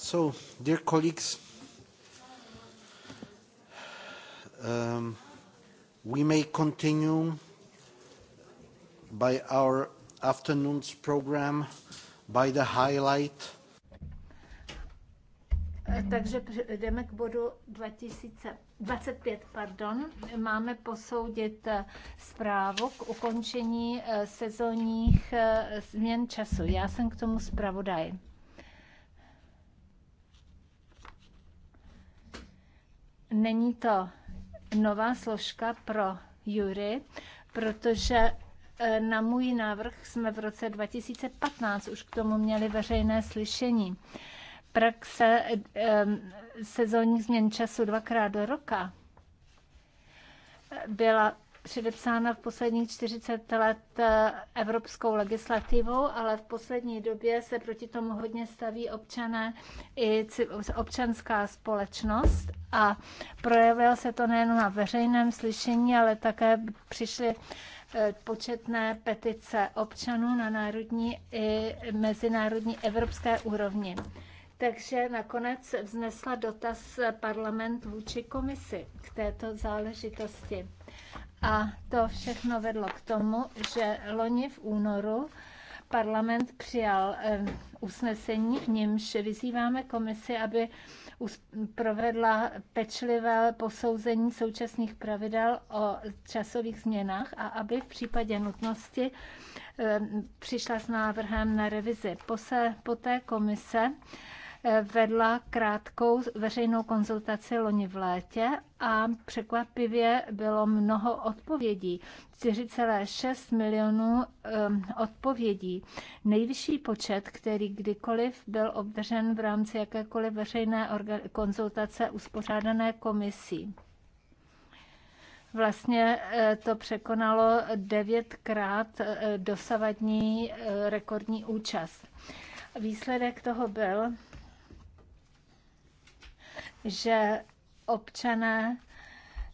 So, dear colleagues, um, we may continue by our afternoon's program by the highlight. Takže jdeme k bodu 2025. Pardon. Máme posoudit eh, zprávu k ukončení eh, sezónních eh, změn času. Já jsem k tomu zpravodaj. Není to nová složka pro Jury, protože e, na můj návrh jsme v roce 2015 už k tomu měli veřejné slyšení. Praxe e, sezónních změn času dvakrát do roka byla předepsána v posledních 40 let eh, evropskou legislativou, ale v poslední době se proti tomu hodně staví občané i občanská společnost a projevilo se to nejen na veřejném slyšení, ale také přišly eh, početné petice občanů na národní i mezinárodní evropské úrovni. Takže nakonec vznesla dotaz parlament vůči komisi k této záležitosti. A to všechno vedlo k tomu, že loni v únoru parlament přijal eh, usnesení, v němž vyzýváme komisi, aby provedla pečlivé posouzení současných pravidel o časových změnách a aby v případě nutnosti eh, přišla s návrhem na revizi. Poté komise vedla krátkou veřejnou konzultaci loni v létě a překvapivě bylo mnoho odpovědí. 4,6 milionů um, odpovědí. Nejvyšší počet, který kdykoliv byl obdržen v rámci jakékoliv veřejné konzultace uspořádané komisí vlastně eh, to překonalo devětkrát eh, dosavadní eh, rekordní účast. Výsledek toho byl, že občané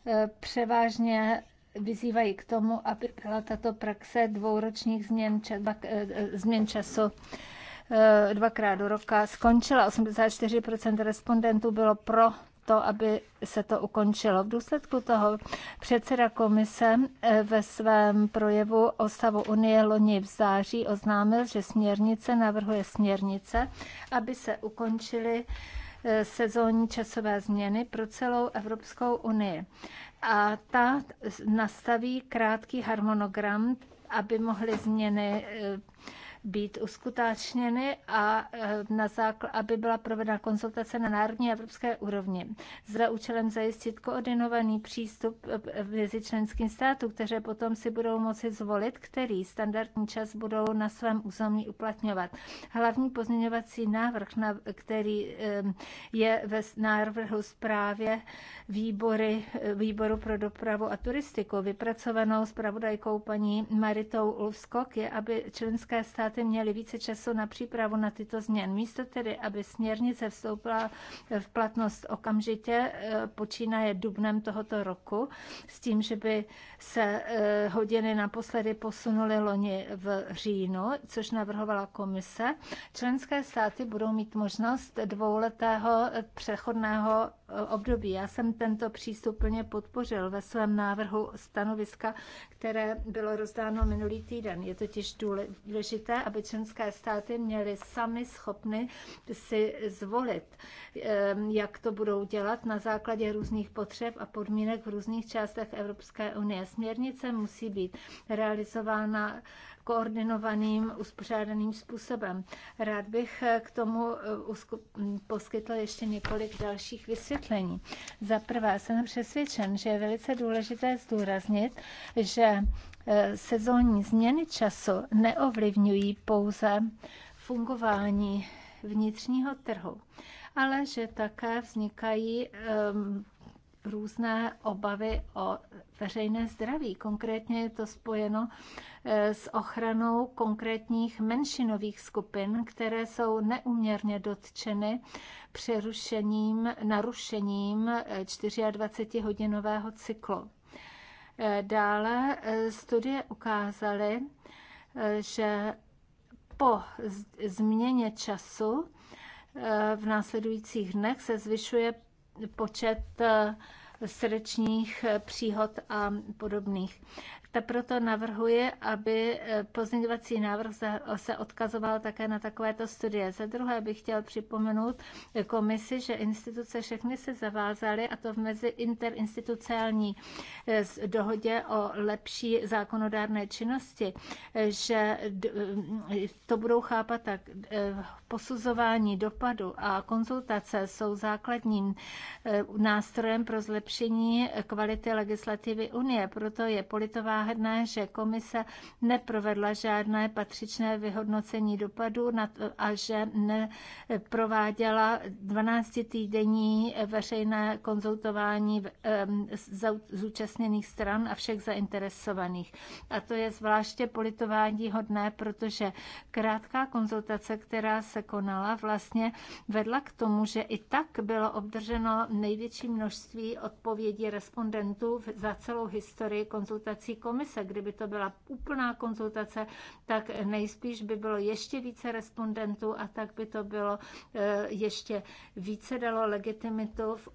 eh, převážně vyzývají k tomu, aby byla tato praxe dvouročních změn, čas, eh, eh, změn času dvakrát do roka skončila. 84% respondentů bylo pro to, aby se to ukončilo. V důsledku toho předseda komise ve svém projevu o stavu Unie loni v září oznámil, že směrnice navrhuje směrnice, aby se ukončily Eh, sezónní časové změny pro celou Evropskou unii. A ta nastaví krátký harmonogram, aby mohly změny eh, být uskutečněny a eh, na zákl- aby byla provedena konzultace na národní a evropské úrovni. Za účelem zajistit koordinovaný přístup eh, eh, mezi členským státům, které potom si budou moci zvolit, který standardní čas budou na svém území uplatňovat. Hlavní pozměňovací návrh, který je ve návrhu zprávě výbory, výboru pro dopravu a turistiku, vypracovanou zpravodajkou paní Maritou Ulfskok, je, aby členské státy státy měly více času na přípravu na tyto změny. Místo tedy, aby směrnice vstoupila v platnost okamžitě, eh, počínaje dubnem tohoto roku, s tím, že by se eh, hodiny naposledy posunuly loni v říjnu, což navrhovala komise, členské státy budou mít možnost dvouletého přechodného období. Já jsem tento přístup plně podpořil ve svém návrhu stanoviska, které bylo rozdáno minulý týden. Je totiž důležité, aby členské státy měly sami schopny si zvolit, ehm, jak to budou dělat na základě různých potřeb a podmínek v různých částech Evropské unie. Směrnice musí být realizována koordinovaným, uspořádaným způsobem. Rád bych k tomu eh, poskytl ještě několik dalších vysvětlení. Za prvé jsem přesvědčen, že je velice důležité zdůraznit, že eh, sezónní změny času neovlivňují pouze fungování vnitřního trhu, ale že také vznikají ehm, různé obavy o veřejné zdraví. Konkrétně je to spojeno eh, s ochranou konkrétních menšinových skupin, které jsou neuměrně dotčeny přerušením, narušením 24-hodinového eh, cyklu. Eh, dále studie ukázaly, že po změně času v následujících dnech se zvyšuje počet eh, srdečních eh, příhod a podobných. Ta proto navrhuje, aby eh, pozměňovací návrh se odkazoval také na takovéto studie. Za druhé bych chtěl připomenout eh, komisi, že instituce všechny se zavázaly, a to v mezi interinstitucionální eh, dohodě o lepší zákonodárné činnosti, že to budou chápat tak, posuzování dopadu a konzultace jsou základním nástrojem pro zlepšení kvality legislativy Unie, proto je politová záhadné, že komise neprovedla žádné patřičné vyhodnocení dopadů a že neprováděla 12-týdenní veřejné konzultování zúčastněných stran a všech zainteresovaných. A to je zvláště politování hodné, protože krátká konzultace, která se konala, vlastně vedla k tomu, že i tak bylo obdrženo největší množství odpovědí respondentů za celou historii konzultací komise komise. Kdyby to byla úplná konzultace, tak nejspíš by bylo ještě více respondentů a tak by to bylo eh, ještě více dalo legitimitu eh, v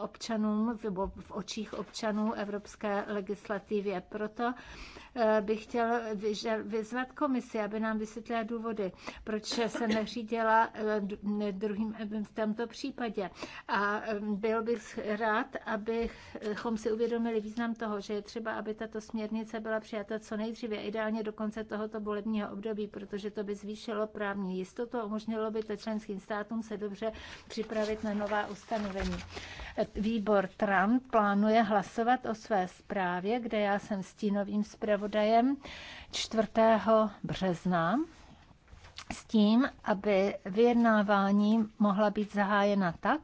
občanům, v očích občanů evropské legislativě. Proto Eh, bych chtěl vyzvat komisi, aby nám vysvětlila důvody, proč se neřídila eh, druhým eh, v tomto případě. A byl bych rád, abychom si uvědomili význam toho, že je třeba, aby tato směrnice byla přijata co nejdříve, ideálně do konce tohoto volebního období, protože to by zvýšilo právní jistotu a umožnilo by to členským státům se dobře připravit na nová ustanovení. Výbor Trump plánuje hlasovat o své zprávě, kde já jsem stínovým zpravodajem zpravodajem 4. března s tím, aby vyjednávání mohla být zahájena tak,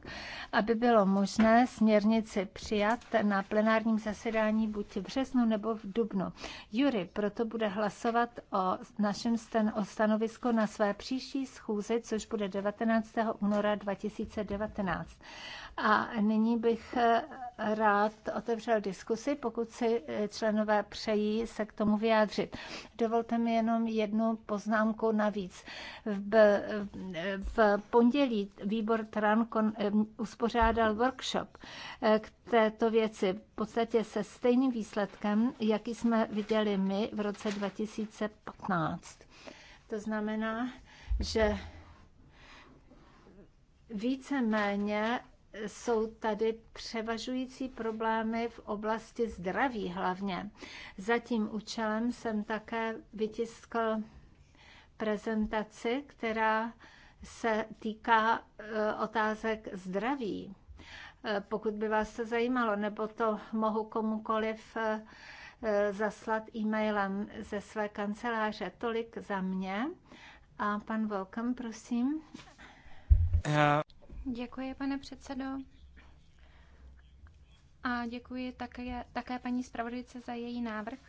aby bylo možné směrnici přijat na plenárním zasedání buď v březnu nebo v dubnu. Jury proto bude hlasovat o našem stan- o stanovisku na své příští schůzi, což bude 19. února 2019. A nyní bych rád otevřel diskusi, pokud si eh, členové přejí se k tomu vyjádřit. Dovolte mi jenom jednu poznámku navíc. V, eh, v pondělí výbor TRAN kon, eh, uspořádal workshop k této věci v podstatě se stejným výsledkem, jaký jsme viděli my v roce 2015. To znamená, že víceméně jsou tady převažující problémy v oblasti zdraví hlavně. Za tím účelem jsem také vytiskl prezentaci, která se týká eh, otázek zdraví. Eh, pokud by vás to zajímalo, nebo to mohu komukoliv eh, zaslat e-mailem ze své kanceláře. Tolik za mě. A pan Volkem, prosím. Děkuji, pane předsedo. A děkuji také, také paní zpravodajce za její návrh.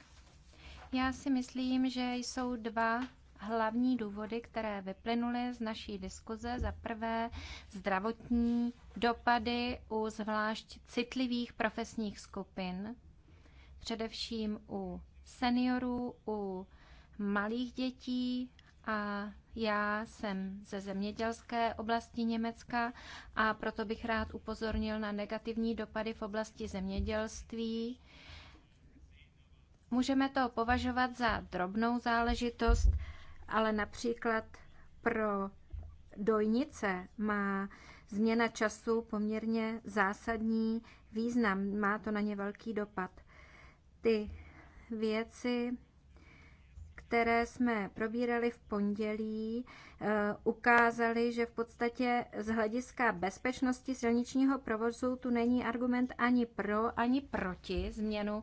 Já si myslím, že jsou dva hlavní důvody, které vyplynuly z naší diskuze. Za prvé zdravotní dopady u zvlášť citlivých profesních skupin, především u seniorů, u malých dětí a já jsem ze zemědělské oblasti Německa a proto bych rád upozornil na negativní dopady v oblasti zemědělství. Můžeme to považovat za drobnou záležitost, ale například pro dojnice má změna času poměrně zásadní význam, má to na ně velký dopad. Ty věci které jsme probírali v pondělí, eh, ukázaly, že v podstatě z hlediska bezpečnosti silničního provozu tu není argument ani pro, ani proti změnu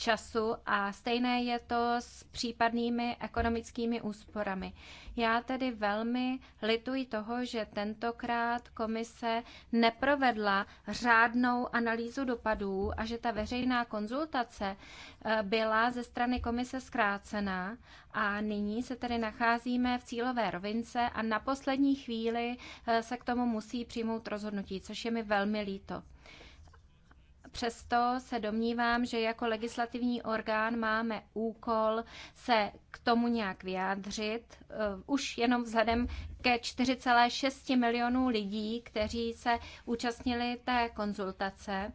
času a stejné je to s případnými ekonomickými úsporami. Já tedy velmi lituji toho, že tentokrát komise neprovedla řádnou analýzu dopadů a že ta veřejná konzultace eh, byla ze strany komise zkrácená a nyní se tedy nacházíme v cílové rovince a na poslední chvíli eh, se k tomu musí přijmout rozhodnutí, což je mi velmi líto. Přesto se domnívám, že jako legislativní orgán máme úkol se k tomu nějak vyjádřit, eh, už jenom vzhledem ke 4,6 milionů lidí, kteří se účastnili té konzultace,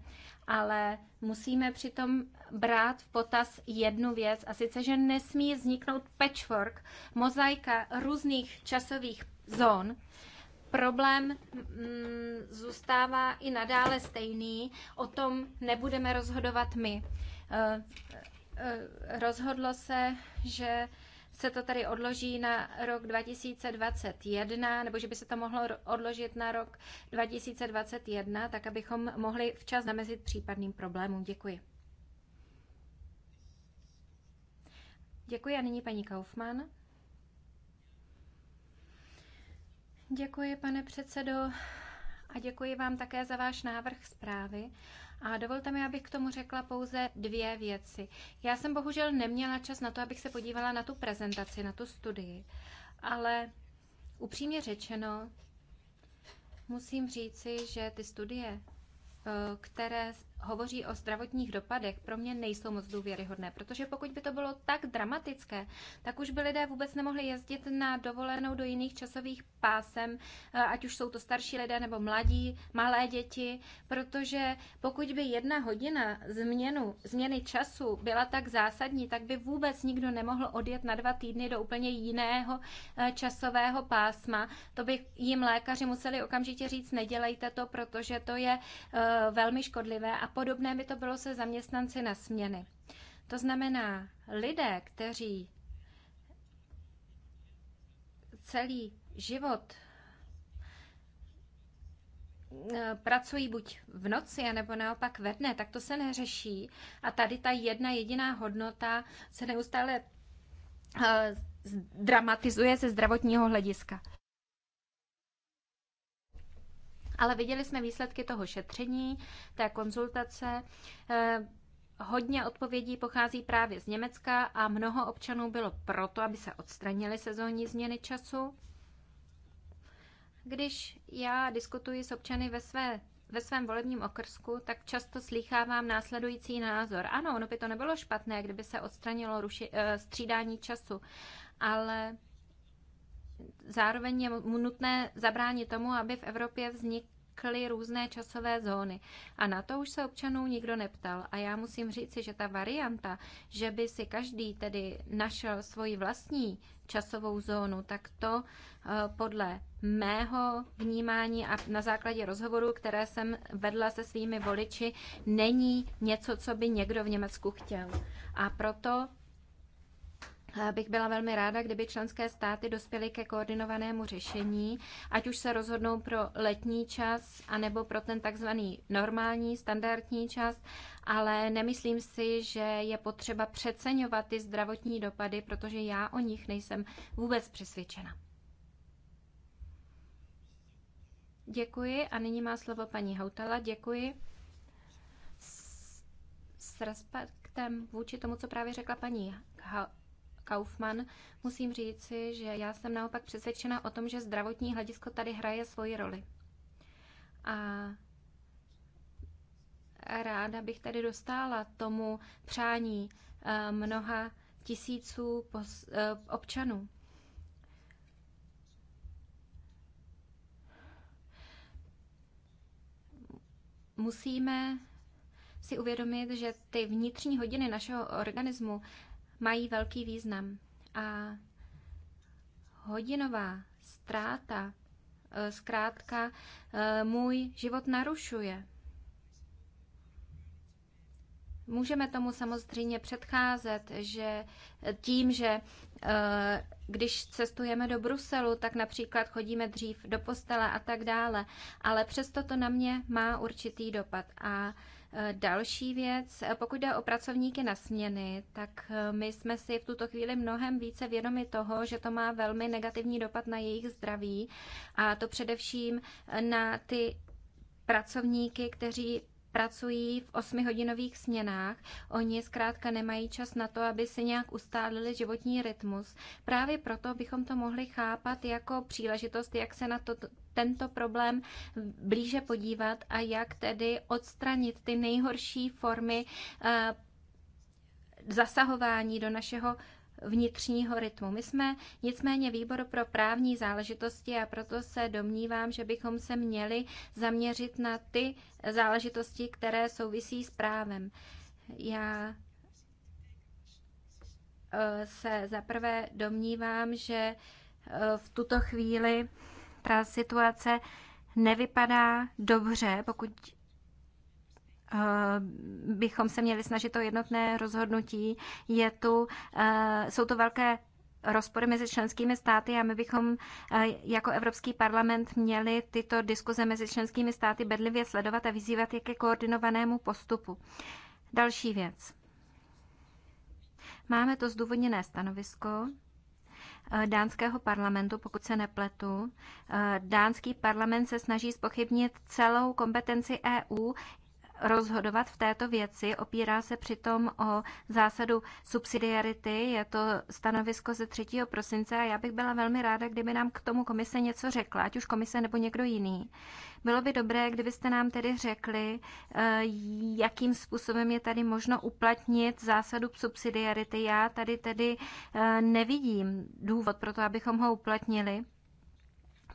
ale musíme přitom brát v potaz jednu věc, a sice, že nesmí vzniknout patchwork, mozaika různých časových zón, problém mm, zůstává i nadále stejný, o tom nebudeme rozhodovat my. Eh, eh, rozhodlo se, že se to tady odloží na rok 2021, nebo že by se to mohlo odložit na rok 2021, tak abychom mohli včas zamezit případným problémům. Děkuji. Děkuji a nyní paní Kaufmann. Děkuji, pane předsedo, a děkuji vám také za váš návrh zprávy. A dovolte mi, abych k tomu řekla pouze dvě věci. Já jsem bohužel neměla čas na to, abych se podívala na tu prezentaci, na tu studii, ale upřímně řečeno, musím říci, že ty studie, eh, které hovoří o zdravotních dopadech, pro mě nejsou moc důvěryhodné, protože pokud by to bylo tak dramatické, tak už by lidé vůbec nemohli jezdit na dovolenou do jiných časových pásem, eh, ať už jsou to starší lidé nebo mladí, malé děti, protože pokud by jedna hodina změnu, změny času byla tak zásadní, tak by vůbec nikdo nemohl odjet na dva týdny do úplně jiného eh, časového pásma. To by jim lékaři museli okamžitě říct, nedělejte to, protože to je eh, velmi škodlivé a podobné by to bylo se zaměstnanci na směny. To znamená, lidé, kteří celý život eh, pracují buď v noci, nebo naopak ve dne, tak to se neřeší. A tady ta jedna jediná hodnota se neustále eh, dramatizuje ze zdravotního hlediska. Ale viděli jsme výsledky toho šetření, té konzultace. Eh, hodně odpovědí pochází právě z Německa a mnoho občanů bylo proto, aby se odstranili sezónní změny času. Když já diskutuji s občany ve, své, ve svém volebním okrsku, tak často slýchávám následující názor. Ano, ono by to nebylo špatné, kdyby se odstranilo ruši, eh, střídání času, ale zároveň je nutné zabránit tomu, aby v Evropě vznikly různé časové zóny. A na to už se občanů nikdo neptal. A já musím říci, že ta varianta, že by si každý tedy našel svoji vlastní časovou zónu, tak to eh, podle mého vnímání a na základě rozhovoru, které jsem vedla se svými voliči, není něco, co by někdo v Německu chtěl. A proto bych byla velmi ráda, kdyby členské státy dospěly ke koordinovanému řešení, ať už se rozhodnou pro letní čas, anebo pro ten takzvaný normální, standardní čas, ale nemyslím si, že je potřeba přeceňovat ty zdravotní dopady, protože já o nich nejsem vůbec přesvědčena. Děkuji a nyní má slovo paní Hautala. Děkuji. S, s respektem vůči tomu, co právě řekla paní ha Kaufmann, musím říci, že já jsem naopak přesvědčena o tom, že zdravotní hledisko tady hraje svoji roli. A ráda bych tady dostala tomu přání eh, mnoha tisíců eh, občanů. Musíme si uvědomit, že ty vnitřní hodiny našeho organismu mají velký význam. A hodinová ztráta e, zkrátka e, můj život narušuje. Můžeme tomu samozřejmě předcházet, že tím, že e, když cestujeme do Bruselu, tak například chodíme dřív do postele a tak dále, ale přesto to na mě má určitý dopad. A Eh, další věc, eh, pokud jde o pracovníky na směny, tak eh, my jsme si v tuto chvíli mnohem více vědomi toho, že to má velmi negativní dopad na jejich zdraví a to především na ty pracovníky, kteří pracují v osmihodinových směnách. Oni zkrátka nemají čas na to, aby si nějak ustálili životní rytmus. Právě proto bychom to mohli chápat jako příležitost, jak se na to, tento problém blíže podívat a jak tedy odstranit ty nejhorší formy eh, zasahování do našeho vnitřního rytmu. My jsme nicméně výbor pro právní záležitosti a proto se domnívám, že bychom se měli zaměřit na ty záležitosti, které souvisí s právem. Já eh, se zaprvé domnívám, že eh, v tuto chvíli ta situace nevypadá dobře, pokud Eh, bychom se měli snažit o jednotné rozhodnutí. Je tu, eh, jsou to velké rozpory mezi členskými státy a my bychom eh, jako Evropský parlament měli tyto diskuze mezi členskými státy bedlivě sledovat a vyzývat je ke koordinovanému postupu. Další věc. Máme to zdůvodněné stanovisko dánského parlamentu, pokud se nepletu. Dánský parlament se snaží spochybnit celou kompetenci EU rozhodovat v této věci. Opírá se přitom o zásadu subsidiarity, je to stanovisko ze 3. prosince a já bych byla velmi ráda, kdyby nám k tomu komise něco řekla, ať už komise nebo někdo jiný. Bylo by dobré, kdybyste nám tedy řekli, eh, jakým způsobem je tady možno uplatnit zásadu subsidiarity. Já tady tedy eh, nevidím důvod pro to, abychom ho uplatnili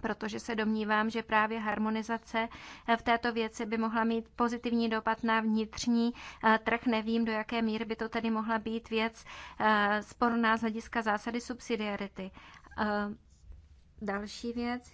protože se domnívám, že právě harmonizace eh, v této věci by mohla mít pozitivní dopad na vnitřní eh, trh. Nevím, do jaké míry by to tedy mohla být věc eh, sporná z hlediska zásady subsidiarity. Další věc,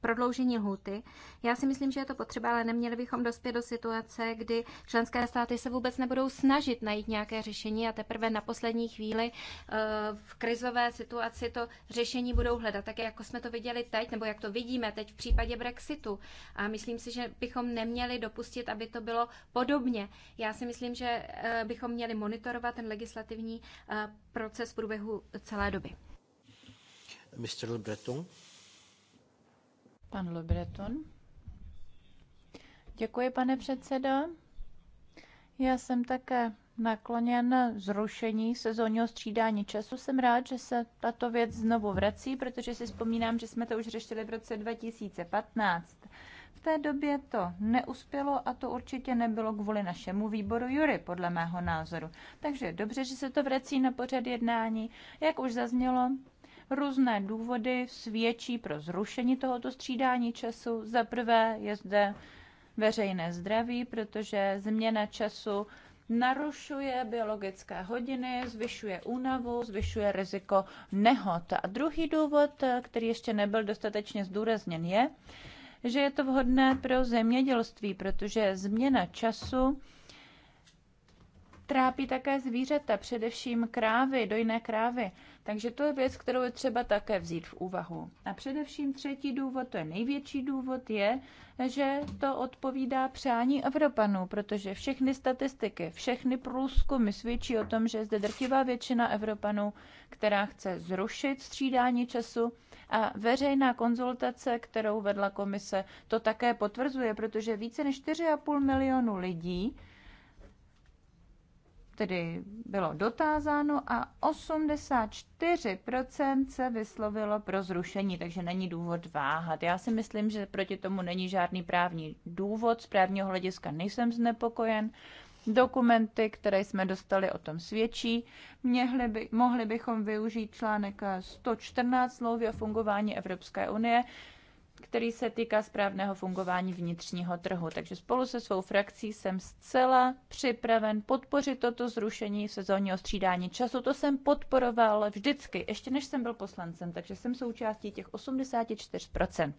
prodloužení lhuty. Já si myslím, že je to potřeba, ale neměli bychom dospět do situace, kdy členské státy se vůbec nebudou snažit najít nějaké řešení a teprve na poslední chvíli eh, v krizové situaci to řešení budou hledat, tak jako jsme to viděli teď, nebo jak to vidíme teď v případě Brexitu. A myslím si, že bychom neměli dopustit, aby to bylo podobně. Já si myslím, že eh, bychom měli monitorovat ten legislativní eh, proces v průběhu celé doby. Mr. Breton. Pan Lubreton. Děkuji, pane předsedo. Já jsem také nakloněn zrušení sezónního střídání času. Jsem rád, že se tato věc znovu vrací, protože si vzpomínám, že jsme to už řešili v roce 2015. V té době to neuspělo a to určitě nebylo kvůli našemu výboru Jury, podle mého názoru. Takže dobře, že se to vrací na pořad jednání. Jak už zaznělo, Různé důvody svědčí pro zrušení tohoto střídání času. Za prvé je zde veřejné zdraví, protože změna času narušuje biologické hodiny, zvyšuje únavu, zvyšuje riziko nehod. A druhý důvod, který ještě nebyl dostatečně zdůrazněn, je, že je to vhodné pro zemědělství, protože změna času trápí také zvířata, především krávy, dojné krávy. Takže to je věc, kterou je třeba také vzít v úvahu. A především třetí důvod, to je největší důvod, je, že to odpovídá přání Evropanů, protože všechny statistiky, všechny průzkumy svědčí o tom, že je zde drtivá většina Evropanů, která chce zrušit střídání času a veřejná konzultace, kterou vedla komise, to také potvrzuje, protože více než 4,5 milionu lidí tedy bylo dotázáno a 84% se vyslovilo pro zrušení, takže není důvod váhat. Já si myslím, že proti tomu není žádný právní důvod. Z právního hlediska nejsem znepokojen. Dokumenty, které jsme dostali, o tom svědčí. Měhli by, mohli bychom využít článek 114 smlouvy o fungování Evropské unie, který se týká správného fungování vnitřního trhu. Takže spolu se svou frakcí jsem zcela připraven podpořit toto zrušení sezónního střídání času. To jsem podporoval vždycky, ještě než jsem byl poslancem, takže jsem součástí těch 84%.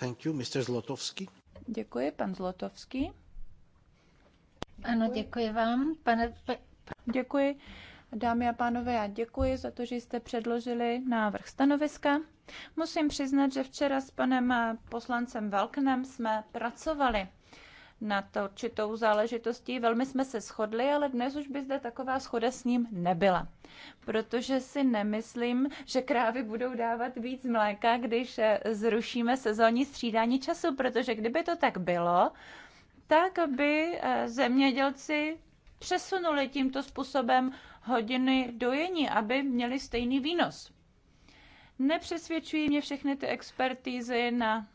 Thank you, Mr. Zlotovský. Děkuji, pan Zlotovský. Ano, děkuji vám, pane... Děkuji. Dámy a pánové, já děkuji za to, že jste předložili návrh stanoviska. Musím přiznat, že včera s panem poslancem Velknem jsme pracovali na to určitou záležitostí. Velmi jsme se shodli, ale dnes už by zde taková schoda s ním nebyla. Protože si nemyslím, že krávy budou dávat víc mléka, když eh, zrušíme sezónní střídání času, protože kdyby to tak bylo, tak by eh, zemědělci přesunuli tímto způsobem hodiny dojení, aby měli stejný výnos. Nepřesvědčují mě všechny ty expertízy na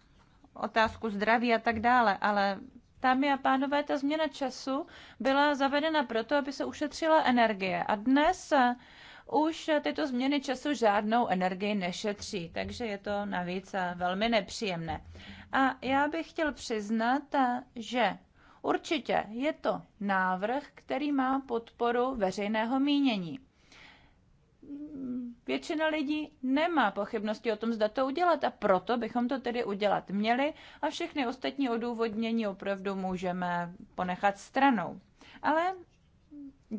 otázku zdraví a tak dále, ale Dámy a pánové, ta změna času byla zavedena proto, aby se ušetřila energie. A dnes eh, už tyto změny času žádnou energii nešetří, takže je to navíc eh, velmi nepříjemné. A já bych chtěl přiznat, eh, že určitě je to návrh, který má podporu veřejného mínění většina lidí nemá pochybnosti o tom, zda to udělat a proto bychom to tedy udělat měli a všechny ostatní odůvodnění opravdu můžeme ponechat stranou. Ale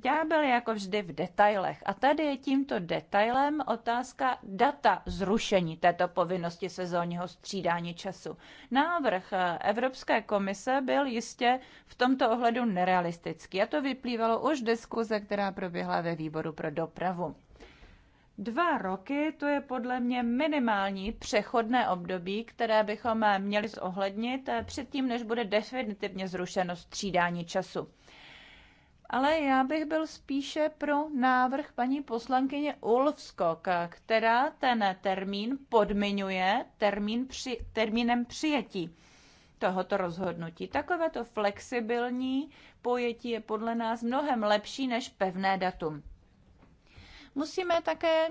Ďábel je jako vždy v detailech. A tady je tímto detailem otázka data zrušení této povinnosti sezónního střídání času. Návrh eh, Evropské komise byl jistě v tomto ohledu nerealistický a to vyplývalo už diskuze, která proběhla ve výboru pro dopravu. Dva roky to je podle mě minimální přechodné období, které bychom měli zohlednit eh, předtím, než bude definitivně zrušeno střídání času. Ale já bych byl spíše pro návrh paní poslankyně Ulfskok, která ten termín podmiňuje termín při, termínem přijetí tohoto rozhodnutí. Takovéto flexibilní pojetí je podle nás mnohem lepší než pevné datum. Musíme také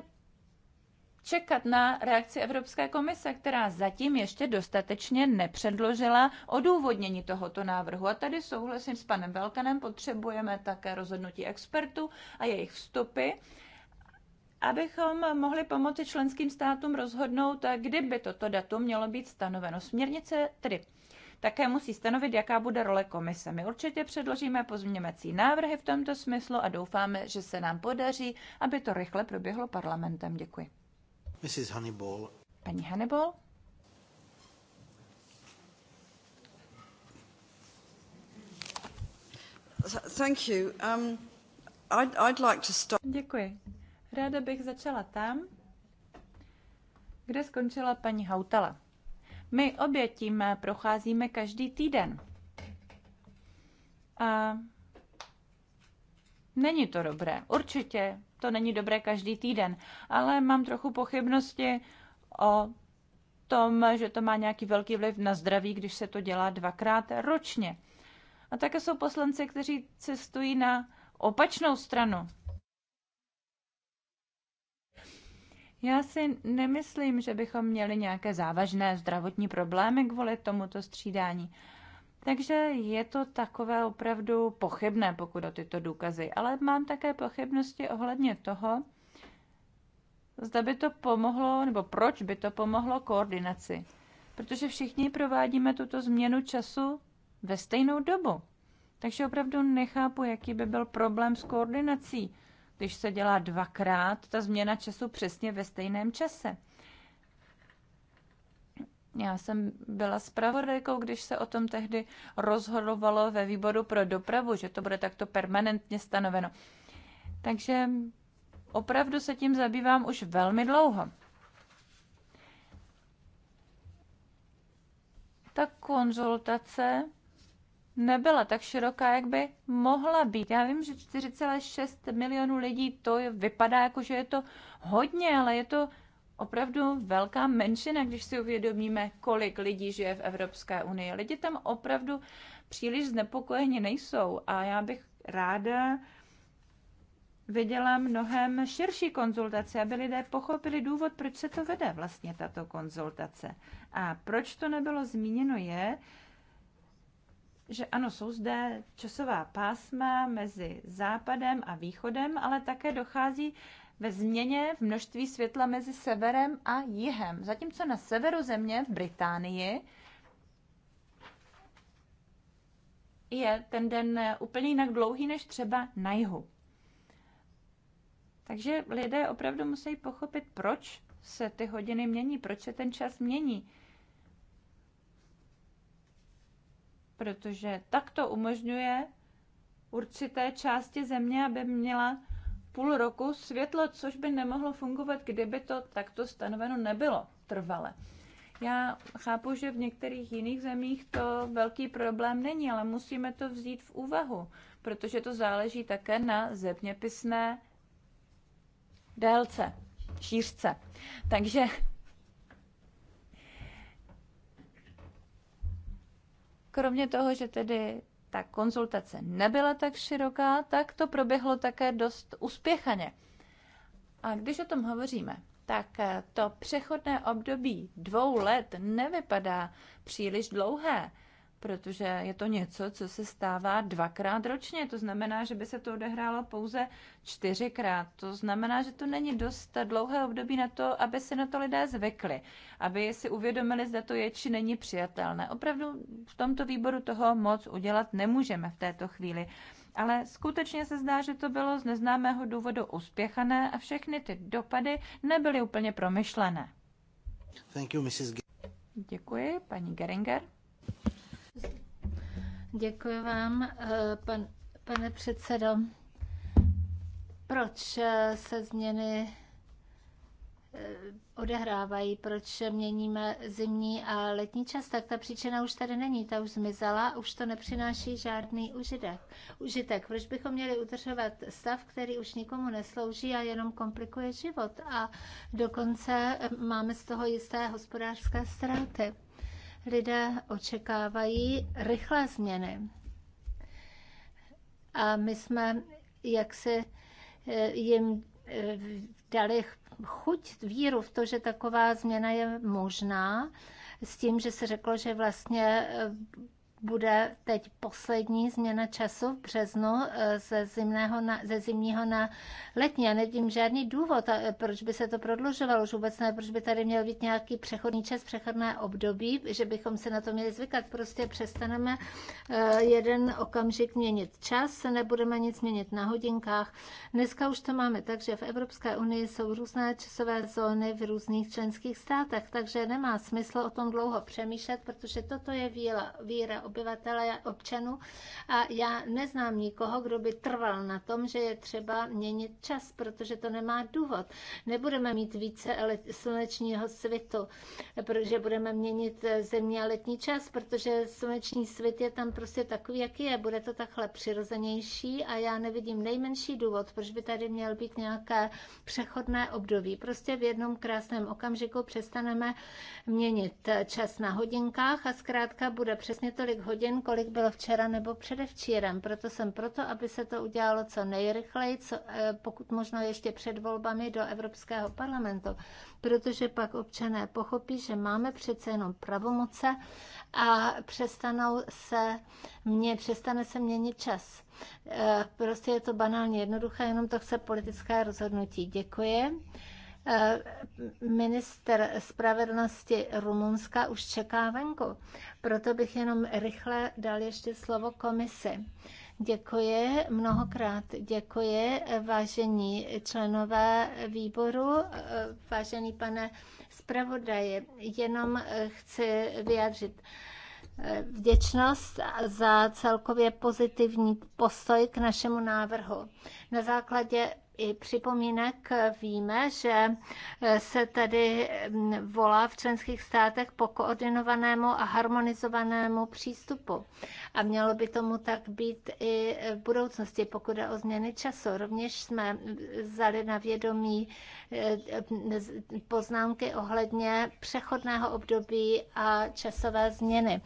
čekat na reakci Evropské komise, která zatím ještě dostatečně nepředložila odůvodnění tohoto návrhu. A tady souhlasím s panem Velkanem, potřebujeme také rozhodnutí expertů a jejich vstupy, abychom mohli pomoci členským státům rozhodnout, kdyby toto datum mělo být stanoveno. Směrnice, tedy také musí stanovit, jaká bude role komise. My určitě předložíme pozměňovací návrhy v tomto smyslu a doufáme, že se nám podaří, aby to rychle proběhlo parlamentem. Děkuji. Mrs. Hannibal. Paní Hannibal? Thank you. Um, I'd, I'd like to stop. Děkuji. Ráda bych začala tam, kde skončila paní Hautala. My obě tím procházíme každý týden. A není to dobré. Určitě to není dobré každý týden, ale mám trochu pochybnosti o tom, že to má nějaký velký vliv na zdraví, když se to dělá dvakrát ročně. A také jsou poslanci, kteří cestují na opačnou stranu Já si nemyslím, že bychom měli nějaké závažné zdravotní problémy kvůli tomuto střídání. Takže je to takové opravdu pochybné, pokud o tyto důkazy. Ale mám také pochybnosti ohledně toho, zda by to pomohlo, nebo proč by to pomohlo koordinaci. Protože všichni provádíme tuto změnu času ve stejnou dobu. Takže opravdu nechápu, jaký by byl problém s koordinací když se dělá dvakrát ta změna času přesně ve stejném čase. Já jsem byla zpravodajkou, když se o tom tehdy rozhodovalo ve výboru pro dopravu, že to bude takto permanentně stanoveno. Takže opravdu se tím zabývám už velmi dlouho. Ta konzultace nebyla tak široká, jak by mohla být. Já vím, že 4,6 milionů lidí to vypadá jako, že je to hodně, ale je to opravdu velká menšina, když si uvědomíme, kolik lidí žije v Evropské unii. Lidi tam opravdu příliš znepokojeni nejsou a já bych ráda viděla mnohem širší konzultace, aby lidé pochopili důvod, proč se to vede vlastně tato konzultace. A proč to nebylo zmíněno je, že ano, jsou zde časová pásma mezi západem a východem, ale také dochází ve změně v množství světla mezi severem a jihem. Zatímco na severu země v Británii je ten den úplně jinak dlouhý než třeba na jihu. Takže lidé opravdu musí pochopit, proč se ty hodiny mění, proč se ten čas mění. protože tak to umožňuje určité části země, aby měla půl roku světlo, což by nemohlo fungovat, kdyby to takto stanoveno nebylo trvale. Já chápu, že v některých jiných zemích to velký problém není, ale musíme to vzít v úvahu, protože to záleží také na zeměpisné délce, šířce. Takže Kromě toho, že tedy ta konzultace nebyla tak široká, tak to proběhlo také dost uspěchaně. A když o tom hovoříme, tak eh, to přechodné období dvou let nevypadá příliš dlouhé protože je to něco, co se stává dvakrát ročně. To znamená, že by se to odehrálo pouze čtyřikrát. To znamená, že to není dost dlouhé období na to, aby se na to lidé zvykli, aby si uvědomili, zda to je či není přijatelné. Opravdu v tomto výboru toho moc udělat nemůžeme v této chvíli. Ale skutečně se zdá, že to bylo z neznámého důvodu uspěchané a všechny ty dopady nebyly úplně promyšlené. Thank you, Mrs. Děkuji, paní Geringer. Děkuji vám, eh, pan, pane předsedo. Proč eh, se změny eh, odehrávají, proč měníme zimní a letní čas, tak ta příčina už tady není, ta už zmizela, už to nepřináší žádný užitek. užitek. Proč bychom měli udržovat stav, který už nikomu neslouží a jenom komplikuje život a dokonce máme z toho jisté hospodářské ztráty lidé očekávají rychlé změny. A my jsme jak se eh, jim eh, dali chuť, víru v to, že taková změna je možná, s tím, že se řeklo, že vlastně eh, bude teď poslední změna času v březnu eh, ze, zimného na, ze zimního na letní. Já nevím žádný důvod, eh, proč by se to prodlužovalo, už vůbec ne, proč by tady měl být nějaký přechodný čas, přechodné období, že bychom se na to měli zvykat. Prostě přestaneme eh, jeden okamžik měnit čas, nebudeme nic měnit na hodinkách. Dneska už to máme takže v Evropské unii jsou různé časové zóny v různých členských státech, takže nemá smysl o tom dlouho přemýšlet, protože toto je víra, víra obyvatele občanů a já neznám nikoho, kdo by trval na tom, že je třeba měnit čas, protože to nemá důvod. Nebudeme mít více slunečního svitu, protože budeme měnit eh, zimní a letní čas, protože sluneční svit je tam prostě takový, jaký je. Bude to takhle přirozenější a já nevidím nejmenší důvod, proč by tady měl být nějaké přechodné období. Prostě v jednom krásném okamžiku přestaneme měnit eh, čas na hodinkách a zkrátka bude přesně tolik hodin, kolik bylo včera nebo předevčírem. Proto jsem proto, aby se to udělalo co nejrychleji, co, eh, pokud možno ještě před volbami do Evropského parlamentu, protože pak občané pochopí, že máme přece jenom pravomoce a přestanou se mě, přestane se měnit čas. Eh, prostě je to banálně jednoduché, jenom to chce politické rozhodnutí. Děkuji. Eh, minister spravedlnosti Rumunska už čeká venku proto bych jenom rychle dal ještě slovo komisi. Děkuji, mnohokrát děkuji, vážení členové výboru, vážený pane zpravodaji. Jenom chci vyjádřit eh, vděčnost za celkově pozitivní postoj k našemu návrhu. Na základě i připomínek víme, že eh, se tady mm, volá v členských státech po koordinovanému a harmonizovanému přístupu. A mělo by tomu tak být i v budoucnosti, pokud je o změny času. Rovněž jsme vzali na vědomí eh, poznámky ohledně přechodného období a časové změny.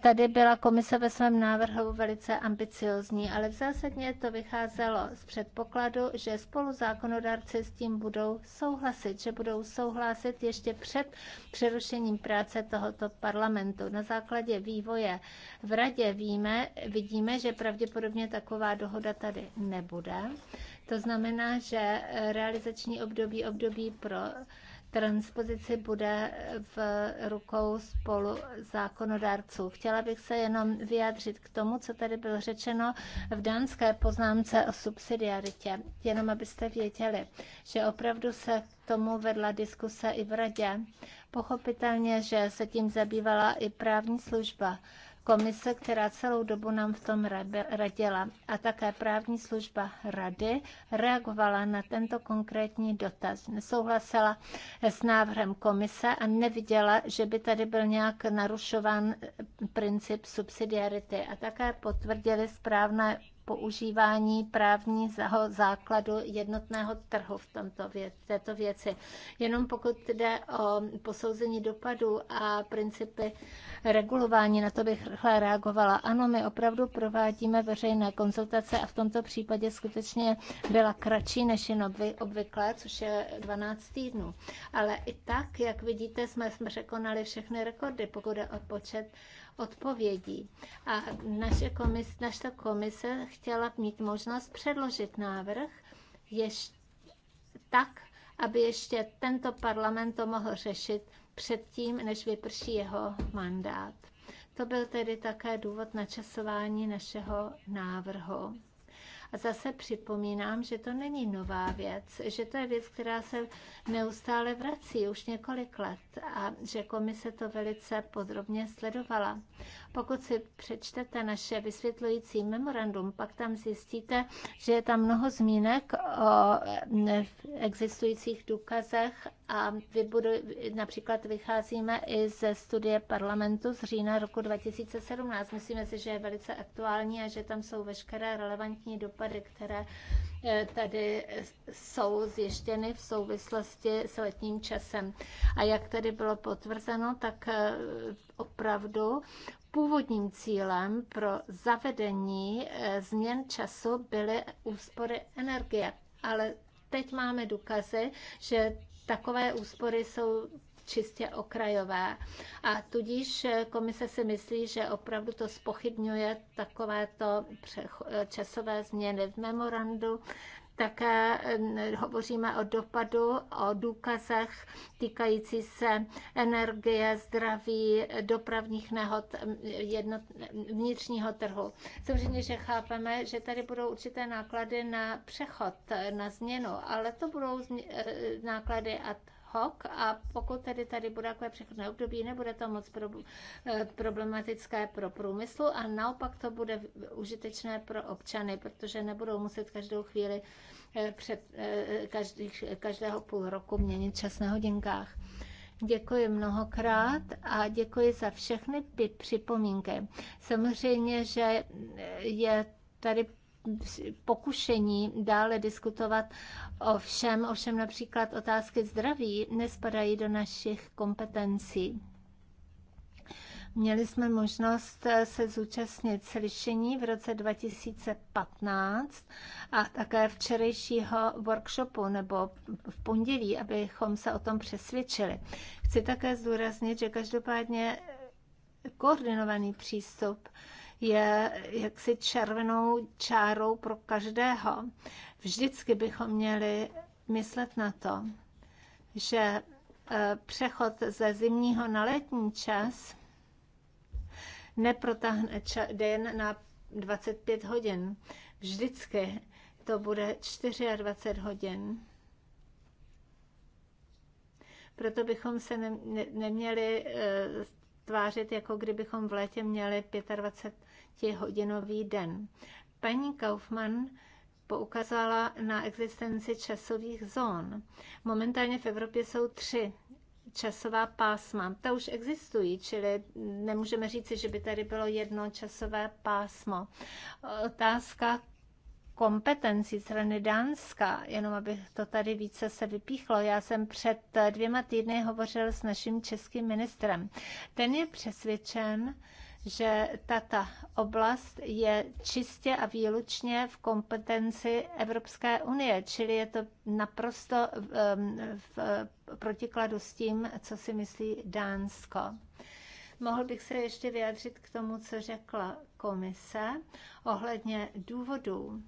Tady byla komise ve svém návrhu velice ambiciozní, ale v zásadě to vycházelo z předpokladu, že spoluzákonodárci s tím budou souhlasit, že budou souhlasit ještě před přerušením práce tohoto parlamentu. Na základě vývoje v radě víme, vidíme, že pravděpodobně taková dohoda tady nebude. To znamená, že realizační období, období pro transpozici bude v rukou spolu zákonodárců. Chtěla bych se jenom vyjádřit k tomu, co tady bylo řečeno v dánské poznámce o subsidiaritě. Jenom abyste věděli, že opravdu se k tomu vedla diskuse i v radě. Pochopitelně, že se tím zabývala i právní služba komise, která celou dobu nám v tom radila. A také právní služba rady reagovala na tento konkrétní dotaz. Nesouhlasila s návrhem komise a neviděla, že by tady byl nějak narušován princip subsidiarity. A také potvrdili správné používání právního základu jednotného trhu v tomto věc, této věci. Jenom pokud jde o posouzení dopadů a principy regulování, na to bych rychle reagovala. Ano, my opravdu provádíme veřejné konzultace a v tomto případě skutečně byla kratší než jen obvykle, což je 12 týdnů. Ale i tak, jak vidíte, jsme, jsme překonali všechny rekordy, pokud jde o počet odpovědí. A naše komise, naša komise chtěla mít možnost předložit návrh ještě tak, aby ještě tento parlament to mohl řešit předtím, než vyprší jeho mandát. To byl tedy také důvod načasování našeho návrhu. A Zase připomínám, že to není nová věc, že to je věc, která se neustále vrací už několik let a že komise to velice podrobně sledovala. Pokud si přečtete naše vysvětlující memorandum, pak tam zjistíte, že je tam mnoho zmínek o existujících důkazech a vybudu, například vycházíme i ze studie parlamentu z října roku 2017. Myslíme si, že je velice aktuální a že tam jsou veškeré relevantní dopady, které e, tady jsou zjištěny v souvislosti s letním časem. A jak tady bylo potvrzeno, tak e, opravdu Původním cílem pro zavedení eh, změn času byly úspory energie, ale teď máme důkazy, že takové úspory jsou čistě okrajové. A tudíž eh, komise si myslí, že opravdu to spochybňuje takovéto eh, časové změny v memorandu. Také eh, hovoříme o dopadu, o důkazech týkající se energie, zdraví, dopravních nehod jednot, vnitřního trhu. Samozřejmě, že chápeme, že tady budou určité náklady na přechod, na změnu, ale to budou eh, náklady ad hoc a pokud tedy tady bude takové přechodné období, nebude to moc eh, problematické pro průmysl a naopak to bude užitečné pro občany, protože nebudou muset každou chvíli eh, před eh, každý, každého půl roku měnit čas na hodinkách. Děkuji mnohokrát a děkuji za všechny připomínky. Samozřejmě, že je tady pokušení dále diskutovat o všem, ovšem například otázky zdraví nespadají do našich kompetencí. Měli jsme možnost se zúčastnit slyšení v roce 2015 a také včerejšího workshopu nebo v pondělí, abychom se o tom přesvědčili. Chci také zdůraznit, že každopádně koordinovaný přístup je jaksi červenou čárou pro každého. Vždycky bychom měli myslet na to, že e, přechod ze zimního na letní čas neprotáhne den na 25 hodin. Vždycky to bude 24 hodin. Proto bychom se neměli e, tvářit, jako kdybychom v létě měli 25 hodinový den. Paní Kaufmann poukázala na existenci časových zón. Momentálně v Evropě jsou tři časová pásma. Ta už existují, čili nemůžeme říci, že by tady bylo jedno časové pásmo. Otázka kompetencí strany Dánska, jenom abych to tady více se vypíchlo. Já jsem před dvěma týdny hovořil s naším českým ministrem. Ten je přesvědčen, že tato oblast je čistě a výlučně v kompetenci Evropské unie, čili je to naprosto ehm, v protikladu s tím, co si myslí Dánsko. Mohl bych se ještě vyjádřit k tomu, co řekla komise ohledně důvodů,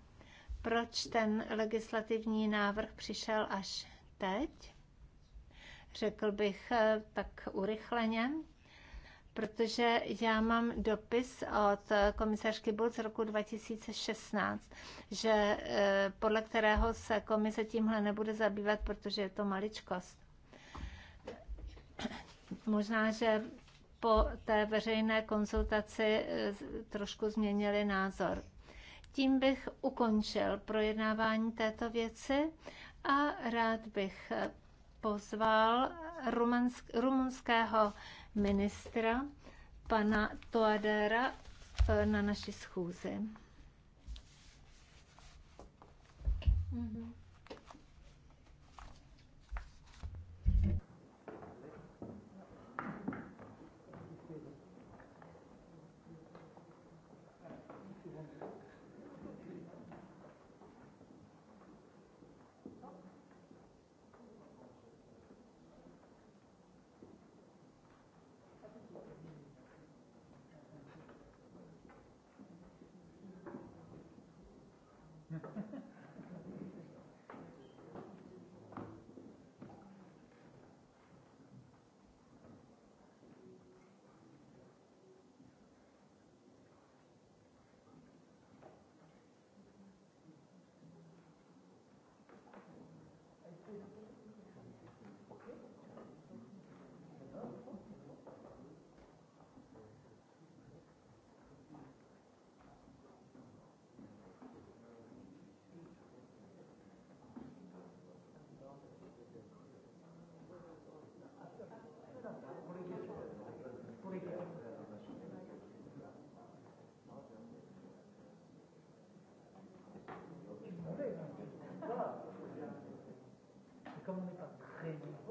proč ten legislativní návrh přišel až teď. Řekl bych eh, tak urychleně, protože já mám dopis od komisařky Bud z roku 2016, že eh, podle kterého se komise tímhle nebude zabývat, protože je to maličkost. Možná, že po té veřejné konzultaci eh, trošku změnili názor. Tím bych ukončil projednávání této věci a rád bych eh, pozval rumunského ministra, pana Toadera, eh, na naši schůzi. Mm-hmm.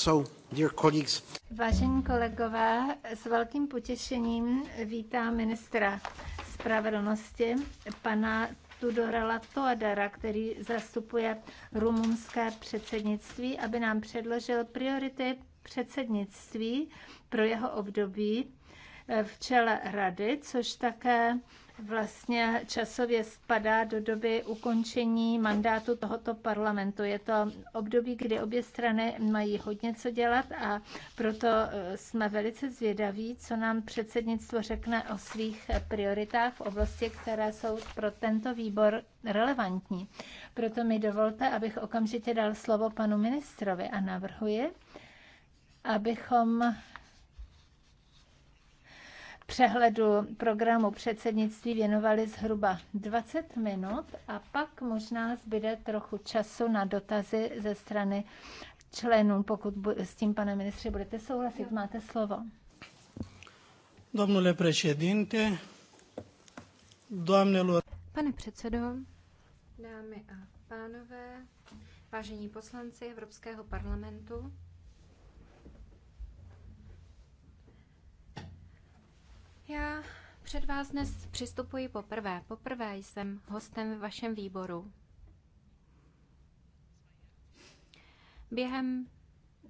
So, dear colleagues. Vážení kolegové, s velkým potěšením vítám ministra spravedlnosti, pana Tudorela Toadara, který zastupuje rumunské předsednictví, aby nám předložil priority předsednictví pro jeho období v čele rady, což také vlastně časově spadá do doby ukončení mandátu tohoto parlamentu. Je to období, kdy obě strany mají hodně co dělat a proto eh, jsme velice zvědaví, co nám předsednictvo řekne o svých prioritách v oblasti, které jsou pro tento výbor relevantní. Proto mi dovolte, abych okamžitě dal slovo panu ministrovi a navrhuji, abychom přehledu programu předsednictví věnovali zhruba 20 minut a pak možná zbyde trochu času na dotazy ze strany členů, pokud s tím, pane ministře, budete souhlasit. Máte slovo. Domnule președinte, domnule... Pane předsedo, dámy a pánové, vážení poslanci Evropského parlamentu, Já před vás dnes přistupuji poprvé. Poprvé jsem hostem v vašem výboru. Během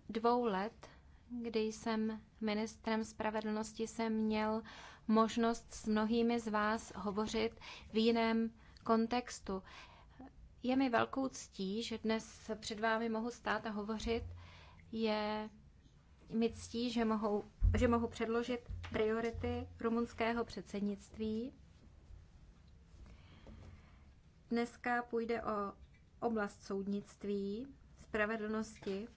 dvou let, kdy jsem ministrem spravedlnosti, jsem měl možnost s mnohými z vás hovořit v jiném kontextu. Je mi velkou ctí, že dnes před vámi mohu stát a hovořit. Je mi ctí, že mohu že mohu předložit priority rumunského předsednictví. Dneska půjde o oblast soudnictví, spravedlnosti.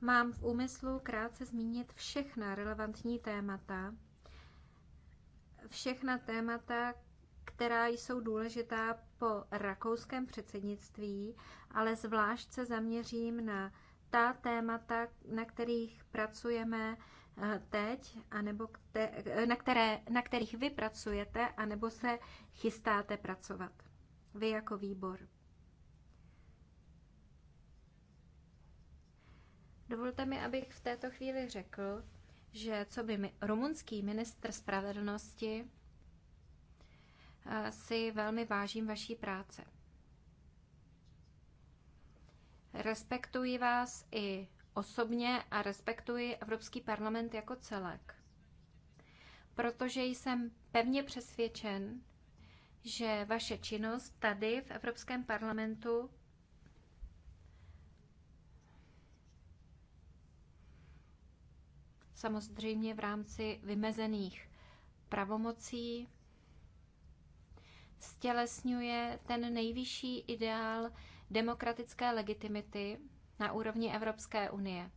Mám v úmyslu krátce zmínit všechna relevantní témata, všechna témata, která jsou důležitá po rakouském předsednictví, ale zvlášť se zaměřím na ta témata, na kterých pracujeme eh, teď, anebo nebo eh, na, které, na kterých vy pracujete, anebo se chystáte pracovat. Vy jako výbor. Dovolte mi, abych v této chvíli řekl, že co by mi, rumunský ministr spravedlnosti si velmi vážím vaší práce. Respektuji vás i osobně a respektuji Evropský parlament jako celek, protože jsem pevně přesvědčen, že vaše činnost tady v Evropském parlamentu samozřejmě v rámci vymezených pravomocí stělesňuje ten nejvyšší ideál demokratické legitimity na úrovni Evropské unie.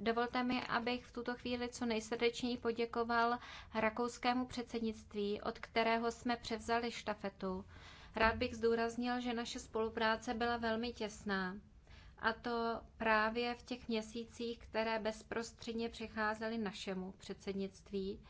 Dovolte mi, abych v tuto chvíli co nejsrdečněji poděkoval rakouskému předsednictví, od kterého jsme převzali štafetu. Rád bych zdůraznil, že naše spolupráce byla velmi těsná. A to právě v těch měsících, které bezprostředně přecházely našemu předsednictví.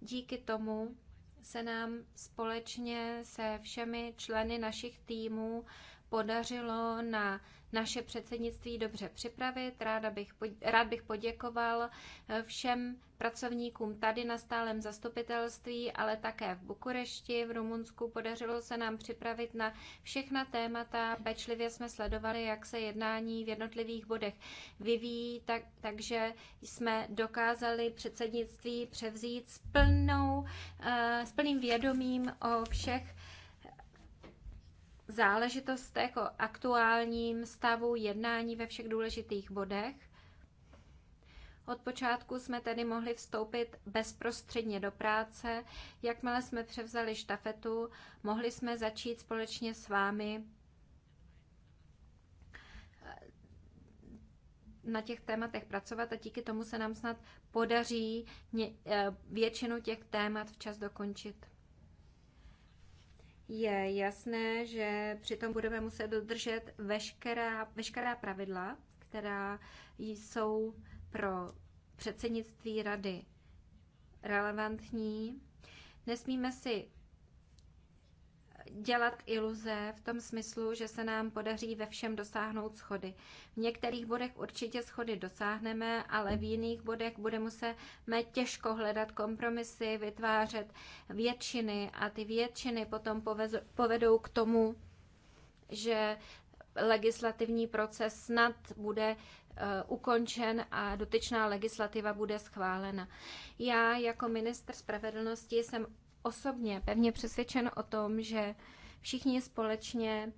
Díky tomu se nám společně se všemi členy našich týmů podařilo na naše předsednictví dobře připravit. Ráda bych, rád bych poděkoval eh, všem pracovníkům tady na stálem zastupitelství, ale také v Bukurešti, v Rumunsku. Podařilo se nám připravit na všechna témata. Pečlivě jsme sledovali, jak se jednání v jednotlivých bodech vyvíjí, tak, takže jsme dokázali předsednictví převzít s, plnou, eh, s plným vědomím o všech záležitostech, o aktuálním stavu jednání ve všech důležitých bodech. Od počátku jsme tedy mohli vstoupit bezprostředně do práce. Jakmile jsme převzali štafetu, mohli jsme začít společně s vámi eh, na těch tématech pracovat a díky tomu se nám snad podaří eh, většinu těch témat včas dokončit je jasné, že přitom budeme muset dodržet veškerá, veškerá pravidla, která jsou pro předsednictví rady relevantní. Nesmíme si dělat iluze v tom smyslu, že se nám podaří ve všem dosáhnout schody. V některých bodech určitě schody dosáhneme, ale v jiných bodech bude muset těžko hledat kompromisy, vytvářet většiny a ty většiny potom povedou k tomu, že legislativní proces snad bude eh, ukončen a dotyčná legislativa bude schválena. Já jako minister spravedlnosti jsem osobně pevně přesvědčen o tom, že všichni společně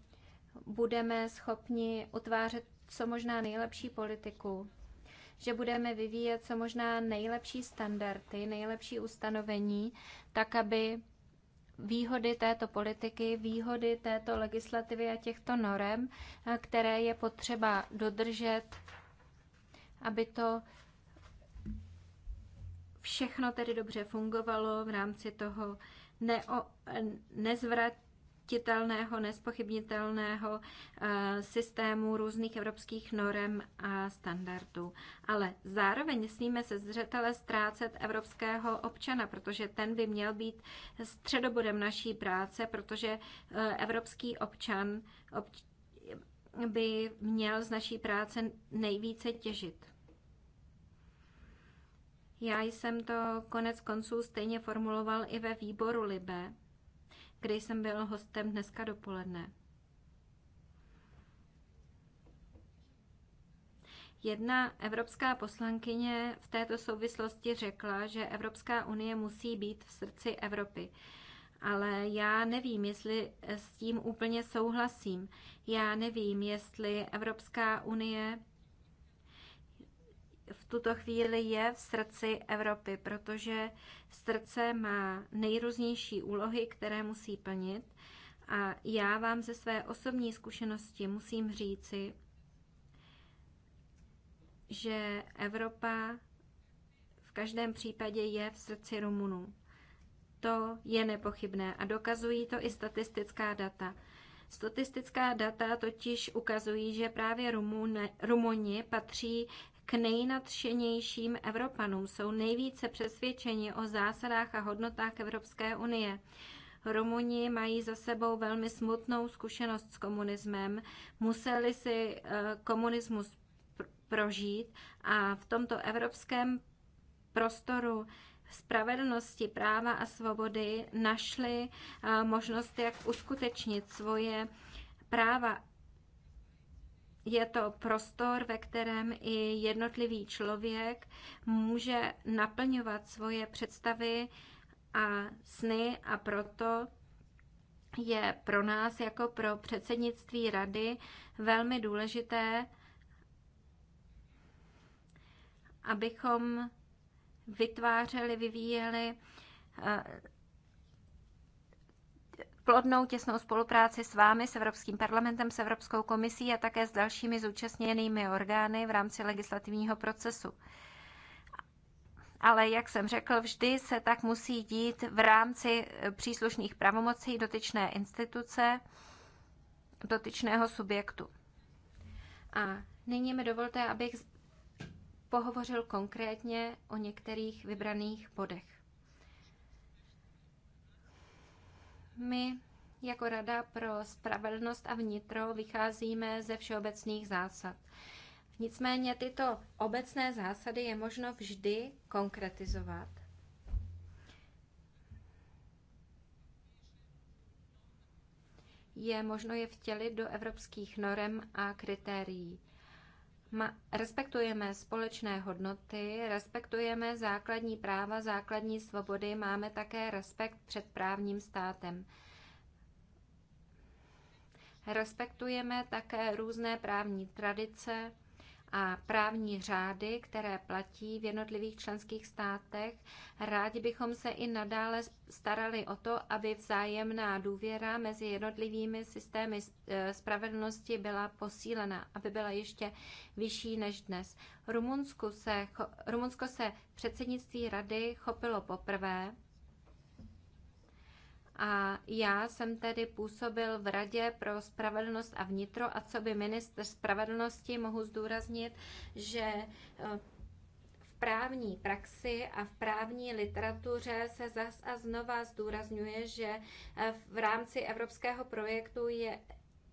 budeme schopni utvářet co možná nejlepší politiku, že budeme vyvíjet co možná nejlepší standardy, nejlepší ustanovení, tak aby výhody této politiky, výhody této legislativy a těchto norem, které je potřeba dodržet, aby to Všechno tedy dobře fungovalo v rámci toho neo, nezvrat, nespochybnitelného eh, systému různých evropských norem a standardů. Ale zároveň nesmíme se zřetele ztrácet evropského občana, protože ten by měl být středobodem naší práce, protože eh, evropský občan by měl z naší práce nejvíce těžit. Já jsem to konec konců stejně formuloval i ve výboru Libe, kde jsem byl hostem dneska dopoledne. Jedna evropská poslankyně v této souvislosti řekla, že Evropská unie musí být v srdci Evropy. Ale já nevím, jestli s tím úplně souhlasím. Já nevím, jestli Evropská unie v tuto chvíli je v srdci Evropy, protože srdce má nejrůznější úlohy, které musí plnit. A já vám ze své osobní zkušenosti musím říci, že Evropa v každém případě je v srdci Rumunů. To je nepochybné a dokazují to i statistická data. Statistická data totiž ukazují, že právě Rumuni patří k nejnadšenějším Evropanům. Jsou nejvíce přesvědčeni o zásadách a hodnotách Evropské unie. Rumuni mají za sebou velmi smutnou zkušenost s komunismem, museli si eh, komunismus prožít a v tomto evropském prostoru spravedlnosti, práva a svobody našli eh, možnost, jak uskutečnit svoje práva je to prostor, ve kterém i jednotlivý člověk může naplňovat svoje představy a sny a proto je pro nás jako pro předsednictví rady velmi důležité, abychom vytvářeli, vyvíjeli eh, plodnou těsnou spolupráci s vámi, s Evropským parlamentem, s Evropskou komisí a také s dalšími zúčastněnými orgány v rámci legislativního procesu. Ale jak jsem řekl, vždy se tak musí dít v rámci eh, příslušných pravomocí dotyčné instituce, dotyčného subjektu. A nyní mi dovolte, abych pohovořil konkrétně o některých vybraných bodech. My jako Rada pro spravedlnost a vnitro vycházíme ze všeobecných zásad. Nicméně tyto obecné zásady je možno vždy konkretizovat. Je možno je vtělit do evropských norem a kritérií respektujeme společné hodnoty, respektujeme základní práva, základní svobody, máme také respekt před právním státem. Respektujeme také různé právní tradice, a právní řády, které platí v jednotlivých členských státech. Rádi bychom se i nadále starali o to, aby vzájemná důvěra mezi jednotlivými systémy eh, spravedlnosti byla posílena, aby byla ještě vyšší než dnes. Rumunsku se, Rumunsko se předsednictví rady chopilo poprvé a já jsem tedy působil v Radě pro spravedlnost a vnitro a co by minister spravedlnosti mohu zdůraznit, že eh, v právní praxi a v právní literatuře se zas a znova zdůrazňuje, že eh, v rámci evropského projektu je,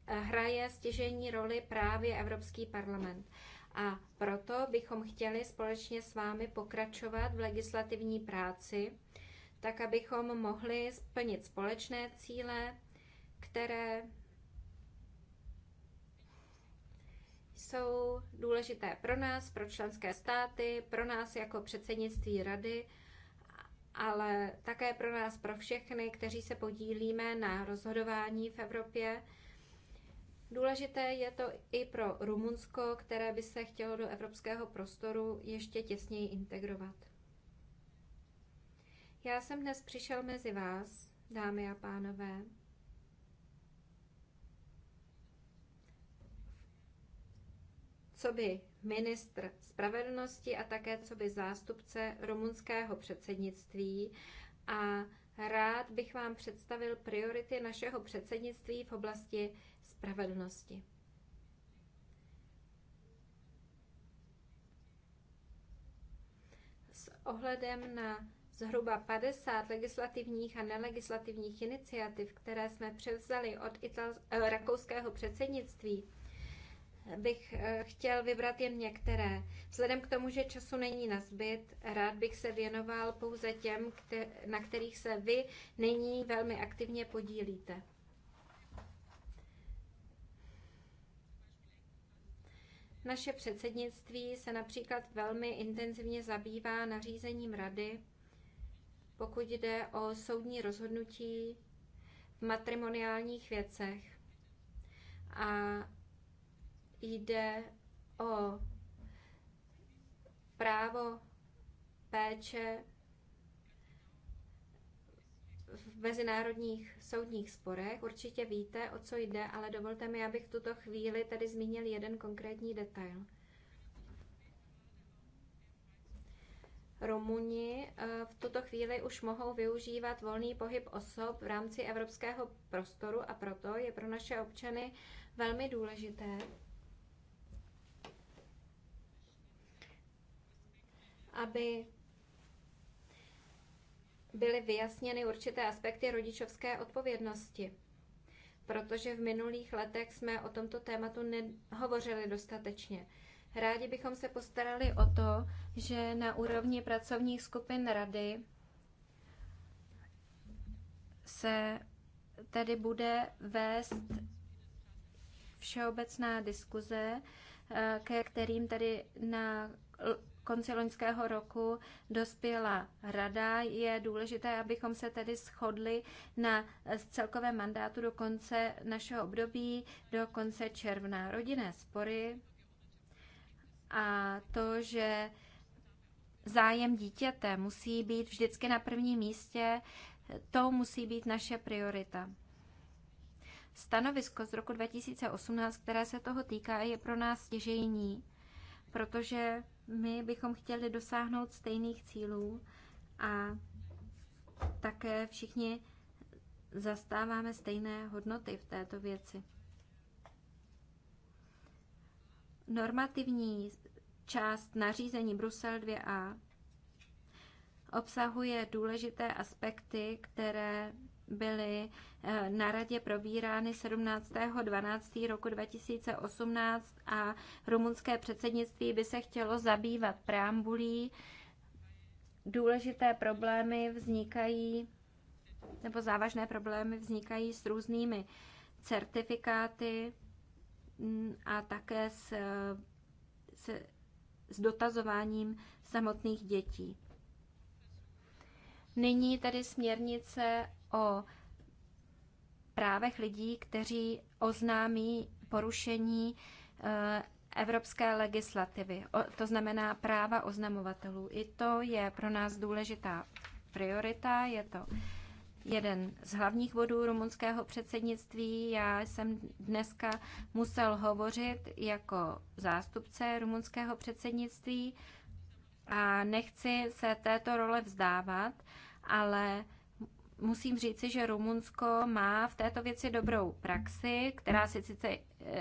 eh, hraje stěžení roli právě Evropský parlament. A proto bychom chtěli společně s vámi pokračovat v legislativní práci tak abychom mohli splnit společné cíle, které jsou důležité pro nás, pro členské státy, pro nás jako předsednictví rady, ale také pro nás, pro všechny, kteří se podílíme na rozhodování v Evropě. Důležité je to i pro Rumunsko, které by se chtělo do evropského prostoru ještě těsněji integrovat. Já jsem dnes přišel mezi vás, dámy a pánové, co by ministr spravedlnosti a také co by zástupce rumunského předsednictví a rád bych vám představil priority našeho předsednictví v oblasti spravedlnosti. S ohledem na zhruba 50 legislativních a nelegislativních iniciativ, které jsme převzali od Ital- eh, rakouského předsednictví, bych eh, chtěl vybrat jen některé. Vzhledem k tomu, že času není na zbyt, rád bych se věnoval pouze těm, na kterých se vy nyní velmi aktivně podílíte. Naše předsednictví se například velmi intenzivně zabývá nařízením Rady pokud jde o soudní rozhodnutí v matrimoniálních věcech. A jde o právo péče v mezinárodních soudních sporech. Určitě víte, o co jde, ale dovolte mi, abych v tuto chvíli tady zmínil jeden konkrétní detail – Rumuni eh, v tuto chvíli už mohou využívat volný pohyb osob v rámci evropského prostoru a proto je pro naše občany velmi důležité, aby byly vyjasněny určité aspekty rodičovské odpovědnosti, protože v minulých letech jsme o tomto tématu nehovořili dostatečně. Rádi bychom se postarali o to, že na úrovni pracovních skupin rady se tedy bude vést všeobecná diskuze, eh, ke kterým tedy na konci loňského roku dospěla rada. Je důležité, abychom se tedy shodli na eh, celkovém mandátu do konce našeho období, do konce června. Rodinné spory a to, že zájem dítěte musí být vždycky na prvním místě, to musí být naše priorita. Stanovisko z roku 2018, které se toho týká, je pro nás stěžejní, protože my bychom chtěli dosáhnout stejných cílů a také všichni zastáváme stejné hodnoty v této věci. Normativní část nařízení Brusel 2a obsahuje důležité aspekty, které byly eh, na radě probírány 12. roku 2018 a rumunské předsednictví by se chtělo zabývat preambulí. Důležité problémy vznikají, nebo závažné problémy vznikají s různými certifikáty mm, a také s, s s dotazováním samotných dětí. Nyní tedy směrnice o právech lidí, kteří oznámí porušení eh, evropské legislativy, to znamená práva oznamovatelů. I to je pro nás důležitá priorita, je to jeden z hlavních bodů rumunského předsednictví. Já jsem dneska musel hovořit jako zástupce rumunského předsednictví a nechci se této role vzdávat, ale musím říci, že Rumunsko má v této věci dobrou praxi, která se sice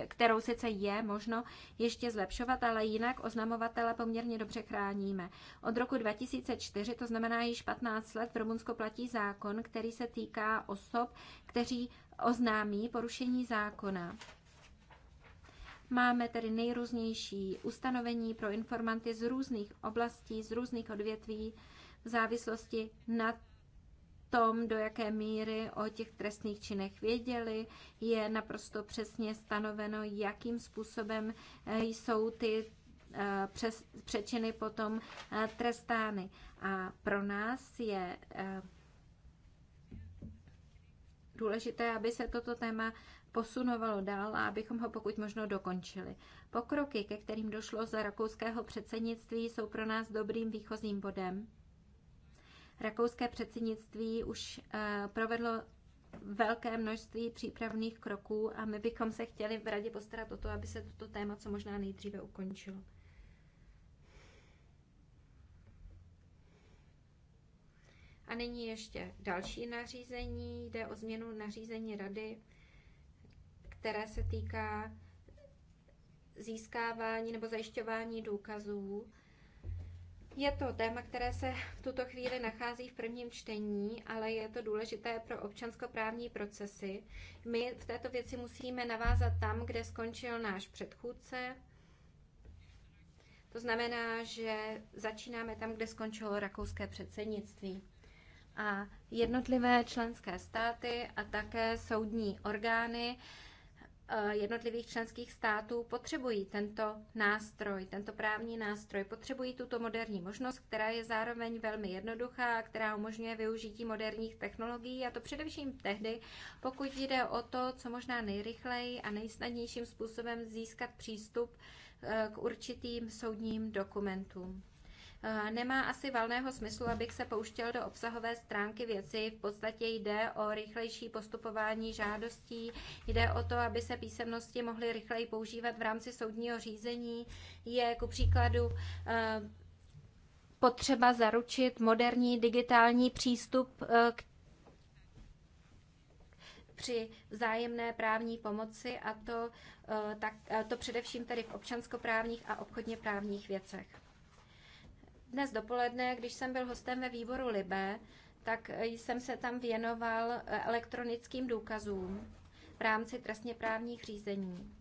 kterou sice je možno ještě zlepšovat, ale jinak oznamovatele poměrně dobře chráníme. Od roku 2004, to znamená již 15 let, v Rumunsku platí zákon, který se týká osob, kteří oznámí porušení zákona. Máme tedy nejrůznější ustanovení pro informanty z různých oblastí, z různých odvětví, v závislosti na tom, do jaké míry o těch trestných činech věděli. Je naprosto přesně stanoveno, jakým způsobem eh, jsou ty eh, přes, přečiny potom eh, trestány. A pro nás je důležité, aby se toto téma posunovalo dál a abychom ho pokud možno dokončili. Pokroky, ke kterým došlo za rakouského předsednictví, jsou pro nás dobrým výchozím bodem. Rakouské předsednictví už eh, provedlo velké množství přípravných kroků a my bychom se chtěli v radě postarat o to, aby se toto téma co možná nejdříve ukončilo. A nyní ještě další nařízení. Jde o změnu nařízení rady, které se týká získávání nebo zajišťování důkazů je to téma, které se v tuto chvíli nachází v prvním čtení, ale je to důležité pro občanskoprávní procesy. My v této věci musíme navázat tam, kde skončil náš předchůdce. To znamená, že začínáme tam, kde skončilo rakouské předsednictví. A jednotlivé členské státy a také soudní orgány Eh, jednotlivých členských států potřebují tento nástroj, tento právní nástroj, potřebují tuto moderní možnost, která je zároveň velmi jednoduchá a která umožňuje využití moderních technologií a to především tehdy, pokud jde o to, co možná nejrychleji a nejsnadnějším způsobem získat přístup eh, k určitým soudním dokumentům. Eh, nemá asi valného smyslu, abych se pouštěl do obsahové stránky věci. V podstatě jde o rychlejší postupování žádostí, jde o to, aby se písemnosti mohly rychleji používat v rámci soudního řízení. Je ku příkladu eh, potřeba zaručit moderní digitální přístup eh, k při zájemné právní pomoci a to, tak, to především tedy v občanskoprávních a obchodně právních věcech dnes dopoledne, když jsem byl hostem ve výboru Libe, tak jsem se tam věnoval eh, elektronickým důkazům v rámci trestně právních řízení.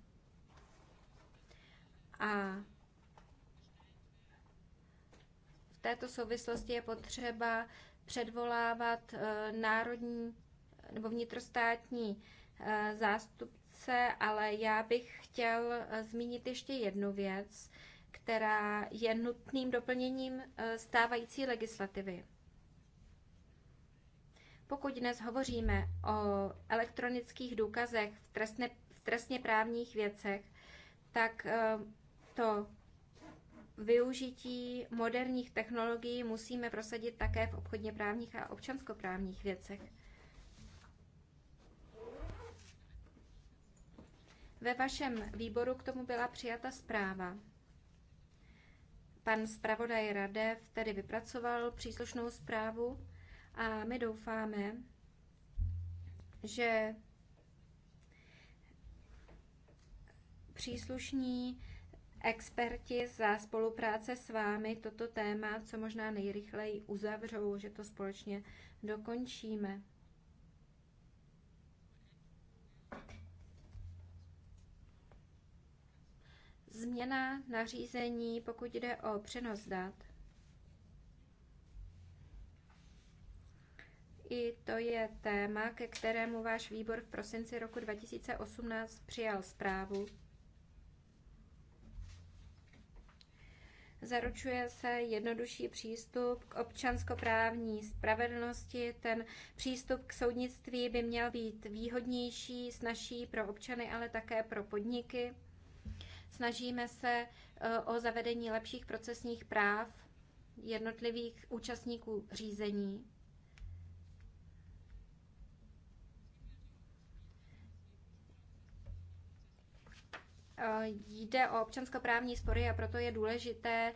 A v této souvislosti je potřeba předvolávat eh, národní nebo vnitrostátní eh, zástupce, ale já bych chtěl zmínit ještě jednu věc, která je nutným doplněním eh, stávající legislativy. Pokud dnes hovoříme o elektronických důkazech v, trestne, v trestně právních věcech, tak eh, to využití moderních technologií musíme prosadit také v obchodně právních a občanskoprávních věcech. Ve vašem výboru k tomu byla přijata zpráva, Pan zpravodaj Radev tedy vypracoval příslušnou zprávu a my doufáme, že příslušní experti za spolupráce s vámi toto téma co možná nejrychleji uzavřou, že to společně dokončíme. změna nařízení, pokud jde o přenos dat. I to je téma, ke kterému váš výbor v prosinci roku 2018 přijal zprávu. Zaručuje se jednodušší přístup k občanskoprávní spravedlnosti. Ten přístup k soudnictví by měl být výhodnější, snažší pro občany, ale také pro podniky. Snažíme se e, o zavedení lepších procesních práv jednotlivých účastníků řízení. E, jde o občanskoprávní spory a proto je důležité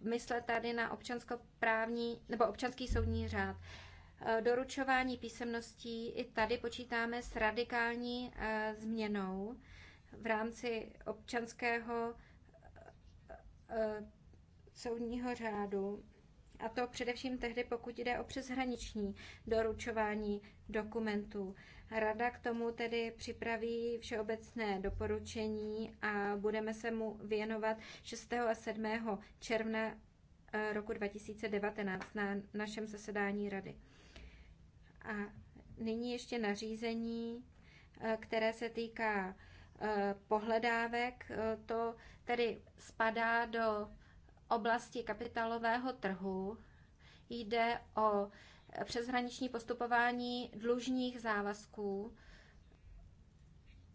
myslet tady na občanskoprávní nebo občanský soudní řád. E, doručování písemností i tady počítáme s radikální změnou v rámci občanského eh, eh, soudního řádu, a to především tehdy, pokud jde o přeshraniční doručování dokumentů. Rada k tomu tedy připraví všeobecné doporučení a budeme se mu věnovat 6. a 7. června eh, roku 2019 na našem zasedání rady. A nyní ještě nařízení, které se týká Eh, pohledávek. Eh, to tedy spadá do oblasti kapitálového trhu. Jde o přeshraniční postupování dlužních závazků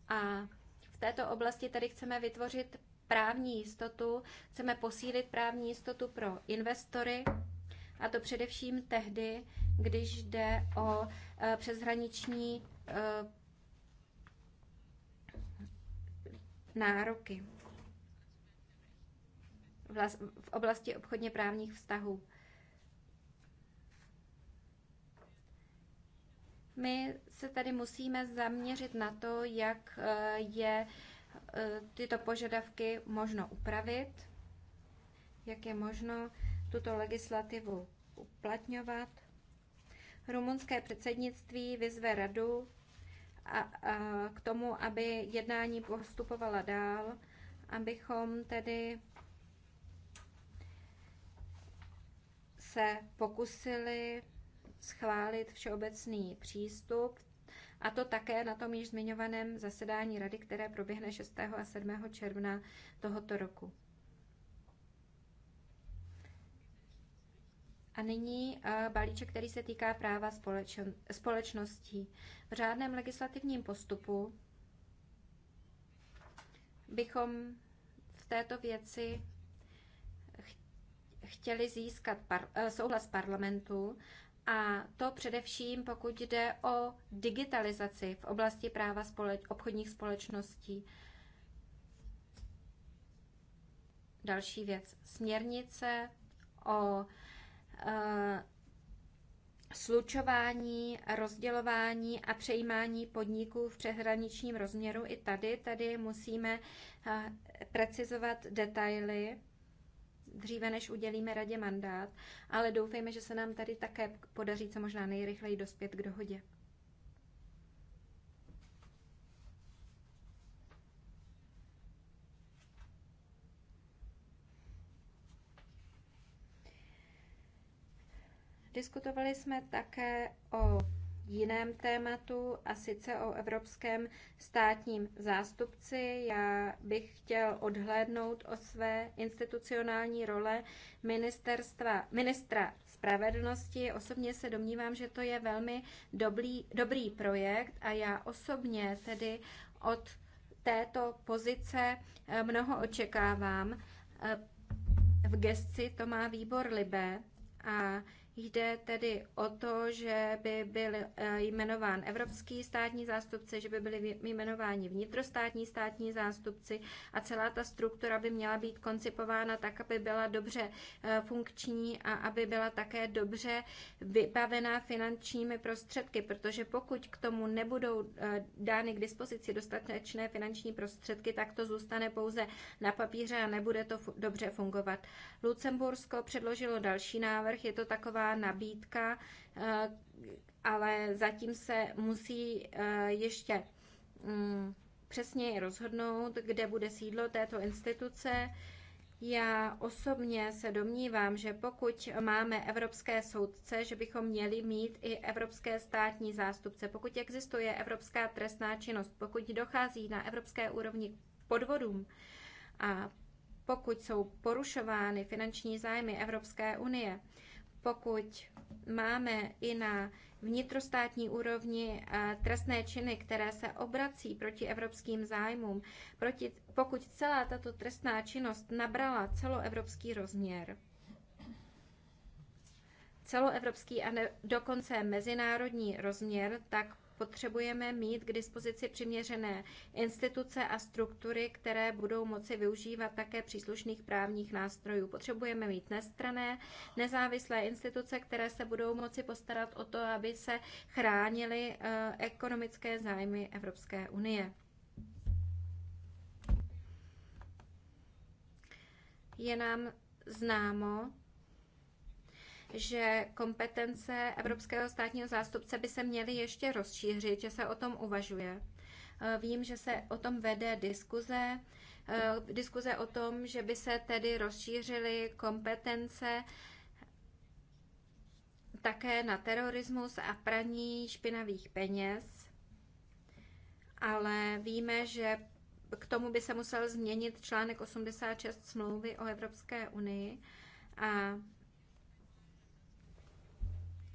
a v této oblasti tedy chceme vytvořit právní jistotu, chceme posílit právní jistotu pro investory, a to především tehdy, když jde o eh, přeshraniční nároky v oblasti obchodně právních vztahů. My se tady musíme zaměřit na to, jak eh, je eh, tyto požadavky možno upravit, jak je možno tuto legislativu uplatňovat. Rumunské předsednictví vyzve radu a, a k tomu, aby jednání postupovala dál, abychom tedy se pokusili schválit všeobecný přístup, a to také na tom již zmiňovaném zasedání rady, které proběhne 6. a 7. června tohoto roku. A nyní eh, balíček, který se týká práva společností. V řádném legislativním postupu bychom v této věci chtěli získat par, eh, souhlas parlamentu, a to především pokud jde o digitalizaci v oblasti práva společ, obchodních společností. Další věc. Směrnice o Eh, slučování, rozdělování a přejímání podniků v přeshraničním rozměru. I tady, tady musíme eh, precizovat detaily dříve, než udělíme radě mandát, ale doufejme, že se nám tady také podaří co možná nejrychleji dospět k dohodě. Diskutovali jsme také o jiném tématu, a sice o evropském státním zástupci. Já bych chtěl odhlédnout o své institucionální role ministerstva, ministra spravedlnosti. Osobně se domnívám, že to je velmi dobrý, dobrý projekt a já osobně tedy od této pozice eh, mnoho očekávám. Eh, v gesci to má výbor Libé a Jde tedy o to, že by byl eh, jmenován evropský státní zástupce, že by byli jmenováni vnitrostátní státní zástupci a celá ta struktura by měla být koncipována tak, aby byla dobře eh, funkční a aby byla také dobře vybavená finančními prostředky, protože pokud k tomu nebudou eh, dány k dispozici dostatečné finanční prostředky, tak to zůstane pouze na papíře a nebude to dobře fungovat. Lucembursko předložilo další návrh, je to taková nabídka, eh, ale zatím se musí eh, ještě mm, přesněji rozhodnout, kde bude sídlo této instituce. Já osobně se domnívám, že pokud máme evropské soudce, že bychom měli mít i evropské státní zástupce. Pokud existuje evropská trestná činnost, pokud dochází na evropské úrovni podvodům a pokud jsou porušovány finanční zájmy Evropské unie, pokud máme i na vnitrostátní úrovni eh, trestné činy, které se obrací proti evropským zájmům, proti, pokud celá tato trestná činnost nabrala celoevropský rozměr, celoevropský a ne, dokonce mezinárodní rozměr, tak Potřebujeme mít k dispozici přiměřené instituce a struktury, které budou moci využívat také příslušných právních nástrojů. Potřebujeme mít nestrané, nezávislé instituce, které se budou moci postarat o to, aby se chránily eh, ekonomické zájmy Evropské unie. Je nám známo, že kompetence Evropského státního zástupce by se měly ještě rozšířit, že se o tom uvažuje. Eh, vím, že se o tom vede diskuze, eh, diskuze o tom, že by se tedy rozšířily kompetence také na terorismus a praní špinavých peněz, ale víme, že k tomu by se musel změnit článek 86 smlouvy o Evropské unii a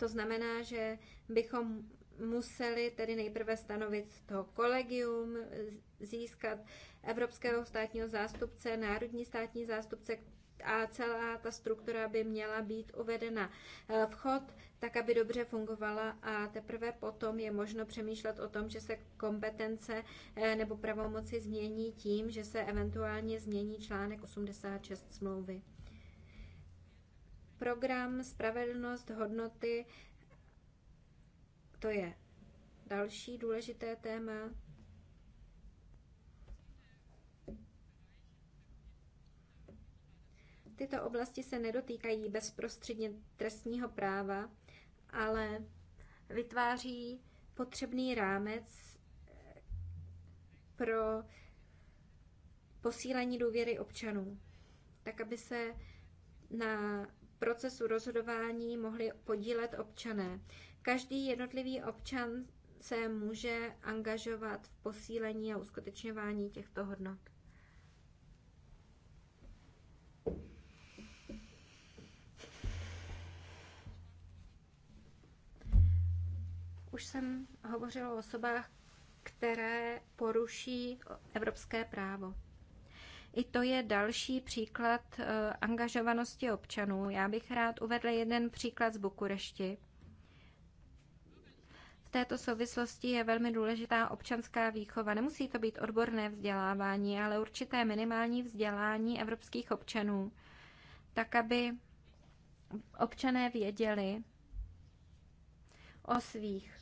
to znamená, že bychom museli tedy nejprve stanovit to kolegium, získat evropského státního zástupce, národní státní zástupce a celá ta struktura by měla být uvedena eh, v chod, tak aby dobře fungovala a teprve potom je možno přemýšlet o tom, že se kompetence eh, nebo pravomoci změní tím, že se eventuálně změní článek 86 smlouvy. Program Spravedlnost, hodnoty, to je další důležité téma. Tyto oblasti se nedotýkají bezprostředně trestního práva, ale vytváří potřebný rámec pro posílení důvěry občanů, tak aby se na procesu rozhodování mohli podílet občané. Každý jednotlivý občan se může angažovat v posílení a uskutečňování těchto hodnot. Už jsem hovořila o osobách, které poruší evropské právo. I to je další příklad eh, angažovanosti občanů. Já bych rád uvedl jeden příklad z Bukurešti. V této souvislosti je velmi důležitá občanská výchova. Nemusí to být odborné vzdělávání, ale určité minimální vzdělání evropských občanů, tak aby občané věděli o svých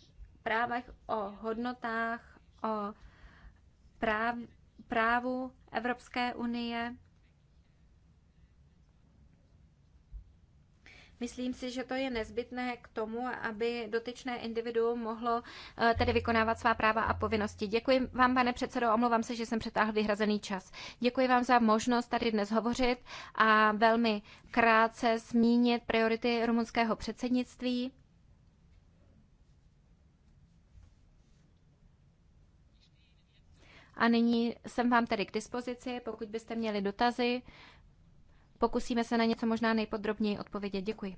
právech, o hodnotách, o práv, právu Evropské unie. Myslím si, že to je nezbytné k tomu, aby dotyčné individuum mohlo eh, tedy vykonávat svá práva a povinnosti. Děkuji vám, pane předsedo, omlouvám se, že jsem přetáhl vyhrazený čas. Děkuji vám za možnost tady dnes hovořit a velmi krátce zmínit priority rumunského předsednictví. A nyní jsem vám tedy k dispozici, pokud byste měli dotazy, pokusíme se na něco možná nejpodrobněji odpovědět. Děkuji.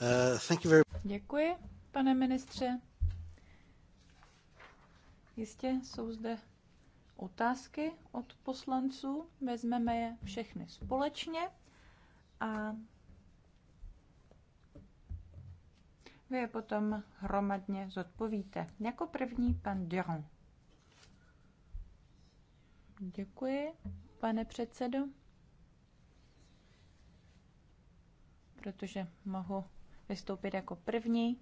Uh, thank you very... Děkuji, pane ministře. Jistě jsou zde otázky od poslanců. Vezmeme je všechny společně a vy je potom hromadně zodpovíte. Jako první pan Durand. Děkuji, pane předsedo, protože mohu vystoupit jako první.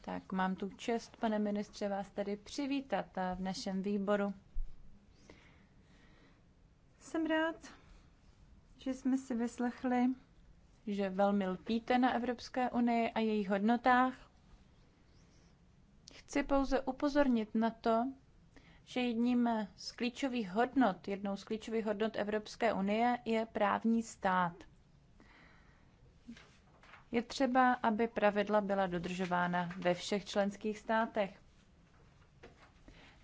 Tak mám tu čest, pane ministře, vás tady přivítat v našem výboru. Jsem rád, že jsme si vyslechli, že velmi lpíte na Evropské unii a jejich hodnotách. Chci pouze upozornit na to, že jedním z klíčových hodnot, jednou z klíčových hodnot Evropské unie je právní stát. Je třeba, aby pravidla byla dodržována ve všech členských státech.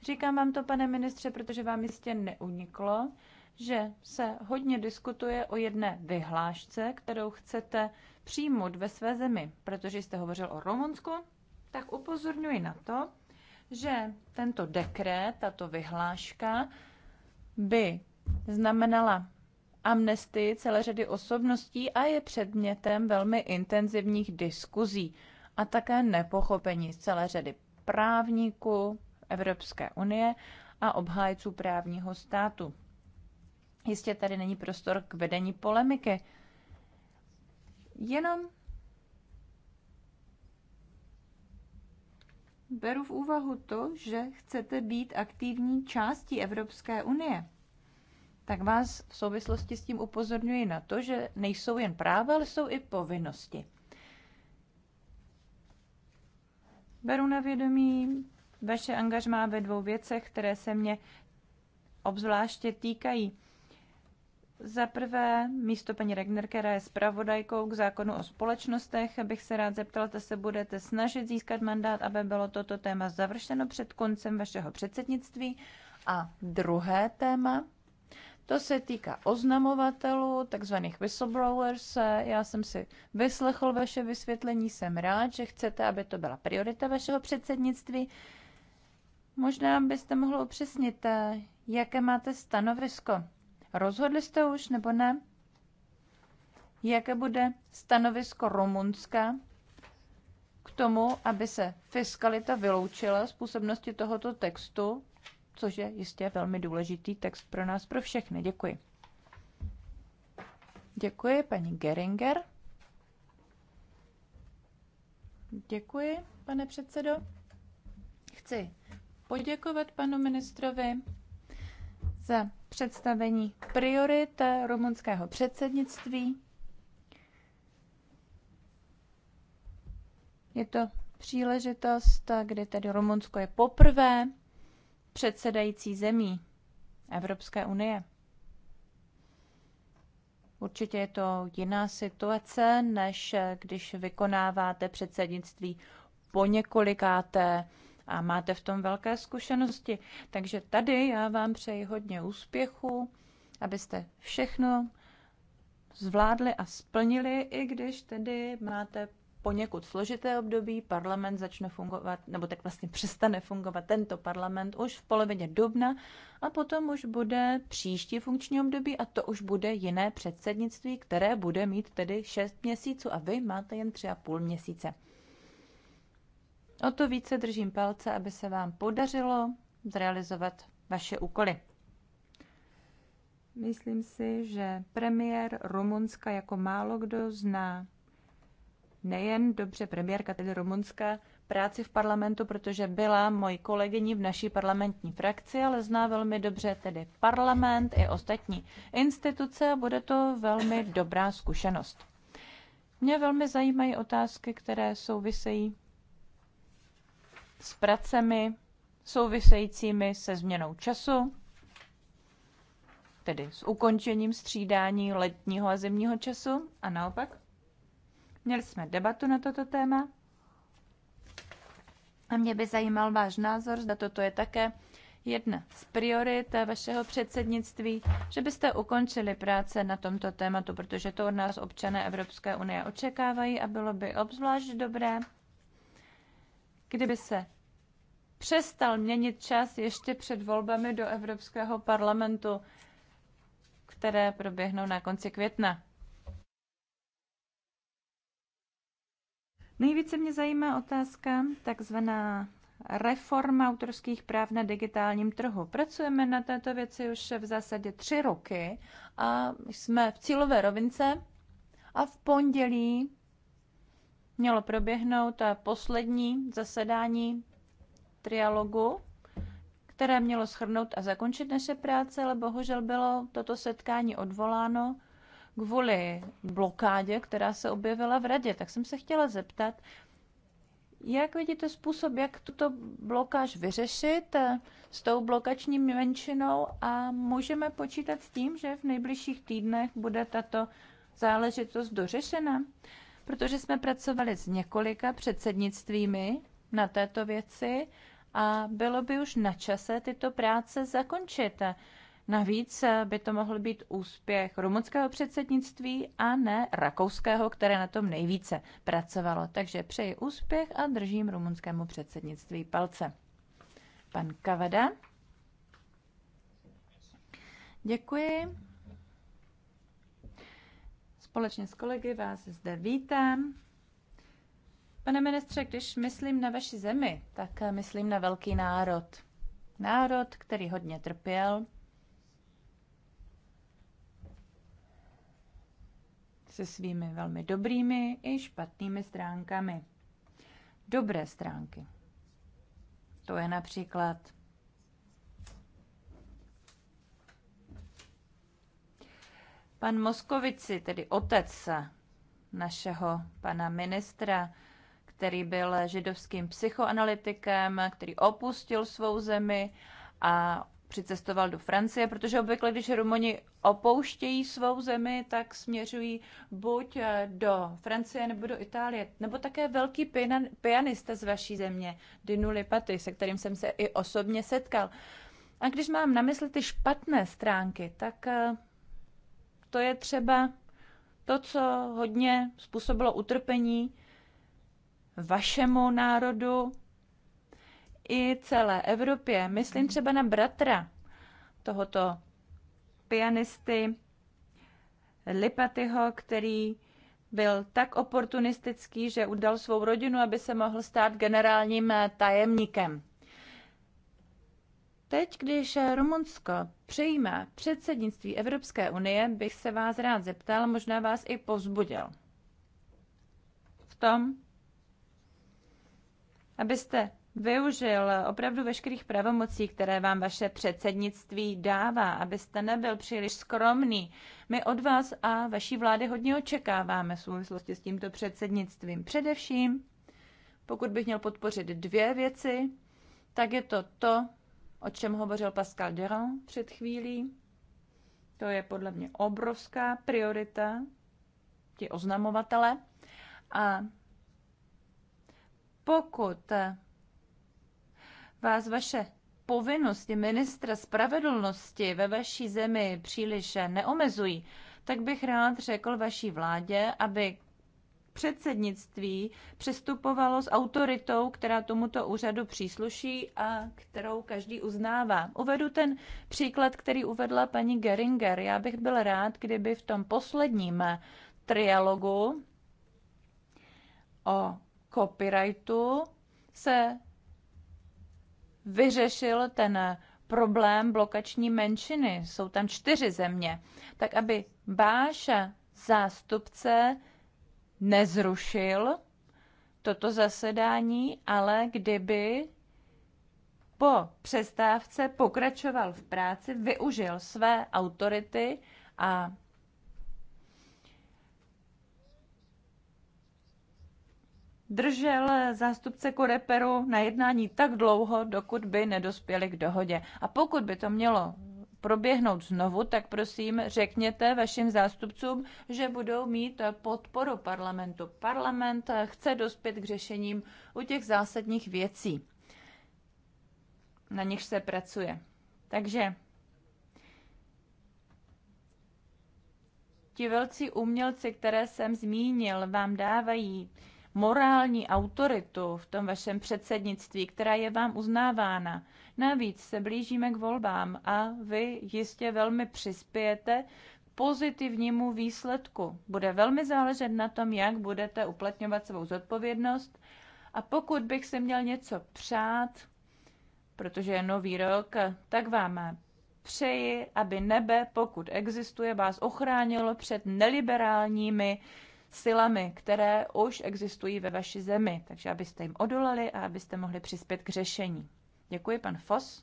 Říkám vám to, pane ministře, protože vám jistě neuniklo, že se hodně diskutuje o jedné vyhlášce, kterou chcete přijmout ve své zemi. Protože jste hovořil o Rumunsku, tak upozorňuji na to, že tento dekret, tato vyhláška by znamenala amnestii celé řady osobností a je předmětem velmi intenzivních diskuzí a také nepochopení z celé řady právníků Evropské unie a obhájců právního státu. Jistě tady není prostor k vedení polemiky. Jenom beru v úvahu to, že chcete být aktivní částí Evropské unie, tak vás v souvislosti s tím upozorňuji na to, že nejsou jen práva, ale jsou i povinnosti. Beru na vědomí vaše angažmá ve dvou věcech, které se mě obzvláště týkají. Za prvé, místo paní Regner, která je zpravodajkou k zákonu o společnostech, bych se rád zeptala, zda se budete snažit získat mandát, aby bylo toto téma završeno před koncem vašeho předsednictví. A druhé téma, to se týká oznamovatelů, takzvaných whistleblowers. Já jsem si vyslechl vaše vysvětlení, jsem rád, že chcete, aby to byla priorita vašeho předsednictví. Možná byste mohlo upřesnit, eh, jaké máte stanovisko Rozhodli jste už nebo ne? Jaké bude stanovisko Rumunska k tomu, aby se fiskalita vyloučila z působnosti tohoto textu, což je jistě velmi důležitý text pro nás, pro všechny. Děkuji. Děkuji, paní Geringer. Děkuji, pane předsedo. Chci poděkovat panu ministrovi za představení priorit rumunského předsednictví. Je to příležitost, kdy tedy Rumunsko je poprvé předsedající zemí Evropské unie. Určitě je to jiná situace, než když vykonáváte předsednictví po několikáté a máte v tom velké zkušenosti. Takže tady já vám přeji hodně úspěchu, abyste všechno zvládli a splnili, i když tedy máte poněkud složité období, parlament začne fungovat, nebo tak vlastně přestane fungovat tento parlament už v polovině dubna a potom už bude příští funkční období a to už bude jiné předsednictví, které bude mít tedy 6 měsíců a vy máte jen 3,5 měsíce. O to více držím palce, aby se vám podařilo zrealizovat vaše úkoly. Myslím si, že premiér Rumunska jako málo kdo zná nejen dobře premiérka, tedy Rumunska, práci v parlamentu, protože byla mojí kolegyní v naší parlamentní frakci, ale zná velmi dobře tedy parlament i ostatní instituce a bude to velmi dobrá zkušenost. Mě velmi zajímají otázky, které souvisejí s pracemi souvisejícími se změnou času, tedy s ukončením střídání letního a zimního času a naopak. Měli jsme debatu na toto téma a mě by zajímal váš názor, zda toto je také jedna z priorit vašeho předsednictví, že byste ukončili práce na tomto tématu, protože to od nás občané Evropské unie očekávají a bylo by obzvlášť dobré, kdyby se přestal měnit čas ještě před volbami do Evropského parlamentu, které proběhnou na konci května. Nejvíce mě zajímá otázka takzvaná reforma autorských práv na digitálním trhu. Pracujeme na této věci už v zásadě tři roky a jsme v cílové rovince a v pondělí mělo proběhnout eh, poslední zasedání trialogu, které mělo schrnout a zakončit naše práce, ale bohužel bylo toto setkání odvoláno kvůli blokádě, která se objevila v radě. Tak jsem se chtěla zeptat, jak vidíte způsob, jak tuto blokáž vyřešit eh, s tou blokační menšinou a můžeme počítat s tím, že v nejbližších týdnech bude tato záležitost dořešena? protože jsme pracovali s několika předsednictvími na této věci a bylo by už na čase tyto práce zakončit. Navíc by to mohl být úspěch rumunského předsednictví a ne rakouského, které na tom nejvíce pracovalo. Takže přeji úspěch a držím rumunskému předsednictví palce. Pan Kavada. Děkuji. Společně s kolegy vás zde vítám. Pane ministře, když myslím na vaši zemi, tak myslím na velký národ. Národ, který hodně trpěl, se svými velmi dobrými i špatnými stránkami. Dobré stránky. To je například Pan Moskovici, tedy otec našeho pana ministra, který byl židovským psychoanalytikem, který opustil svou zemi a přicestoval do Francie, protože obvykle, když Rumuni opouštějí svou zemi, tak směřují buď do Francie nebo do Itálie. Nebo také velký pianista z vaší země, Dinu Lipaty, se kterým jsem se i osobně setkal. A když mám na mysli ty špatné stránky, tak eh, to je třeba to, co hodně způsobilo utrpení vašemu národu i celé Evropě. Myslím mhm. třeba na bratra tohoto pianisty Lipatyho, který byl tak oportunistický, že udal svou rodinu, aby se mohl stát generálním tajemníkem. Teď, když Rumunsko přejímá předsednictví Evropské unie, bych se vás rád zeptal, možná vás i povzbudil. V tom, abyste využil opravdu veškerých pravomocí, které vám vaše předsednictví dává, abyste nebyl příliš skromný. My od vás a vaší vlády hodně očekáváme v souvislosti s tímto předsednictvím. Především, pokud bych měl podpořit dvě věci, tak je to to, o čem hovořil Pascal Durand před chvílí. To je podle mě obrovská priorita, ti oznamovatele. A pokud vás vaše povinnosti ministra spravedlnosti ve vaší zemi příliš neomezují, tak bych rád řekl vaší vládě, aby předsednictví přistupovalo s autoritou, která tomuto úřadu přísluší a kterou každý uznává. Uvedu ten příklad, který uvedla paní Geringer. Já bych byl rád, kdyby v tom posledním trialogu o copyrightu se vyřešil ten problém blokační menšiny. Jsou tam čtyři země. Tak aby Báša zástupce nezrušil toto zasedání, ale kdyby po přestávce pokračoval v práci, využil své autority a držel zástupce Koreperu na jednání tak dlouho, dokud by nedospěli k dohodě. A pokud by to mělo proběhnout znovu, tak prosím řekněte vašim zástupcům, že budou mít podporu parlamentu. Parlament chce dospět k řešením u těch zásadních věcí, na nich se pracuje. Takže ti velcí umělci, které jsem zmínil, vám dávají morální autoritu v tom vašem předsednictví, která je vám uznávána. Navíc se blížíme k volbám a vy jistě velmi přispějete pozitivnímu výsledku. Bude velmi záležet na tom, jak budete uplatňovat svou zodpovědnost. A pokud bych si měl něco přát, protože je nový rok, tak vám přeji, aby nebe, pokud existuje, vás ochránilo před neliberálními silami, které už existují ve vaší zemi. Takže abyste jim odolali a abyste mohli přispět k řešení. Děkuji, pan Foss.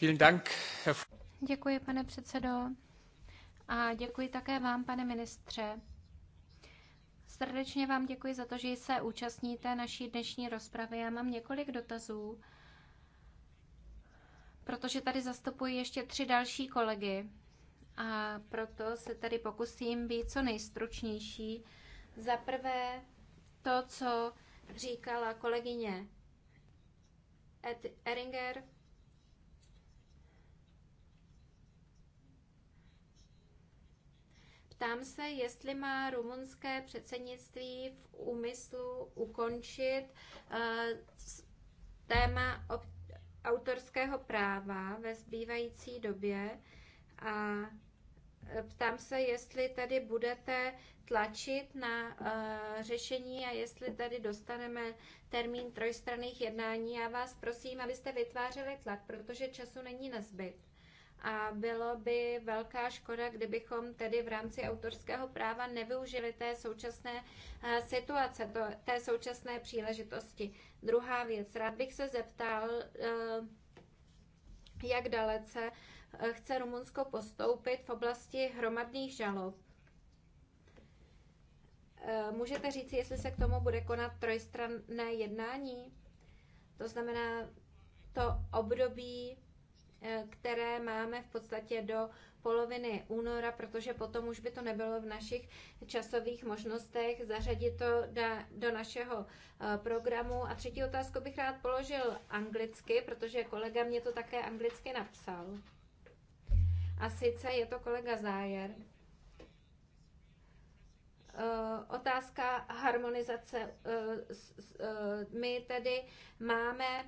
Vielen Dank, Děkuji, pane předsedo. A děkuji také vám, pane ministře. Srdečně vám děkuji za to, že se účastníte naší dnešní rozpravy. Já mám několik dotazů, protože tady zastupuji ještě tři další kolegy a proto se tady pokusím být co nejstručnější. Za prvé to, co říkala kolegyně Ed Eringer, Ptám se, jestli má rumunské předsednictví v úmyslu ukončit uh, téma autorského práva ve zbývající době a Ptám se, jestli tady budete tlačit na uh, řešení a jestli tady dostaneme termín trojstranných jednání. Já vás prosím, abyste vytvářeli tlak, protože času není nezbyt. A bylo by velká škoda, kdybychom tedy v rámci autorského práva nevyužili té současné eh, situace, to, té současné příležitosti. Druhá věc, rád bych se zeptal, eh, jak dalece Eh, chce Rumunsko postoupit v oblasti hromadných žalob. Eh, můžete říct, jestli se k tomu bude konat trojstranné jednání? To znamená to období, eh, které máme v podstatě do poloviny února, protože potom už by to nebylo v našich časových možnostech zařadit to do našeho programu. A třetí otázku bych rád položil anglicky, protože kolega mě to také anglicky napsal. A sice je to kolega Zájer. Eh, otázka harmonizace. Eh, eh, my tedy máme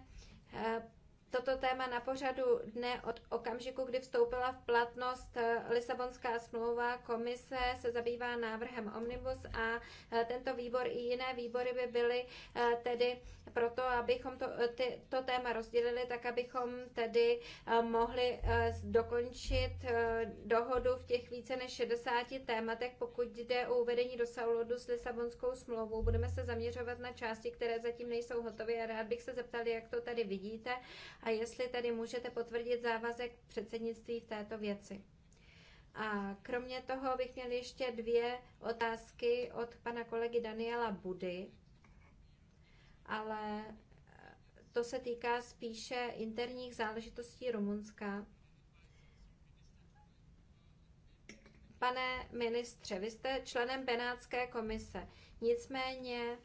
toto téma na pořadu dne od okamžiku, kdy vstoupila v platnost eh, Lisabonská smlouva. Komise se zabývá návrhem Omnibus a eh, tento výbor i jiné výbory by byly eh, tedy proto, abychom to, ty, to téma rozdělili, tak abychom tedy mohli dokončit dohodu v těch více než 60 tématech. Pokud jde o uvedení do souladu s Lisabonskou smlouvou, budeme se zaměřovat na části, které zatím nejsou hotové a rád bych se zeptal, jak to tady vidíte a jestli tedy můžete potvrdit závazek předsednictví v této věci. A kromě toho bych měl ještě dvě otázky od pana kolegy Daniela Budy, ale eh, to se týká spíše interních záležitostí Rumunska. Pane ministře, vy jste členem Benátské komise, nicméně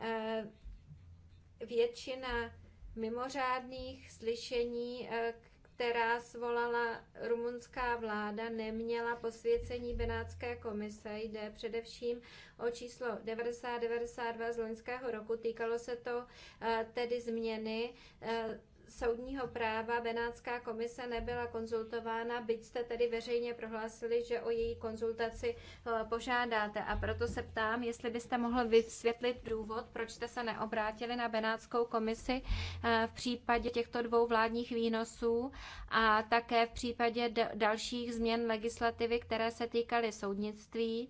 eh, většina mimořádných slyšení, eh, která svolala rumunská vláda, neměla posvěcení Benátské komise. Jde především o číslo 9092 z loňského roku. Týkalo se to eh, tedy změny eh, soudního práva Benátská komise nebyla konzultována, byť jste tedy veřejně prohlásili, že o její konzultaci eh, požádáte. A proto se ptám, jestli byste mohl vysvětlit důvod, proč jste se neobrátili na Benátskou komisi eh, v případě těchto dvou vládních výnosů a také v případě dalších změn legislativy, které se týkaly soudnictví.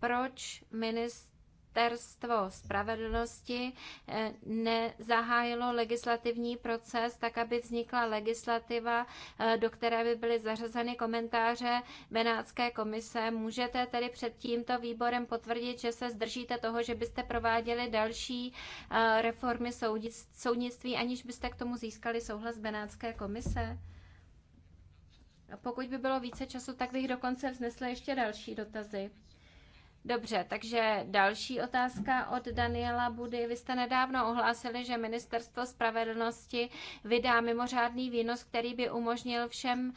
Proč ministr ministerstvo spravedlnosti eh, nezahájilo legislativní proces, tak aby vznikla legislativa, eh, do které by byly zařazeny komentáře Benátské komise. Můžete tedy před tímto výborem potvrdit, že se zdržíte toho, že byste prováděli další eh, reformy soudnictví, aniž byste k tomu získali souhlas Benátské komise? Pokud by bylo více času, tak bych dokonce vznesla ještě další dotazy. Dobře, takže další otázka od Daniela Budy. Vy jste nedávno ohlásili, že Ministerstvo spravedlnosti vydá mimořádný výnos, který by umožnil všem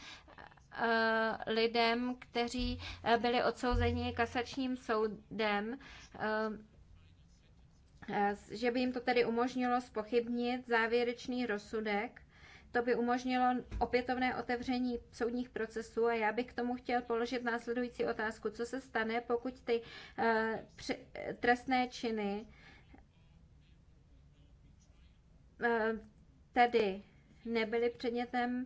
eh, lidem, kteří eh, byli odsouzeni kasačním soudem, eh, že by jim to tedy umožnilo spochybnit závěrečný rozsudek to by umožnilo opětovné otevření soudních procesů a já bych k tomu chtěl položit následující otázku. Co se stane, pokud ty eh, trestné činy eh, tedy nebyly předmětem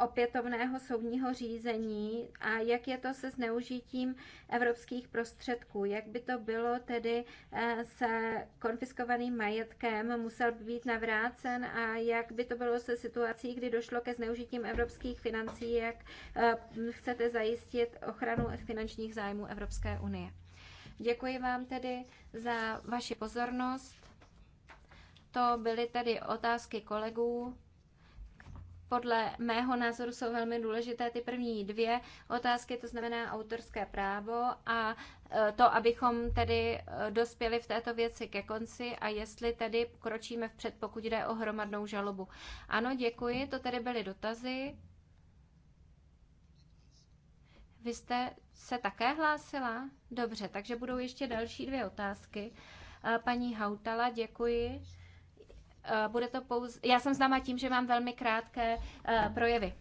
opětovného soudního řízení a jak je to se zneužitím evropských prostředků, jak by to bylo tedy eh, se konfiskovaným majetkem, musel by být navrácen a jak by to bylo se situací, kdy došlo ke zneužitím evropských financí, jak eh, chcete zajistit ochranu finančních zájmů Evropské unie. Děkuji vám tedy za vaši pozornost. To byly tedy otázky kolegů podle mého názoru jsou velmi důležité ty první dvě otázky, to znamená autorské právo a e, to, abychom tedy e, dospěli v této věci ke konci a jestli tedy kročíme vpřed, pokud jde o hromadnou žalobu. Ano, děkuji, to tedy byly dotazy. Vy jste se také hlásila? Dobře, takže budou ještě další dvě otázky. E, paní Hautala, děkuji. Eh, bude to pouze... Já jsem známa tím, že mám velmi krátké eh, projevy.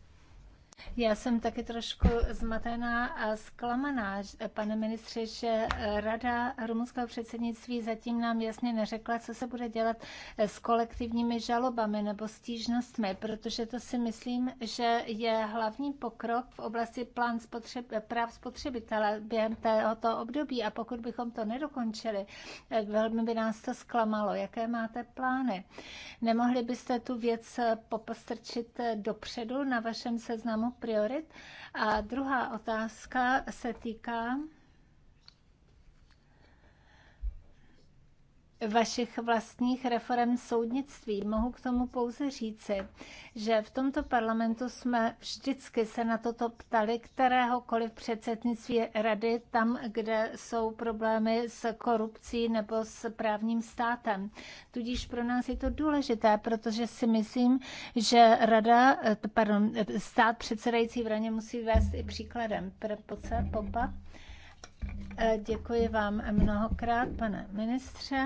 Já jsem taky trošku zmatená a zklamaná, pane ministře, že Rada rumunského předsednictví zatím nám jasně neřekla, co se bude dělat s kolektivními žalobami nebo stížnostmi, protože to si myslím, že je hlavní pokrok v oblasti plán spotřeb, práv spotřebitele během tohoto období a pokud bychom to nedokončili, velmi by nás to zklamalo. Jaké máte plány? Nemohli byste tu věc popostrčit dopředu na vašem seznamu priorit. A druhá otázka se týká vašich vlastních reform soudnictví. Mohu k tomu pouze říci, že v tomto parlamentu jsme vždycky se na toto ptali, kteréhokoliv předsednictví rady, tam, kde jsou problémy s korupcí nebo s právním státem. Tudíž pro nás je to důležité, protože si myslím, že rada, pardon, stát předsedající v raně musí vést i příkladem. Popa. E, děkuji vám mnohokrát, pane ministře.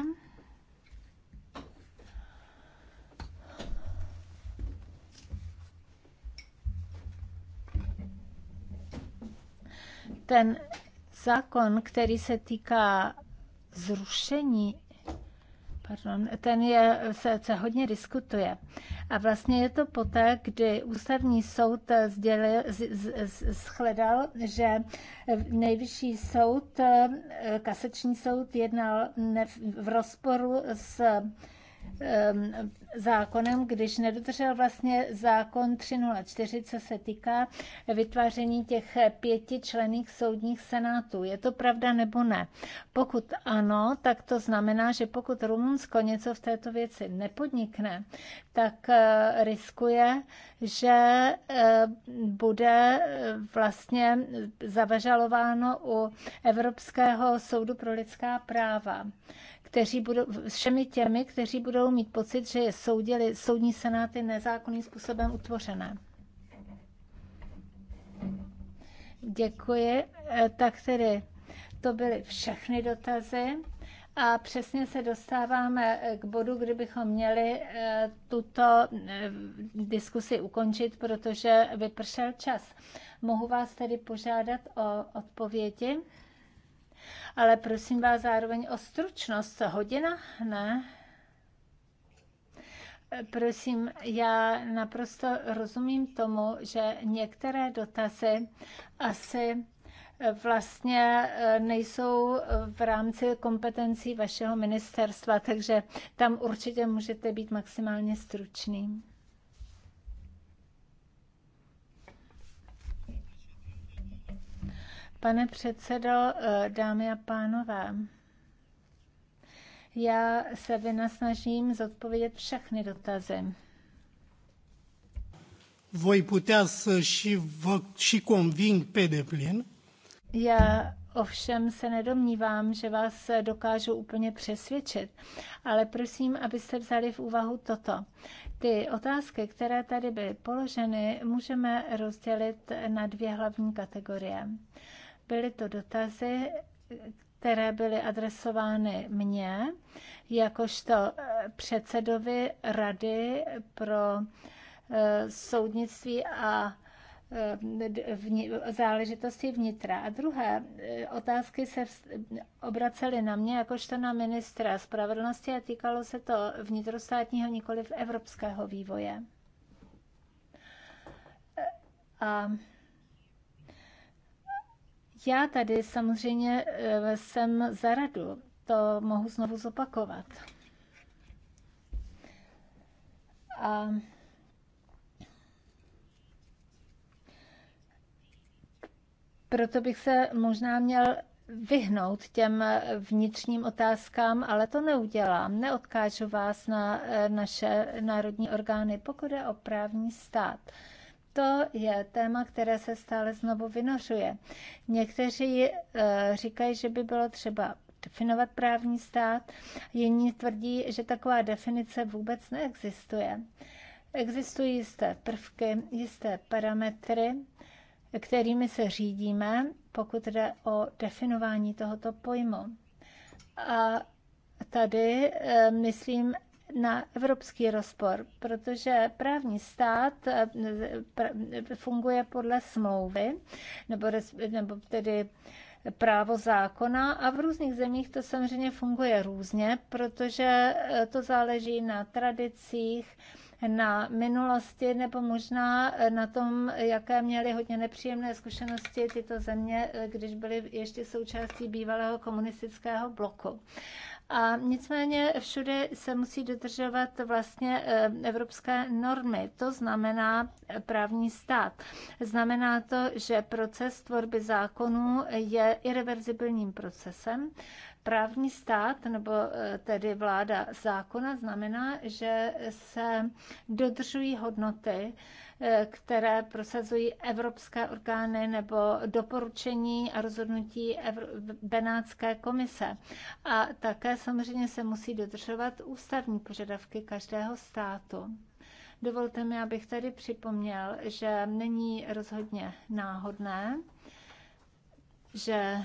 ten zákon, který se týká zrušení Pardon, ten je, se, se hodně diskutuje. A vlastně je to poté, kdy ústavní soud sdělil, z, z, z, shledal, že nejvyšší soud, kasační soud jednal ne, v rozporu s Um, zákonem, když nedodržel vlastně zákon 304, co se týká vytváření těch pěti člených soudních senátů. Je to pravda nebo ne? Pokud ano, tak to znamená, že pokud Rumunsko něco v této věci nepodnikne, tak uh, riskuje, že uh, bude uh, vlastně zavažalováno u Evropského soudu pro lidská práva kteří budou, všemi těmi, kteří budou mít pocit, že je soudili, soudní senáty nezákonným způsobem utvořené. Děkuji. E, tak tedy to byly všechny dotazy. A přesně se dostáváme e, k bodu, kdybychom bychom měli e, tuto diskusi ukončit, protože vypršel čas. Mohu vás tedy požádat o odpovědi? ale prosím vás zároveň o stručnost. Hodina? Ne. Prosím, já naprosto rozumím tomu, že některé dotazy asi eh, vlastně eh, nejsou eh, v rámci kompetencí vašeho ministerstva, takže tam určitě můžete být maximálně stručný. Pane předsedo, eh, dámy a pánové, já se vynasnažím zodpovědět všechny dotazy. Voi putea să și vă și conving pe deplin. Já Ovšem se nedomnívám, že vás dokážu úplně přesvědčit, ale prosím, abyste vzali v úvahu toto. Ty otázky, které tady byly položeny, můžeme rozdělit na dvě hlavní kategorie. Byly to dotazy, které byly adresovány mně, jakožto eh, předsedovi Rady pro eh, soudnictví a eh, záležitosti vnitra. A druhé otázky se obracely na mě, jakožto na ministra spravedlnosti a týkalo se to vnitrostátního, nikoli v evropského vývoje. A já tady samozřejmě eh, jsem za radu, to mohu znovu zopakovat. A proto bych se možná měl vyhnout těm vnitřním otázkám, ale to neudělám. Neodkážu vás na eh, naše národní orgány, pokud je o právní stát to je téma, které se stále znovu vynořuje. Někteří eh, říkají, že by bylo třeba definovat právní stát, jiní tvrdí, že taková definice vůbec neexistuje. Existují jisté prvky, jisté parametry, kterými se řídíme, pokud jde o definování tohoto pojmu. A tady eh, myslím na evropský rozpor, protože právní stát eh, funguje podle smlouvy, nebo, nebo tedy právo zákona a v různých zemích to samozřejmě funguje různě, protože eh, to záleží na tradicích, na minulosti nebo možná eh, na tom, jaké měly hodně nepříjemné zkušenosti tyto země, když byly ještě součástí bývalého komunistického bloku. A nicméně všude se musí dodržovat vlastně eh, evropské normy. To znamená eh, právní stát. Znamená to, že proces tvorby zákonů je irreverzibilním procesem, Právní stát nebo eh, tedy vláda zákona znamená, že se dodržují hodnoty, eh, které prosazují evropské orgány nebo doporučení a rozhodnutí Benátské komise. A také samozřejmě se musí dodržovat ústavní požadavky každého státu. Dovolte mi, abych tady připomněl, že není rozhodně náhodné, že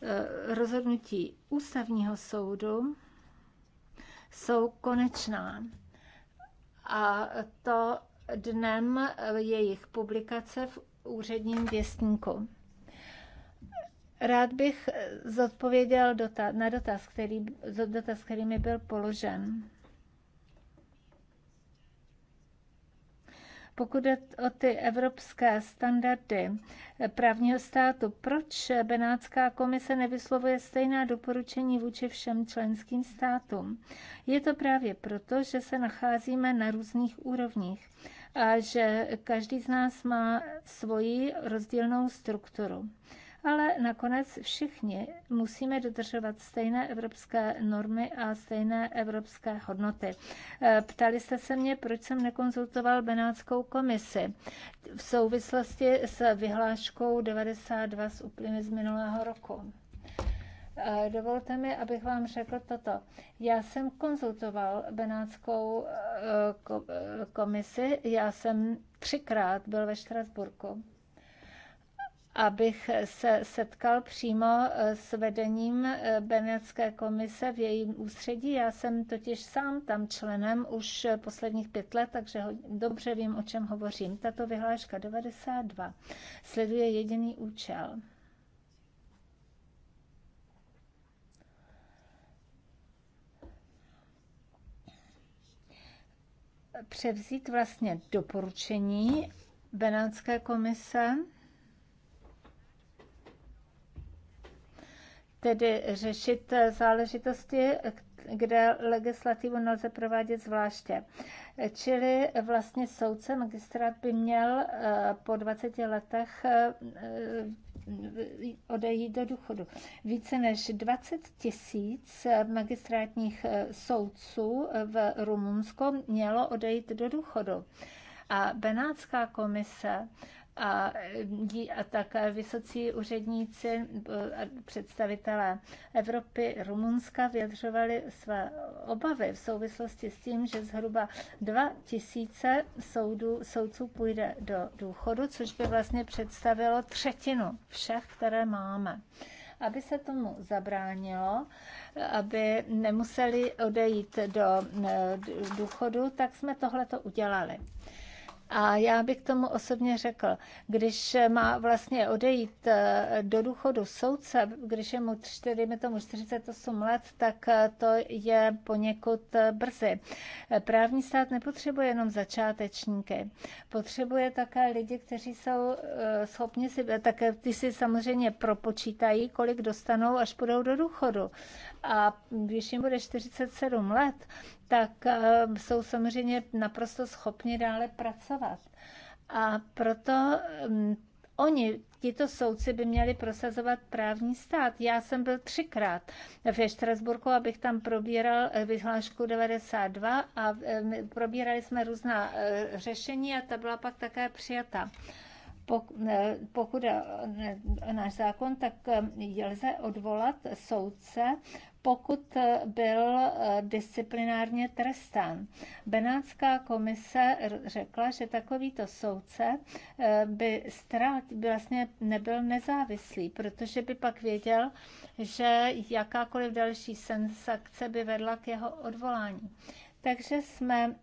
Eh, rozhodnutí ústavního soudu jsou konečná. A to dnem jejich publikace v úředním věstníku. Rád bych zodpověděl dotaz, na dotaz který, dotaz, který mi byl položen. Pokud je o ty evropské standardy právního státu, proč Benátská komise nevyslovuje stejná doporučení vůči všem členským státům? Je to právě proto, že se nacházíme na různých úrovních a že každý z nás má svoji rozdílnou strukturu ale nakonec všichni musíme dodržovat stejné evropské normy a stejné evropské hodnoty. Eh, ptali jste se mě, proč jsem nekonzultoval Benátskou komisi v souvislosti s vyhláškou 92 z úplně z minulého roku. Eh, dovolte mi, abych vám řekl toto. Já jsem konzultoval Benátskou eh, komisi, já jsem třikrát byl ve Štrasburku abych se setkal přímo eh, s vedením eh, Benátské komise v jejím ústředí. Já jsem totiž sám tam členem už eh, posledních pět let, takže dobře vím, o čem hovořím. Tato vyhláška 92 sleduje jediný účel. Převzít vlastně doporučení Benátské komise tedy řešit záležitosti, kde legislativu nelze provádět zvláště. Čili vlastně soudce, magistrát by měl eh, po 20 letech eh, odejít do důchodu. Více než 20 tisíc magistrátních eh, soudců v Rumunsku mělo odejít do důchodu. A Benátská komise a, a tak vysocí úředníci, představitelé Evropy, Rumunska vyjadřovali své obavy v souvislosti s tím, že zhruba 2 soudů, soudců půjde do důchodu, což by vlastně představilo třetinu všech, které máme aby se tomu zabránilo, aby nemuseli odejít do důchodu, tak jsme tohle udělali. A já bych tomu osobně řekl, když má vlastně odejít eh, do důchodu soudce, když je mu, čtyři, mi tomu 48 let, tak eh, to je poněkud eh, brzy. Právní stát nepotřebuje jenom začátečníky. Potřebuje také lidi, kteří jsou schopni si, tak ty si samozřejmě propočítají, kolik dostanou, až půjdou do důchodu. A když jim bude 47 let, tak eh, jsou samozřejmě naprosto schopni dále pracovat. A proto mm, oni, tito soudci, by měli prosazovat právní stát. Já jsem byl třikrát ve Štrasburku, abych tam probíral eh, vyhlášku 92 a eh, probírali jsme různá řešení a ta byla pak také přijata pokud je náš zákon, tak lze odvolat soudce pokud eh, byl eh, disciplinárně trestán. Benátská komise řekla, že takovýto soudce eh, by strát, vlastně nebyl nezávislý, protože by pak věděl, že jakákoliv další sensakce by vedla k jeho odvolání. Takže jsme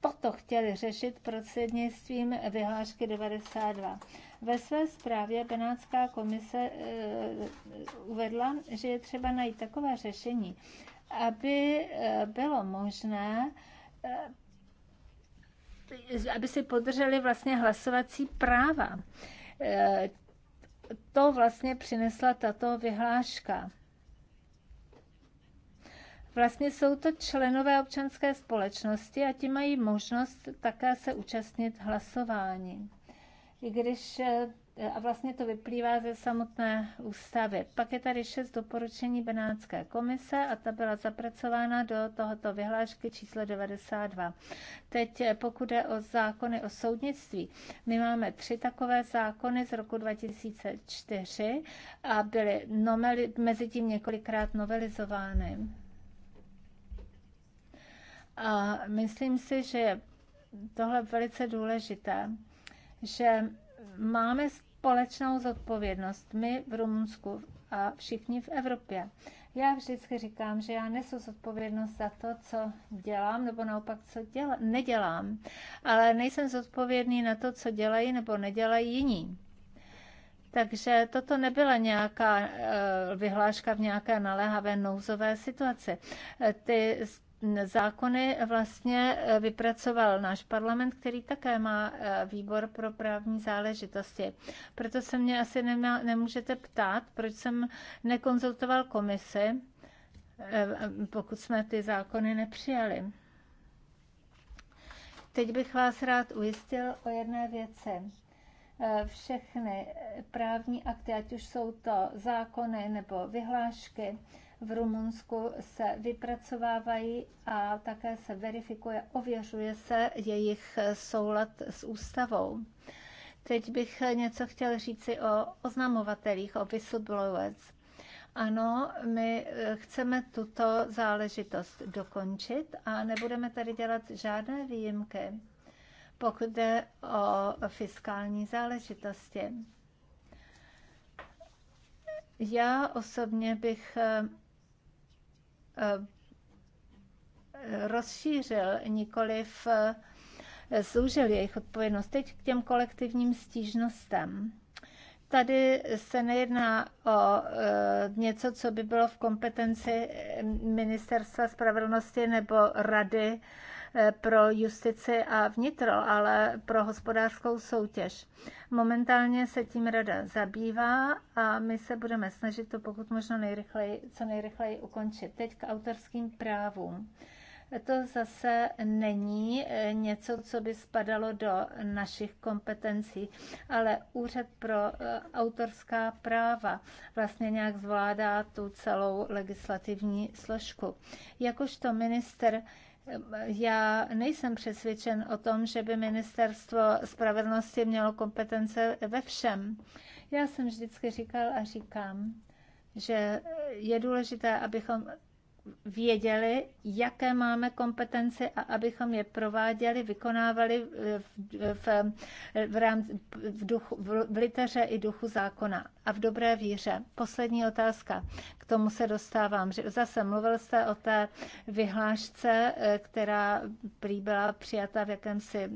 toto chtěli řešit prostřednictvím vyhlášky 92. Ve své zprávě Benátská komise eh, uvedla, že je třeba najít takové řešení, aby eh, bylo možné eh, aby si podrželi vlastně hlasovací práva. To vlastně přinesla tato vyhláška. Vlastně jsou to členové občanské společnosti a ti mají možnost také se účastnit hlasování i když eh, a vlastně to vyplývá ze samotné ústavy. Pak je tady šest doporučení Benátské komise a ta byla zapracována do tohoto vyhlášky číslo 92. Teď eh, pokud je o zákony o soudnictví, my máme tři takové zákony z roku 2004 a byly nomeli, mezi tím několikrát novelizovány. A myslím si, že tohle je velice důležité že máme společnou zodpovědnost my v Rumunsku a všichni v Evropě. Já vždycky říkám, že já nesu zodpovědnost za to, co dělám, nebo naopak, co děla, nedělám, ale nejsem zodpovědný na to, co dělají nebo nedělají jiní. Takže toto nebyla nějaká eh, vyhláška v nějaké naléhavé nouzové situaci. Eh, ty zákony vlastně eh, vypracoval náš parlament, který také má eh, výbor pro právní záležitosti. Proto se mě asi nemá, nemůžete ptát, proč jsem nekonzultoval komisi, eh, pokud jsme ty zákony nepřijali. Teď bych vás rád ujistil o jedné věci. Všechny právní akty, ať už jsou to zákony nebo vyhlášky, v Rumunsku se vypracovávají a také se verifikuje, ověřuje se jejich soulad s ústavou. Teď bych něco chtěl říci o oznamovatelích, o whistleblowers. Ano, my eh, chceme tuto záležitost dokončit a nebudeme tady dělat žádné výjimky, pokud jde o fiskální záležitosti. Já osobně bych eh, Eh, rozšířil, nikoliv eh, zúžil jejich odpovědnost. Teď k těm kolektivním stížnostem. Tady se nejedná o eh, něco, co by bylo v kompetenci Ministerstva spravedlnosti nebo Rady pro justici a vnitro, ale pro hospodářskou soutěž. Momentálně se tím rada zabývá a my se budeme snažit to pokud možno nejrychleji, co nejrychleji ukončit. Teď k autorským právům. To zase není eh, něco, co by spadalo do našich kompetencí, ale Úřad pro eh, autorská práva vlastně nějak zvládá tu celou legislativní složku. Jakožto minister já nejsem přesvědčen o tom, že by ministerstvo spravedlnosti mělo kompetence ve všem. Já jsem vždycky říkal a říkám, že je důležité, abychom věděli, jaké máme kompetence a abychom je prováděli, vykonávali v, v, v, rámci, v, duchu, v liteře i duchu zákona a v dobré víře. Poslední otázka, k tomu se dostávám. Zase mluvil jste o té vyhlášce, eh, která prý byla přijata v jakémsi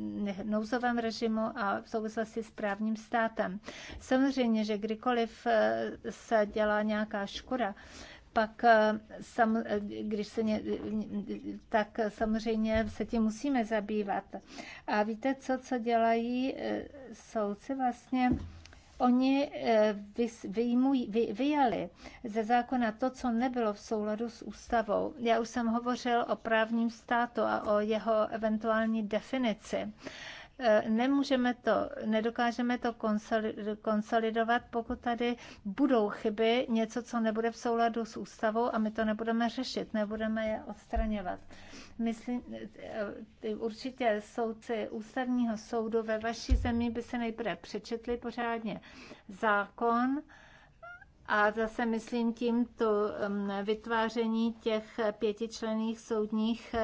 nouzovém režimu a v souvislosti s právním státem. Samozřejmě, že kdykoliv eh, se dělá nějaká škoda, pak eh, sam, eh, když se ně, eh, tak samozřejmě se tím musíme zabývat. A víte co, co dělají soudci vlastně? Oni vyjmuj, vy, vyjali ze zákona to, co nebylo v souladu s ústavou. Já už jsem hovořil o právním státu a o jeho eventuální definici. Eh, nemůžeme to, nedokážeme to konsolidovat, pokud tady budou chyby, něco, co nebude v souladu s ústavou a my to nebudeme řešit, nebudeme je odstraňovat. Myslím, eh, eh, určitě soudci ústavního soudu ve vaší zemi by se nejprve přečetli pořádně zákon, a zase myslím tím to mm, vytváření těch pětičlených soudních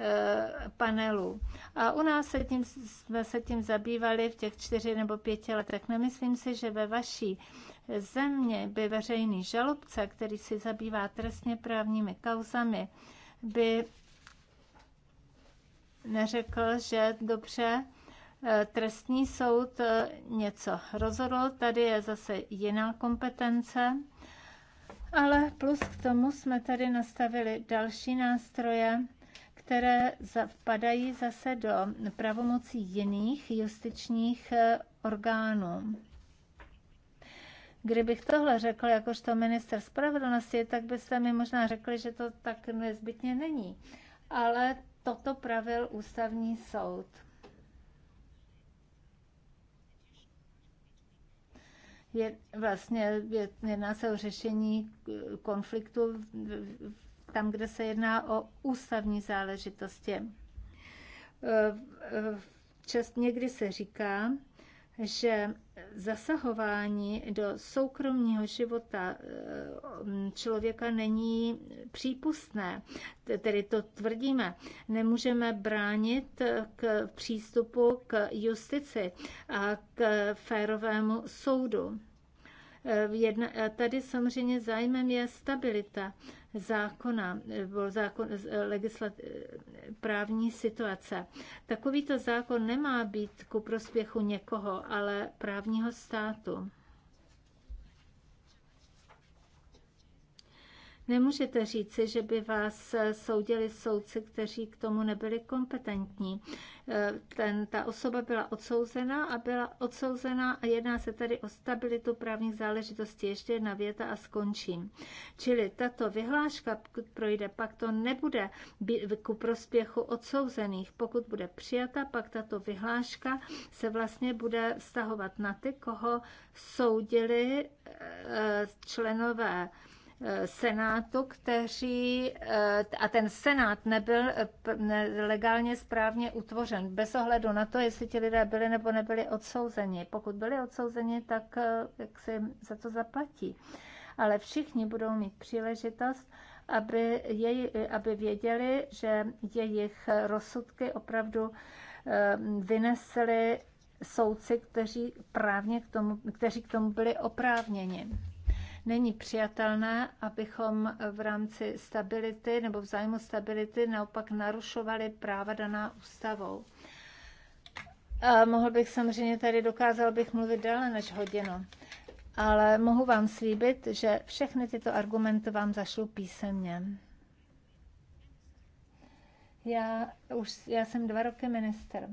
Eh, panelů. A u nás se tím, jsme se tím zabývali v těch čtyři nebo pěti letech. Nemyslím no, si, že ve vaší země by veřejný žalobce, který si zabývá trestně právními kauzami, by neřekl, že dobře, eh, trestní soud eh, něco rozhodl, tady je zase jiná kompetence, ale plus k tomu jsme tady nastavili další nástroje, které zapadají zase do pravomocí jiných justičních eh, orgánů. Kdybych tohle řekl jakožto minister spravedlnosti, tak byste mi možná řekli, že to tak nezbytně není. Ale toto pravil ústavní soud. je vlastně jedná se o řešení eh, konfliktu tam, kde se jedná o ústavní záležitosti. E, e, čest někdy se říká, že zasahování do soukromního života e, člověka není přípustné. Tedy to tvrdíme. Nemůžeme bránit k přístupu k justici a k férovému soudu. tady samozřejmě zájmem je stabilita zákona, zákon, legislat, právní situace. Takovýto zákon nemá být ku prospěchu někoho, ale právního státu. Nemůžete říci, že by vás soudili soudci, kteří k tomu nebyli kompetentní. Eh, ten, ta osoba byla odsouzena a byla odsouzena a jedná se tady o stabilitu právních záležitostí. Ještě jedna věta a skončím. Čili tato vyhláška, pokud projde, pak to nebude ku prospěchu odsouzených. Pokud bude přijata, pak tato vyhláška se vlastně bude vztahovat na ty, koho soudili eh, členové Eh, Senátu, kteří, eh, a ten Senát nebyl eh, legálně správně utvořen, bez ohledu na to, jestli ti lidé byli nebo nebyli odsouzeni. Pokud byli odsouzeni, tak jak se za to zaplatí. Ale všichni budou mít příležitost, aby, jej, aby věděli, že jejich rozsudky opravdu vynesly soudci, kteří, právně k tomu, kteří k tomu byli oprávněni. Není přijatelné, abychom v rámci stability nebo vzájmu stability naopak narušovali práva daná ústavou. A mohl bych samozřejmě tady, dokázal bych mluvit déle než hodinu, ale mohu vám slíbit, že všechny tyto argumenty vám zašlu písemně. Já, už, já jsem dva roky minister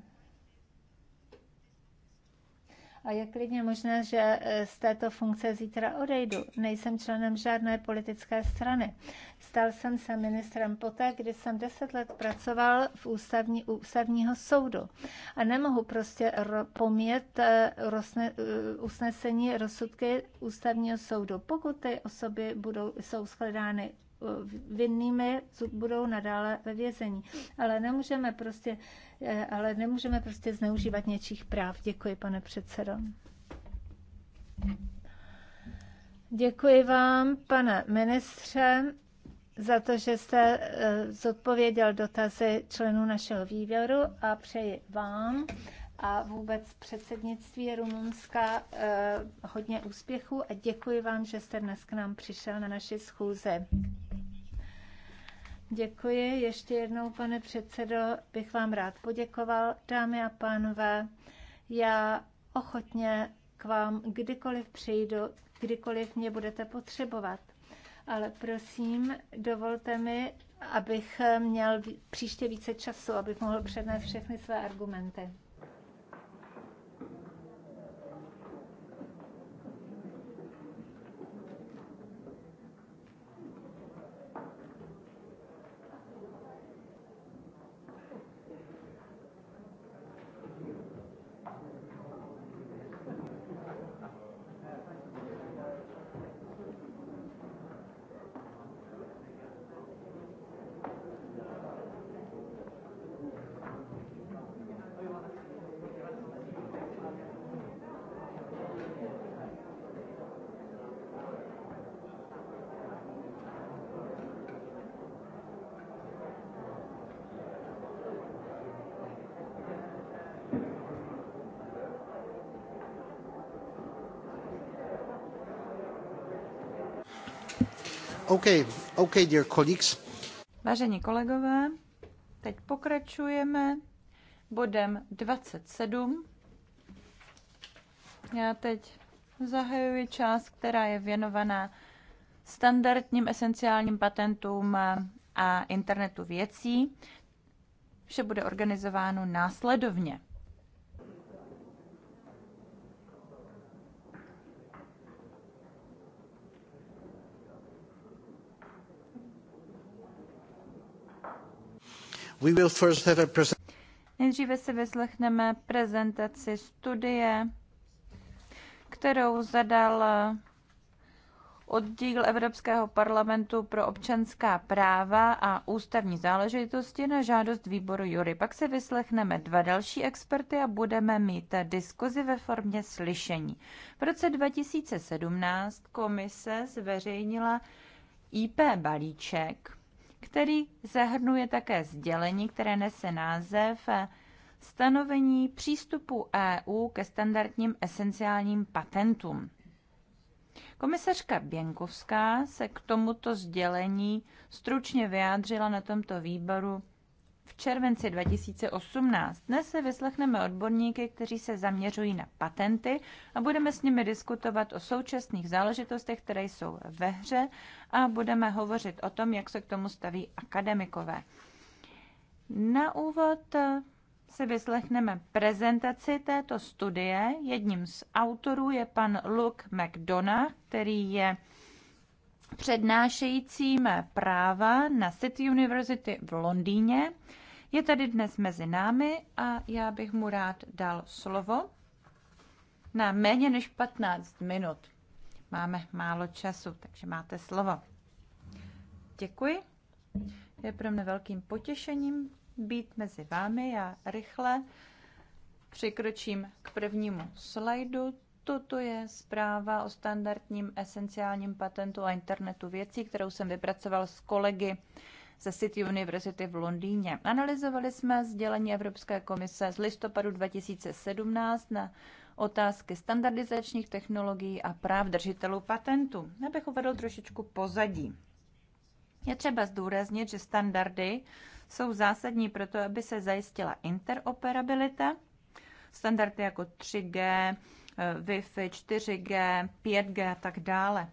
a je klidně možné, že eh, z této funkce zítra odejdu. Nejsem členem žádné politické strany. Stal jsem se ministrem poté, kdy jsem deset let pracoval v ústavní, u ústavního soudu a nemohu prostě ro, pomět eh, rozne, eh, usnesení rozsudky ústavního soudu. Pokud ty osoby budou, jsou shledány vinnými budou nadále ve vězení. Ale nemůžeme prostě, eh, ale nemůžeme prostě zneužívat něčích práv. Děkuji, pane předsedo. Děkuji vám, pane ministře, za to, že jste eh, zodpověděl dotazy členů našeho výběru a přeji vám a vůbec předsednictví Rumunska eh, hodně úspěchů a děkuji vám, že jste dnes k nám přišel na naši schůze. Děkuji ještě jednou, pane předsedo, bych vám rád poděkoval. Dámy a pánové, já ochotně k vám kdykoliv přijdu, kdykoliv mě budete potřebovat. Ale prosím, dovolte mi, abych měl příště více času, abych mohl přednést všechny své argumenty. Okay, okay, dear colleagues. Vážení kolegové, teď pokračujeme bodem 27. Já teď zahajuji část, která je věnovaná standardním esenciálním patentům a internetu věcí. Vše bude organizováno následovně. Nejdříve si vyslechneme prezentaci studie, kterou zadal oddíl Evropského parlamentu pro občanská práva a ústavní záležitosti na žádost výboru Jury. Pak si vyslechneme dva další experty a budeme mít diskuzi ve formě slyšení. V roce 2017 komise zveřejnila IP balíček, který zahrnuje také sdělení, které nese název Stanovení přístupu EU ke standardním esenciálním patentům. Komisařka Běnkovská se k tomuto sdělení stručně vyjádřila na tomto výboru v červenci 2018. Dnes se vyslechneme odborníky, kteří se zaměřují na patenty a budeme s nimi diskutovat o současných záležitostech, které jsou ve hře a budeme hovořit o tom, jak se k tomu staví akademikové. Na úvod eh, si vyslechneme prezentaci této studie. Jedním z autorů je pan Luke McDonough, který je přednášejícím práva na City University v Londýně. Je tady dnes mezi námi a já bych mu rád dal slovo na méně než 15 minut. Máme málo času, takže máte slovo. Děkuji. Je pro mě velkým potěšením být mezi vámi. Já rychle přikročím k prvnímu slajdu, Toto je zpráva o standardním esenciálním patentu a internetu věcí, kterou jsem vypracoval s kolegy ze City University v Londýně. Analyzovali jsme sdělení Evropské komise z listopadu 2017 na otázky standardizačních technologií a práv držitelů patentů. Já bych uvedl trošičku pozadí. Je třeba zdůraznit, že standardy jsou zásadní pro to, aby se zajistila interoperabilita. Standardy jako 3G, Wi-Fi, 4G, 5G a tak dále.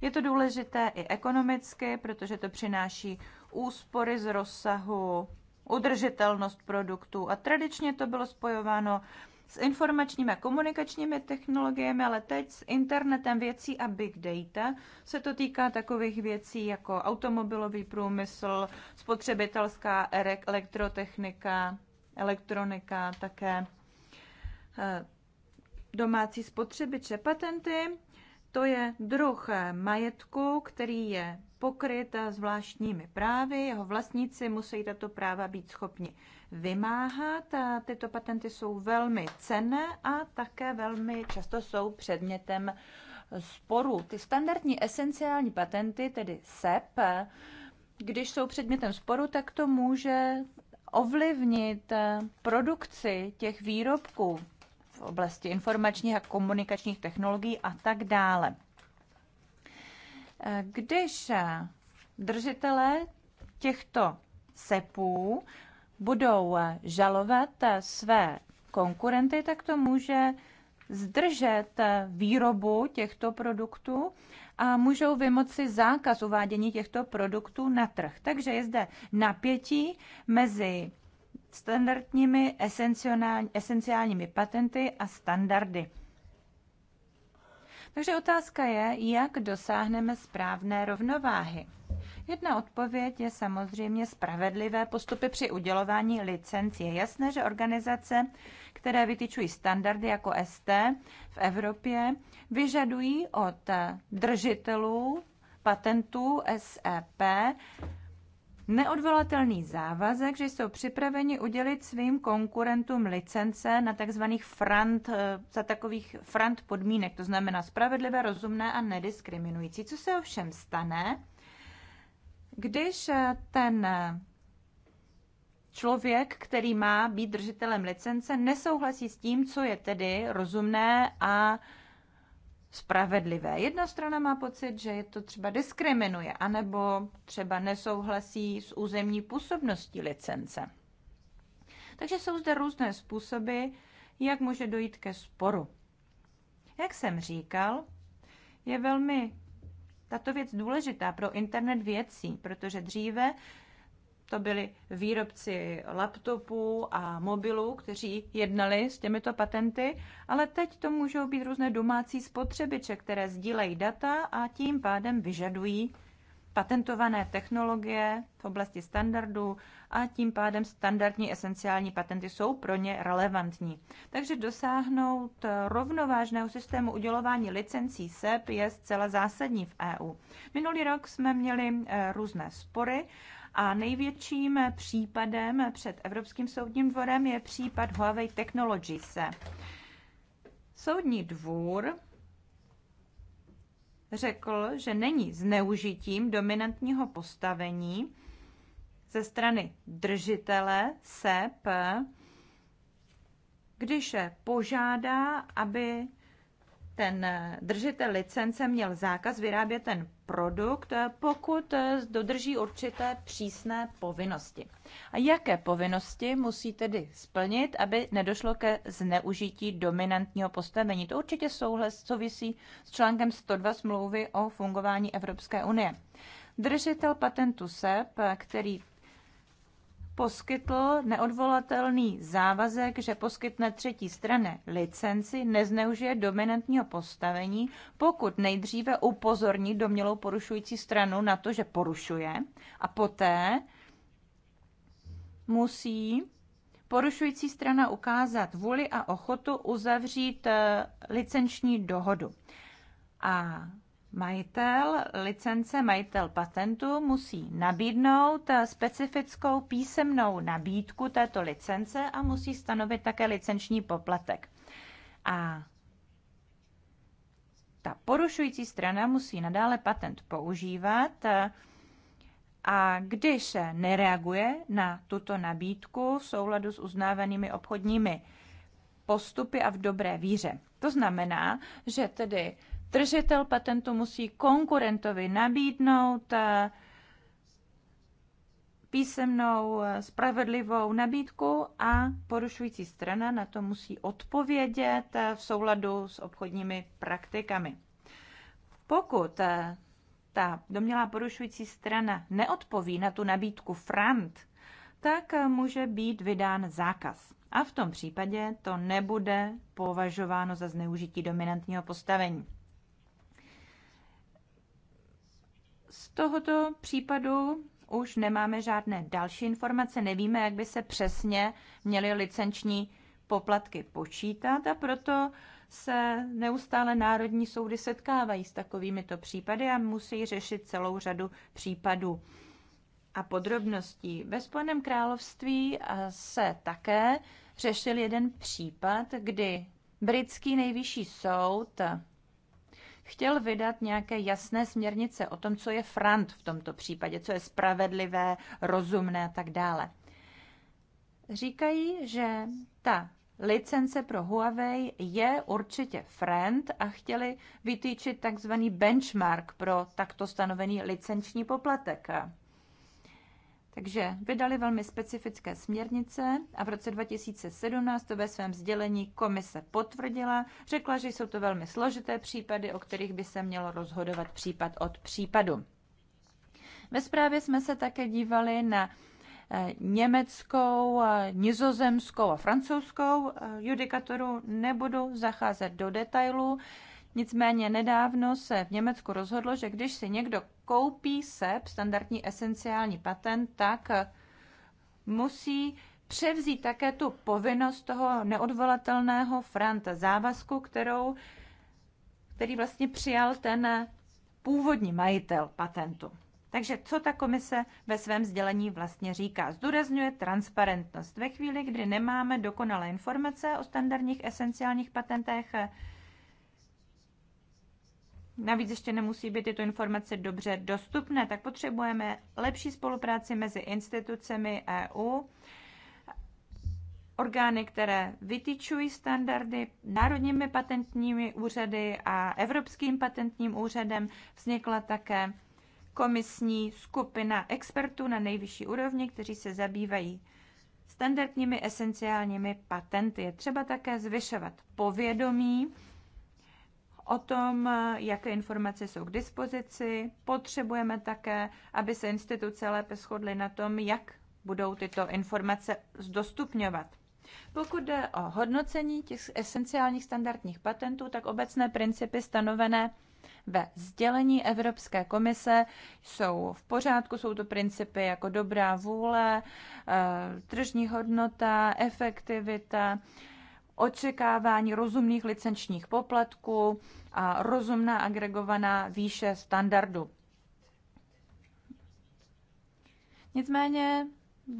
Je to důležité i ekonomicky, protože to přináší úspory z rozsahu, udržitelnost produktů a tradičně to bylo spojováno s informačními a komunikačními technologiemi, ale teď s internetem věcí a big data se to týká takových věcí jako automobilový průmysl, spotřebitelská elektrotechnika, elektronika také eh, domácí spotřebiče. Patenty to je druh majetku, který je pokryt zvláštními právy. Jeho vlastníci musí tato práva být schopni vymáhat. A tyto patenty jsou velmi cenné a také velmi často jsou předmětem sporu. Ty standardní esenciální patenty, tedy SEP, když jsou předmětem sporu, tak to může ovlivnit produkci těch výrobků oblasti informačních a komunikačních technologií a tak dále. Eh, když eh, držitele těchto SEPů budou eh, žalovat své konkurenty, tak to může zdržet výrobu těchto produktů a můžou vymoci zákaz uvádění těchto produktů na trh. Takže je zde napětí mezi standardními esenciálními patenty a standardy. Takže otázka je, jak dosáhneme správné rovnováhy. Jedna odpověď je samozřejmě spravedlivé postupy při udělování licenci. Je jasné, že organizace, které vytyčují standardy jako ST v Evropě, vyžadují od držitelů patentů SEP neodvolatelný závazek, že jsou připraveni udělit svým konkurentům licence na takzvaných front, eh, za takových front podmínek, to znamená spravedlivé, rozumné a nediskriminující. Co se ovšem stane, když eh, ten eh, člověk, který má být držitelem licence, nesouhlasí s tím, co je tedy rozumné a spravedlivé. Jedna strana má pocit, že je to třeba diskriminuje, anebo třeba nesouhlasí s územní působností licence. Takže jsou zde různé způsoby, jak může dojít ke sporu. Jak jsem říkal, je velmi tato věc důležitá pro internet věcí, protože dříve to byli výrobci laptopů a mobilů, kteří jednali s těmito patenty, ale teď to můžou být různé domácí spotřebiče, které sdílejí data a tím pádem vyžadují patentované technologie v oblasti standardů a tím pádem standardní esenciální patenty jsou pro ně relevantní. Takže dosáhnout rovnovážného systému udělování licencí SEP je zcela zásadní v EU. Minulý rok jsme měli eh, různé spory a největším případem před Evropským soudním dvorem je případ Huawei Technologies. Soudní dvůr řekl, že není zneužitím dominantního postavení ze strany držitele SEP, když požádá, aby ten držitel licence měl zákaz vyrábět ten produkt, eh, pokud eh, dodrží určité přísné povinnosti. A jaké povinnosti musí tedy splnit, aby nedošlo ke zneužití dominantního postavení? To určitě souhlas souvisí s článkem 102 smlouvy o fungování Evropské unie. Držitel patentu SEP, který poskytl neodvolatelný závazek, že poskytne třetí straně licenci, nezneužije dominantního postavení, pokud nejdříve upozorní domělou porušující stranu na to, že porušuje, a poté musí porušující strana ukázat vůli a ochotu uzavřít eh, licenční dohodu. A Majitel licence, majitel patentu musí nabídnout eh, specifickou písemnou nabídku této licence a musí stanovit také licenční poplatek. A ta porušující strana musí nadále patent používat eh, a když nereaguje na tuto nabídku v souladu s uznávanými obchodními postupy a v dobré víře. To znamená, že tedy držitel patentu musí konkurentovi nabídnout eh, písemnou eh, spravedlivou nabídku a porušující strana na to musí odpovědět eh, v souladu s obchodními praktikami. Pokud ta domělá porušující strana neodpoví na tu nabídku frant, tak může být vydán zákaz. A v tom případě to nebude považováno za zneužití dominantního postavení. Z tohoto případu už nemáme žádné další informace, nevíme, jak by se přesně měly licenční poplatky počítat a proto se neustále národní soudy setkávají s takovýmito případy a musí řešit celou řadu případů a podrobností. Ve Spojeném království se také řešil jeden případ, kdy britský nejvyšší soud chtěl vydat nějaké jasné směrnice o tom, co je frant v tomto případě, co je spravedlivé, rozumné a tak dále. Říkají, že ta licence pro Huawei je určitě friend a chtěli vytýčit takzvaný benchmark pro takto stanovený licenční poplatek. Takže vydali velmi specifické směrnice a v roce 2017 to ve svém sdělení komise potvrdila. Řekla, že jsou to velmi složité případy, o kterých by se mělo rozhodovat případ od případu. Ve zprávě jsme se také dívali na eh, německou, eh, nizozemskou a francouzskou eh, judikaturu. Nebudu zacházet do detailů. Nicméně nedávno se v Německu rozhodlo, že když si někdo koupí SEP, standardní esenciální patent, tak eh, musí převzít také tu povinnost toho neodvolatelného franta závazku, kterou, který vlastně přijal ten eh, původní majitel patentu. Takže co ta komise ve svém sdělení vlastně říká? Zdůrazňuje transparentnost. Ve chvíli, kdy nemáme dokonalé informace o standardních esenciálních patentech, eh, Navíc ještě nemusí být tyto informace dobře dostupné, tak potřebujeme lepší spolupráci mezi institucemi EU, orgány, které vytýčují standardy, národními patentními úřady a Evropským patentním úřadem vznikla také komisní skupina expertů na nejvyšší úrovni, kteří se zabývají standardními esenciálními patenty. Je třeba také zvyšovat povědomí o tom, jaké informace jsou k dispozici. Potřebujeme také, aby se instituce lépe shodly na tom, jak budou tyto informace zdostupňovat. Pokud jde o hodnocení těch esenciálních standardních patentů, tak obecné principy stanovené ve sdělení Evropské komise jsou v pořádku. Jsou to principy jako dobrá vůle, eh, tržní hodnota, efektivita, očekávání rozumných licenčních poplatků a rozumná agregovaná výše standardu. Nicméně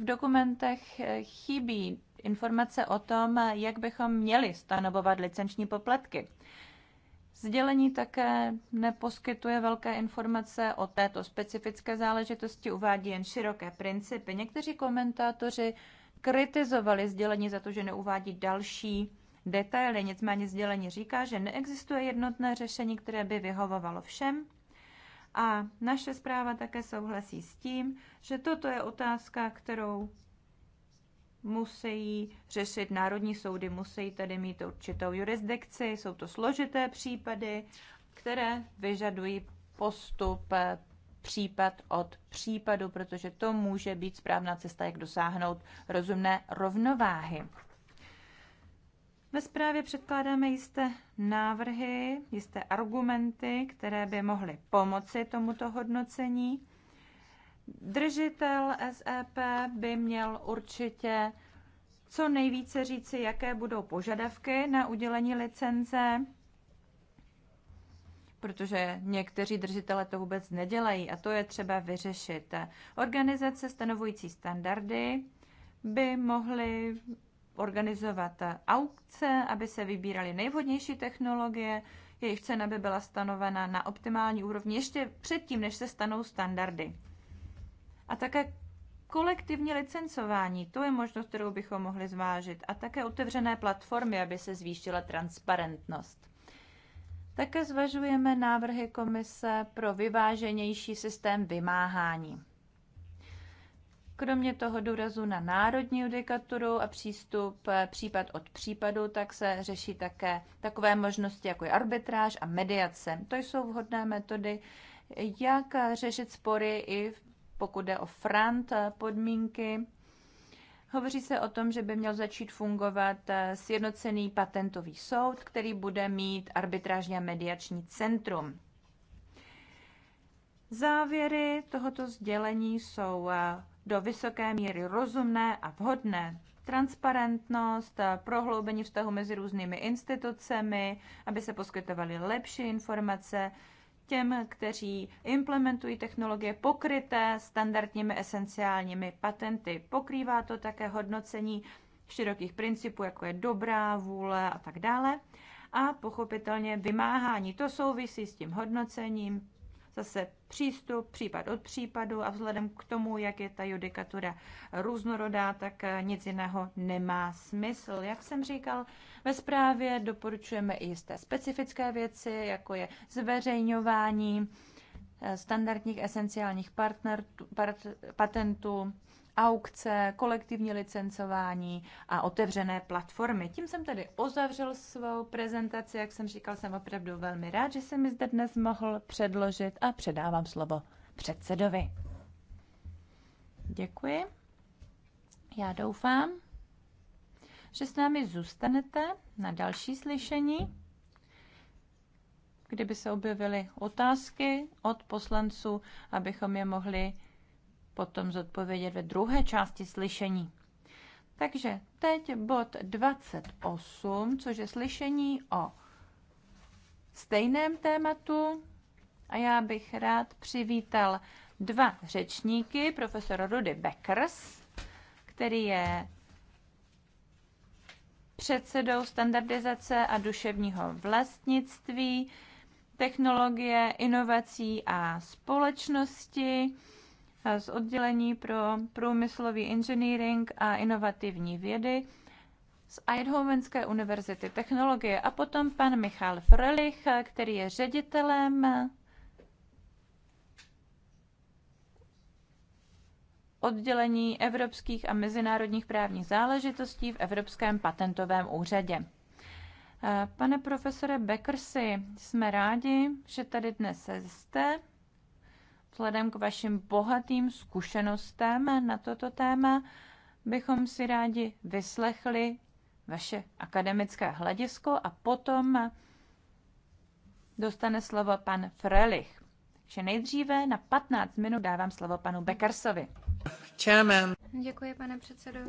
v dokumentech chybí informace o tom, jak bychom měli stanovovat licenční poplatky. Sdělení také neposkytuje velké informace o této specifické záležitosti, uvádí jen široké principy. Někteří komentátoři kritizovali sdělení za to, že neuvádí další detaily. Nicméně sdělení říká, že neexistuje jednotné řešení, které by vyhovovalo všem. A naše zpráva také souhlasí s tím, že toto je otázka, kterou musí řešit národní soudy, musí tedy mít určitou jurisdikci, jsou to složité případy, které vyžadují postup případ od případu, protože to může být správná cesta, jak dosáhnout rozumné rovnováhy. Ve zprávě předkládáme jisté návrhy, jisté argumenty, které by mohly pomoci tomuto hodnocení. Držitel SEP by měl určitě co nejvíce říci, jaké budou požadavky na udělení licence, protože někteří držitele to vůbec nedělají a to je třeba vyřešit. Organizace stanovující standardy by mohly organizovat aukce, aby se vybíraly nejvhodnější technologie, jejich cena by byla stanovena na optimální úrovni ještě předtím, než se stanou standardy. A také kolektivní licencování, to je možnost, kterou bychom mohli zvážit, a také otevřené platformy, aby se zvýšila transparentnost. Také zvažujeme návrhy komise pro vyváženější systém vymáhání. Kromě toho důrazu na národní judikaturu a přístup případ od případu, tak se řeší také takové možnosti, jako je arbitráž a mediace. To jsou vhodné metody, jak řešit spory i pokud jde o frant podmínky Hovoří se o tom, že by měl začít fungovat eh, sjednocený patentový soud, který bude mít arbitrážní a mediační centrum. Závěry tohoto sdělení jsou eh, do vysoké míry rozumné a vhodné. Transparentnost, eh, prohloubení vztahu mezi různými institucemi, aby se poskytovaly lepší informace, těm, kteří implementují technologie pokryté standardními esenciálními patenty. Pokrývá to také hodnocení širokých principů, jako je dobrá vůle a tak dále. A pochopitelně vymáhání. To souvisí s tím hodnocením. Zase přístup případ od případu a vzhledem k tomu, jak je ta judikatura různorodá, tak eh, nic jiného nemá smysl. Jak jsem říkal, ve zprávě doporučujeme i jisté specifické věci, jako je zveřejňování eh, standardních esenciálních partner, part, patentů, aukce, kolektivní licencování a otevřené platformy. Tím jsem tedy uzavřel svou prezentaci. Jak jsem říkal, jsem opravdu velmi rád, že jsem mi zde dnes mohl předložit a předávám slovo předsedovi. Děkuji. Já doufám, že s námi zůstanete na další slyšení, kdyby se objevily otázky od poslanců, abychom je mohli potom zodpovědět ve druhé části slyšení. Takže teď bod 28, což je slyšení o stejném tématu. A já bych rád přivítal dva řečníky, profesor Rudy Beckers, který je předsedou standardizace a duševního vlastnictví, technologie, inovací a společnosti z oddělení pro průmyslový inženýring a inovativní vědy z Eidhovenské univerzity technologie a potom pan Michal Frelich, který je ředitelem oddělení evropských a mezinárodních právních záležitostí v Evropském patentovém úřadě. Pane profesore Beckersi, jsme rádi, že tady dnes jste vzhledem k vašim bohatým zkušenostem na toto téma bychom si rádi vyslechli vaše akademické hledisko a potom dostane slovo pan Frelich. Takže nejdříve na 15 minut dávám slovo panu Bekarsovi. Čemen. Děkuji, pane předsedo.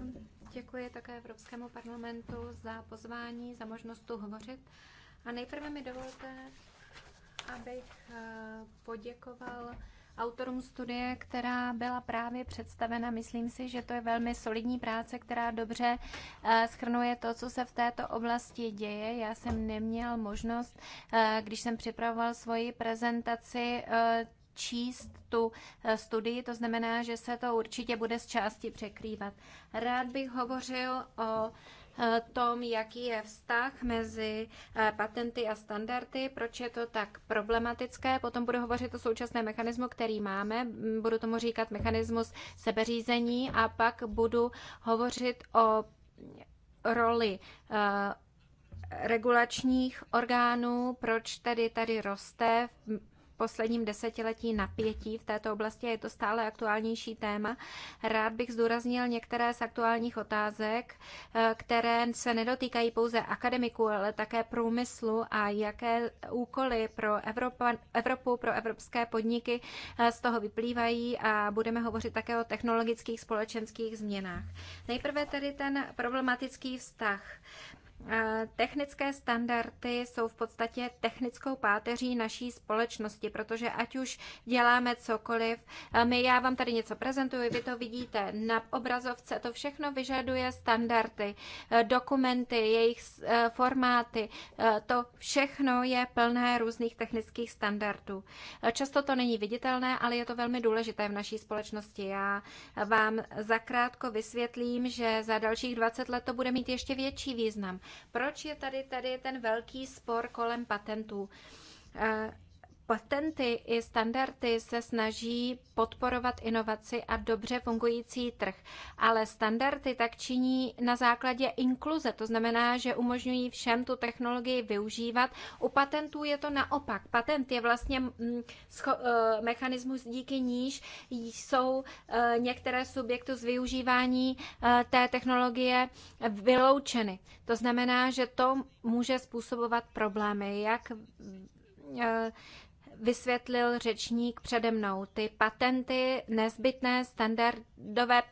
Děkuji také Evropskému parlamentu za pozvání, za možnost tu hovořit. A nejprve mi dovolte, abych eh, poděkoval autorům studie, která byla právě představena. Myslím si, že to je velmi solidní práce, která dobře eh, schrnuje to, co se v této oblasti děje. Já jsem neměl možnost, eh, když jsem připravoval svoji prezentaci, eh, číst tu studii, to znamená, že se to určitě bude z části překrývat. Rád bych hovořil o Eh, tom, jaký je vztah mezi eh, patenty a standardy, proč je to tak problematické. Potom budu hovořit o současném mechanismu, který máme. Mm, budu tomu říkat mechanismus sebeřízení a pak budu hovořit o roli eh, regulačních orgánů, proč tady tady roste posledním desetiletí napětí v této oblasti a je to stále aktuálnější téma. Rád bych zdůraznil některé z aktuálních otázek, eh, které se nedotýkají pouze akademiků, ale také průmyslu a jaké úkoly pro Evropa, Evropu, pro evropské podniky eh, z toho vyplývají a budeme hovořit také o technologických společenských změnách. Nejprve tedy ten problematický vztah. Eh, technické standardy jsou v podstatě technickou páteří naší společnosti, protože ať už děláme cokoliv, eh, my, já vám tady něco prezentuji, vy to vidíte na obrazovce, to všechno vyžaduje standardy, eh, dokumenty, jejich formáty, to všechno je plné různých technických standardů. Často to není viditelné, ale je to velmi důležité v naší společnosti. Já vám zakrátko vysvětlím, že za dalších 20 let to bude mít ještě větší význam. Proč je tady tady ten velký spor kolem patentů? Eh, Patenty i standardy se snaží podporovat inovaci a dobře fungující trh, ale standardy tak činí na základě inkluze, to znamená, že umožňují všem tu technologii využívat. U patentů je to naopak. Patent je vlastně mm, e, mechanismus, díky níž jsou e, některé subjekty z využívání e, té technologie vyloučeny. To znamená, že to může způsobovat problémy, jak vysvětlil řečník přede mnou. Ty patenty, nezbytné standardové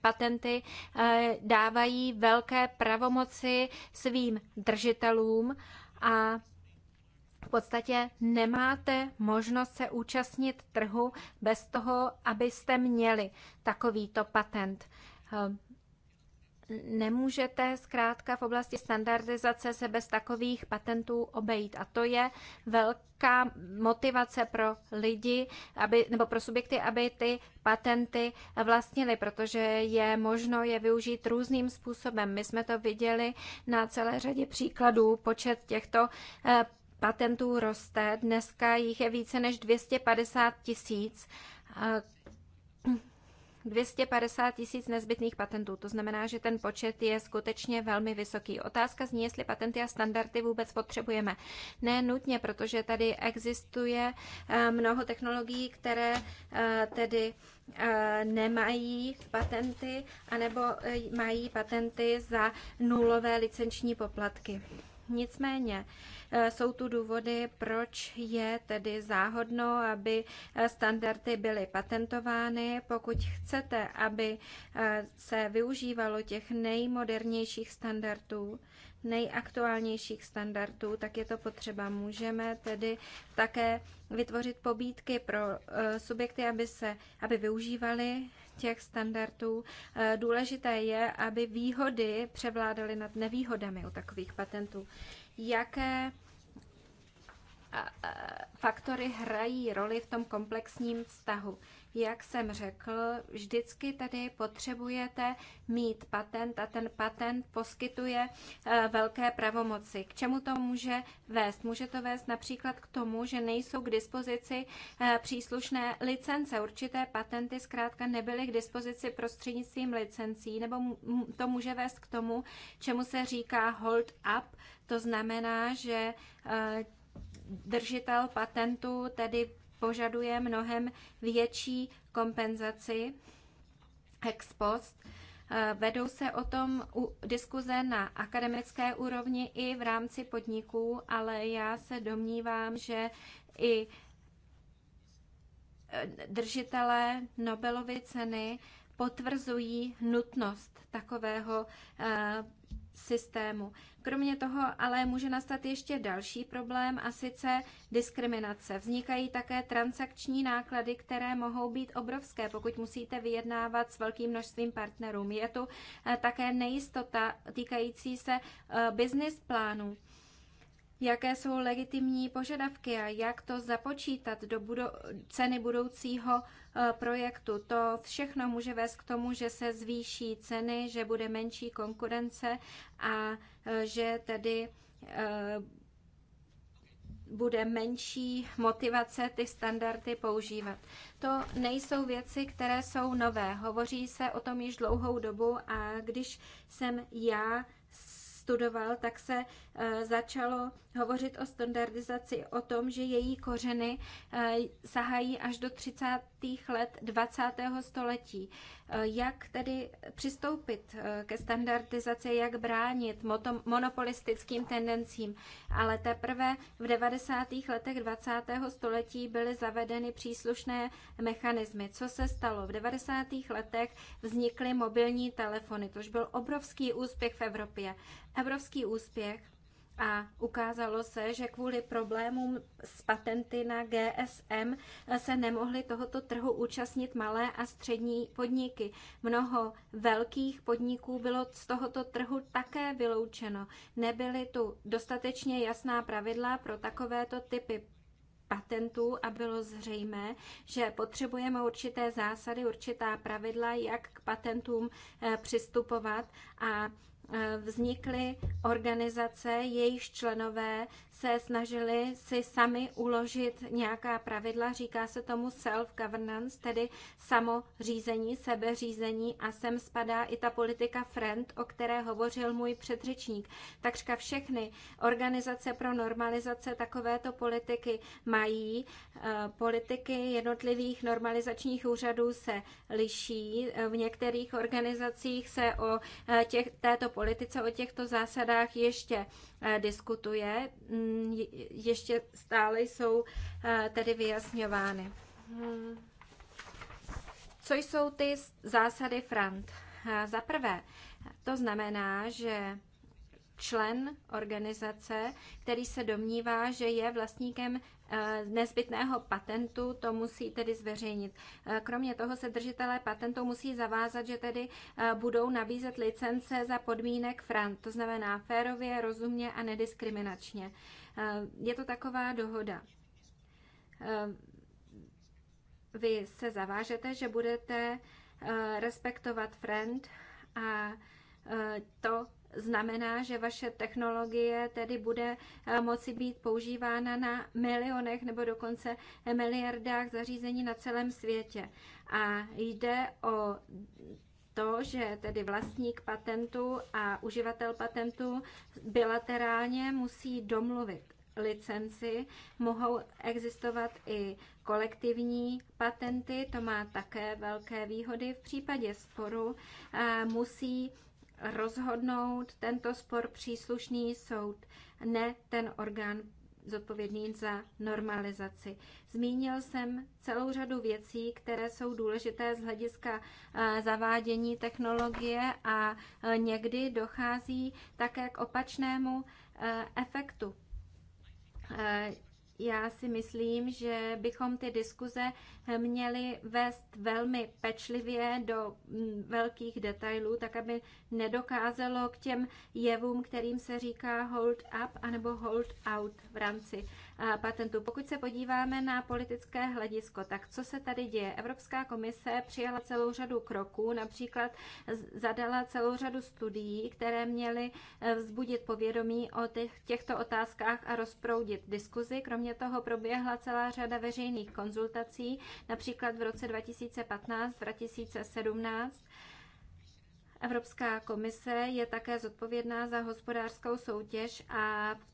patenty, eh, dávají velké pravomoci svým držitelům a v podstatě nemáte možnost se účastnit trhu bez toho, abyste měli takovýto patent. Eh, nemůžete zkrátka v oblasti standardizace se bez takových patentů obejít. A to je velká motivace pro lidi, aby, nebo pro subjekty, aby ty patenty vlastnili, protože je možno je využít různým způsobem. My jsme to viděli na celé řadě příkladů. Počet těchto eh, patentů roste. Dneska jich je více než 250 tisíc eh, 250 tisíc nezbytných patentů. To znamená, že ten počet je skutečně velmi vysoký. Otázka zní, jestli patenty a standardy vůbec potřebujeme. Ne nutně, protože tady existuje eh, mnoho technologií, které eh, tedy eh, nemají patenty anebo mají patenty za nulové licenční poplatky. Nicméně eh, jsou tu důvody, proč je tedy záhodno, aby eh, standardy byly patentovány. Pokud chcete, aby eh, se využívalo těch nejmodernějších standardů, nejaktuálnějších standardů, tak je to potřeba. Můžeme tedy také vytvořit pobídky pro subjekty, aby, se, aby využívali těch standardů. Eh, důležité je, aby výhody převládaly nad nevýhodami u takových patentů. Jaké eh, eh, faktory hrají roli v tom komplexním vztahu? Jak jsem řekl, vždycky tady potřebujete mít patent a ten patent poskytuje eh, velké pravomoci. K čemu to může vést? Může to vést například k tomu, že nejsou k dispozici eh, příslušné licence. Určité patenty zkrátka nebyly k dispozici prostřednictvím licencí, nebo to může vést k tomu, čemu se říká hold up. To znamená, že eh, držitel patentu tedy požaduje mnohem větší kompenzaci ex post. Eh, vedou se o tom diskuze na akademické úrovni i v rámci podniků, ale já se domnívám, že i eh, držitelé Nobelovy ceny potvrzují nutnost takového eh, systému. Kromě toho ale může nastat ještě další problém a sice diskriminace. Vznikají také transakční náklady, které mohou být obrovské, pokud musíte vyjednávat s velkým množstvím partnerů. Je tu eh, také nejistota týkající se eh, business plánů jaké jsou legitimní požadavky a jak to započítat do budou, ceny budoucího eh, projektu. To všechno může vést k tomu, že se zvýší ceny, že bude menší konkurence a eh, že tedy eh, bude menší motivace ty standardy používat. To nejsou věci, které jsou nové. Hovoří se o tom již dlouhou dobu a když jsem já studoval, tak se začalo hovořit o standardizaci, o tom, že její kořeny eh, sahají až do 30. let 20. století. Eh, jak tedy přistoupit eh, ke standardizaci, jak bránit monopolistickým tendencím. Ale teprve v 90. letech 20. století byly zavedeny příslušné mechanismy. Co se stalo? V 90. letech vznikly mobilní telefony, což byl obrovský úspěch v Evropě. Evropský úspěch a ukázalo se, že kvůli problémům s patenty na GSM se nemohly tohoto trhu účastnit malé a střední podniky. Mnoho velkých podniků bylo z tohoto trhu také vyloučeno. Nebyly tu dostatečně jasná pravidla pro takovéto typy patentů a bylo zřejmé, že potřebujeme určité zásady, určitá pravidla, jak k patentům eh, přistupovat a Eh, vznikly organizace, jejichž členové se snažili si sami uložit nějaká pravidla, říká se tomu self-governance, tedy samořízení, sebeřízení a sem spadá i ta politika FRIEND, o které hovořil můj předřečník. Takřka všechny organizace pro normalizace takovéto politiky mají. Eh, politiky jednotlivých normalizačních úřadů se liší. Eh, v některých organizacích se o eh, těch, této politice, o těchto zásadách ještě Eh, diskutuje, mm, ještě stále jsou eh, tedy vyjasňovány. Co jsou ty zásady Frant? Eh, za prvé, to znamená, že člen organizace, který se domnívá, že je vlastníkem eh, nezbytného patentu, to musí tedy zveřejnit. Eh, kromě toho se držitelé patentu musí zavázat, že tedy eh, budou nabízet licence za podmínek FRAN, to znamená férově, rozumně a nediskriminačně. Je to taková dohoda. Vy se zavážete, že budete respektovat friend a to znamená, že vaše technologie tedy bude eh, moci být používána na milionech nebo dokonce miliardách zařízení na celém světě. A jde o to, že tedy vlastník patentu a uživatel patentu bilaterálně musí domluvit licenci, mohou existovat i kolektivní patenty, to má také velké výhody. V případě sporu eh, musí rozhodnout tento spor příslušný soud, ne ten orgán zodpovědný za normalizaci. Zmínil jsem celou řadu věcí, které jsou důležité z hlediska eh, zavádění technologie a eh, někdy dochází také k opačnému eh, efektu já si myslím, že bychom ty diskuze měli vést velmi pečlivě do mm, velkých detailů, tak aby nedokázalo k těm jevům, kterým se říká hold up anebo hold out v rámci patentů. Pokud se podíváme na politické hledisko, tak co se tady děje? Evropská komise přijala celou řadu kroků, například zadala celou řadu studií, které měly e, vzbudit povědomí o těchto otázkách a rozproudit diskuzi. Kromě toho proběhla celá řada veřejných konzultací, například v roce 2015, 2017. Evropská komise je také zodpovědná za hospodářskou soutěž a v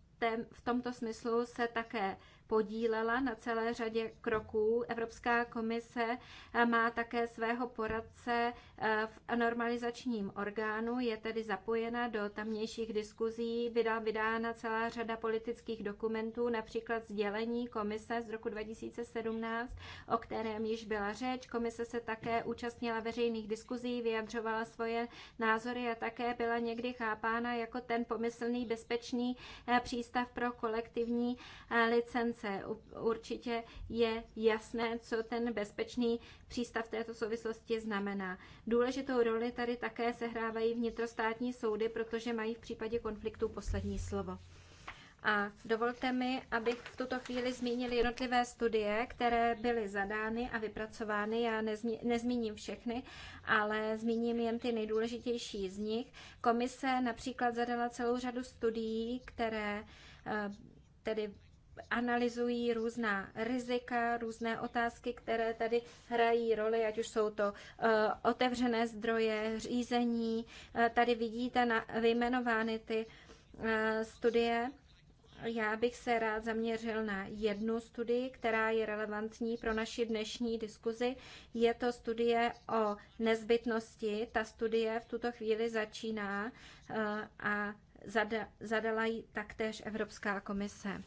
v tomto smyslu se také podílela na celé řadě kroků. Evropská komise eh, má také svého poradce eh, v normalizačním orgánu, je tedy zapojena do tamnějších diskuzí, byla vydána celá řada politických dokumentů, například sdělení komise z roku 2017, o kterém již byla řeč. Komise se také účastnila veřejných diskuzí, vyjadřovala svoje názory a také byla někdy chápána jako ten pomyslný bezpečný eh, přístav pro kolektivní licence rámce. Určitě je jasné, co ten bezpečný přístav v této souvislosti znamená. Důležitou roli tady také sehrávají vnitrostátní soudy, protože mají v případě konfliktu poslední slovo. A dovolte mi, abych v tuto chvíli zmínil jednotlivé studie, které byly zadány a vypracovány. Já nezmi, nezmíním všechny, ale zmíním jen ty nejdůležitější z nich. Komise například zadala celou řadu studií, které eh, tedy analyzují různá rizika, různé otázky, které tady hrají roli, ať už jsou to eh, otevřené zdroje, řízení. Eh, tady vidíte na, vyjmenovány ty eh, studie. Já bych se rád zaměřil na jednu studii, která je relevantní pro naši dnešní diskuzi. Je to studie o nezbytnosti. Ta studie v tuto chvíli začíná a zadala ji taktéž Evropská komise.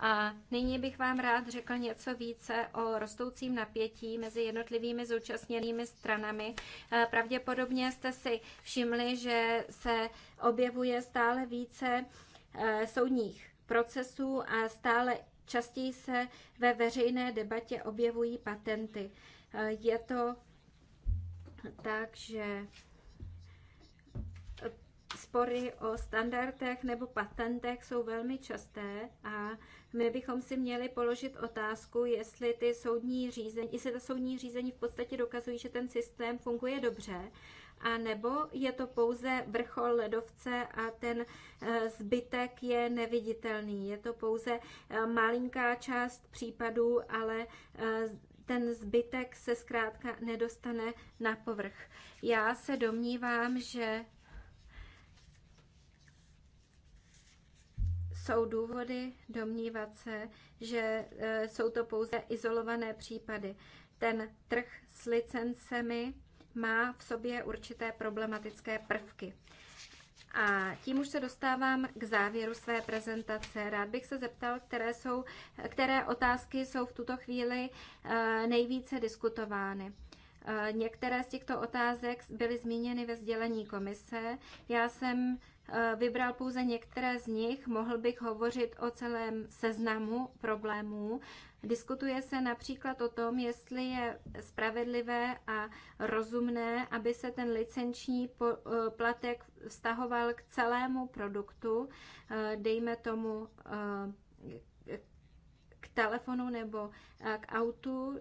A nyní bych vám rád řekl něco více o rostoucím napětí mezi jednotlivými zúčastněnými stranami. E, pravděpodobně jste si všimli, že se objevuje stále více e, soudních procesů a stále častěji se ve veřejné debatě objevují patenty. E, je to tak, že spory o standardech nebo patentech jsou velmi časté a my bychom si měli položit otázku, jestli ty soudní řízení, jestli ta soudní řízení v podstatě dokazují, že ten systém funguje dobře, a nebo je to pouze vrchol ledovce a ten e, zbytek je neviditelný. Je to pouze e, malinká část případů, ale e, ten zbytek se zkrátka nedostane na povrch. Já se domnívám, že jsou důvody domnívat se, že eh, jsou to pouze izolované případy. Ten trh s licencemi má v sobě určité problematické prvky. A tím už se dostávám k závěru své prezentace. Rád bych se zeptal, které, jsou, které otázky jsou v tuto chvíli eh, nejvíce diskutovány. Eh, některé z těchto otázek byly zmíněny ve sdělení komise. Já jsem Eh, vybral pouze některé z nich, mohl bych hovořit o celém seznamu problémů. Diskutuje se například o tom, jestli je spravedlivé a rozumné, aby se ten licenční eh, platek vztahoval k celému produktu, eh, dejme tomu k telefonu nebo k autu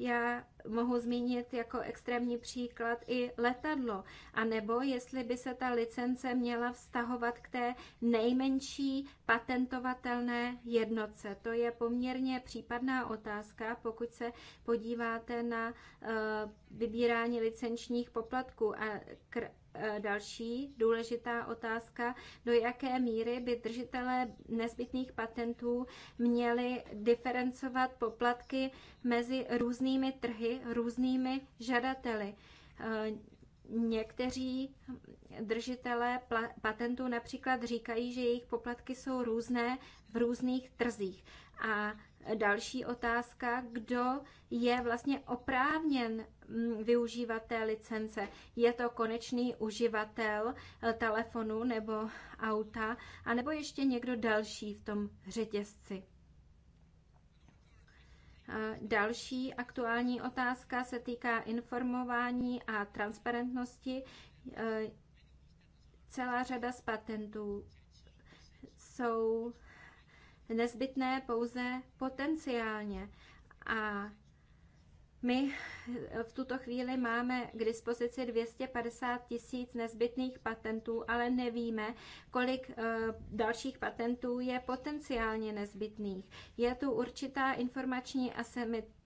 já mohu zmínit jako extrémní příklad i letadlo, anebo jestli by se ta licence měla vztahovat k té nejmenší patentovatelné jednotce. To je poměrně případná otázka, pokud se podíváte na eh, vybírání licenčních poplatků a Eh, další důležitá otázka, do jaké míry by držitelé nezbytných patentů měli diferencovat poplatky mezi různými trhy, různými žadateli. Eh, někteří držitelé patentů například říkají, že jejich poplatky jsou různé v různých trzích. A další otázka, kdo je vlastně oprávněn Mm, využívat té licence. Je to konečný uživatel eh, telefonu nebo auta, anebo ještě někdo další v tom řetězci. Eh, další aktuální otázka se týká informování a transparentnosti. Eh, celá řada z patentů jsou nezbytné pouze potenciálně a my eh, v tuto chvíli máme k dispozici 250 tisíc nezbytných patentů, ale nevíme, kolik eh, dalších patentů je potenciálně nezbytných. Je tu určitá informační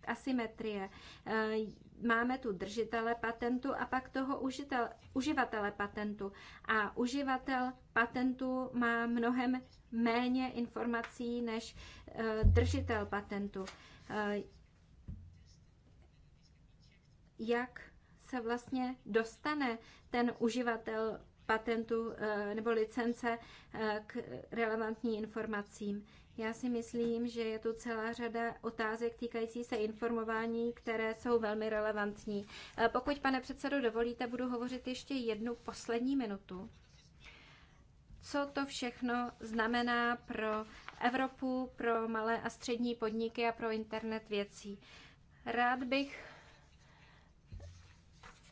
asymetrie. Eh, máme tu držitele patentu a pak toho užitel, uživatele patentu. A uživatel patentu má mnohem méně informací než držitel patentu jak se vlastně dostane ten uživatel patentu eh, nebo licence eh, k relevantním informacím. Já si myslím, že je tu celá řada otázek týkající se informování, které jsou velmi relevantní. Eh, pokud, pane předsedo, dovolíte, budu hovořit ještě jednu poslední minutu. Co to všechno znamená pro Evropu, pro malé a střední podniky a pro internet věcí? Rád bych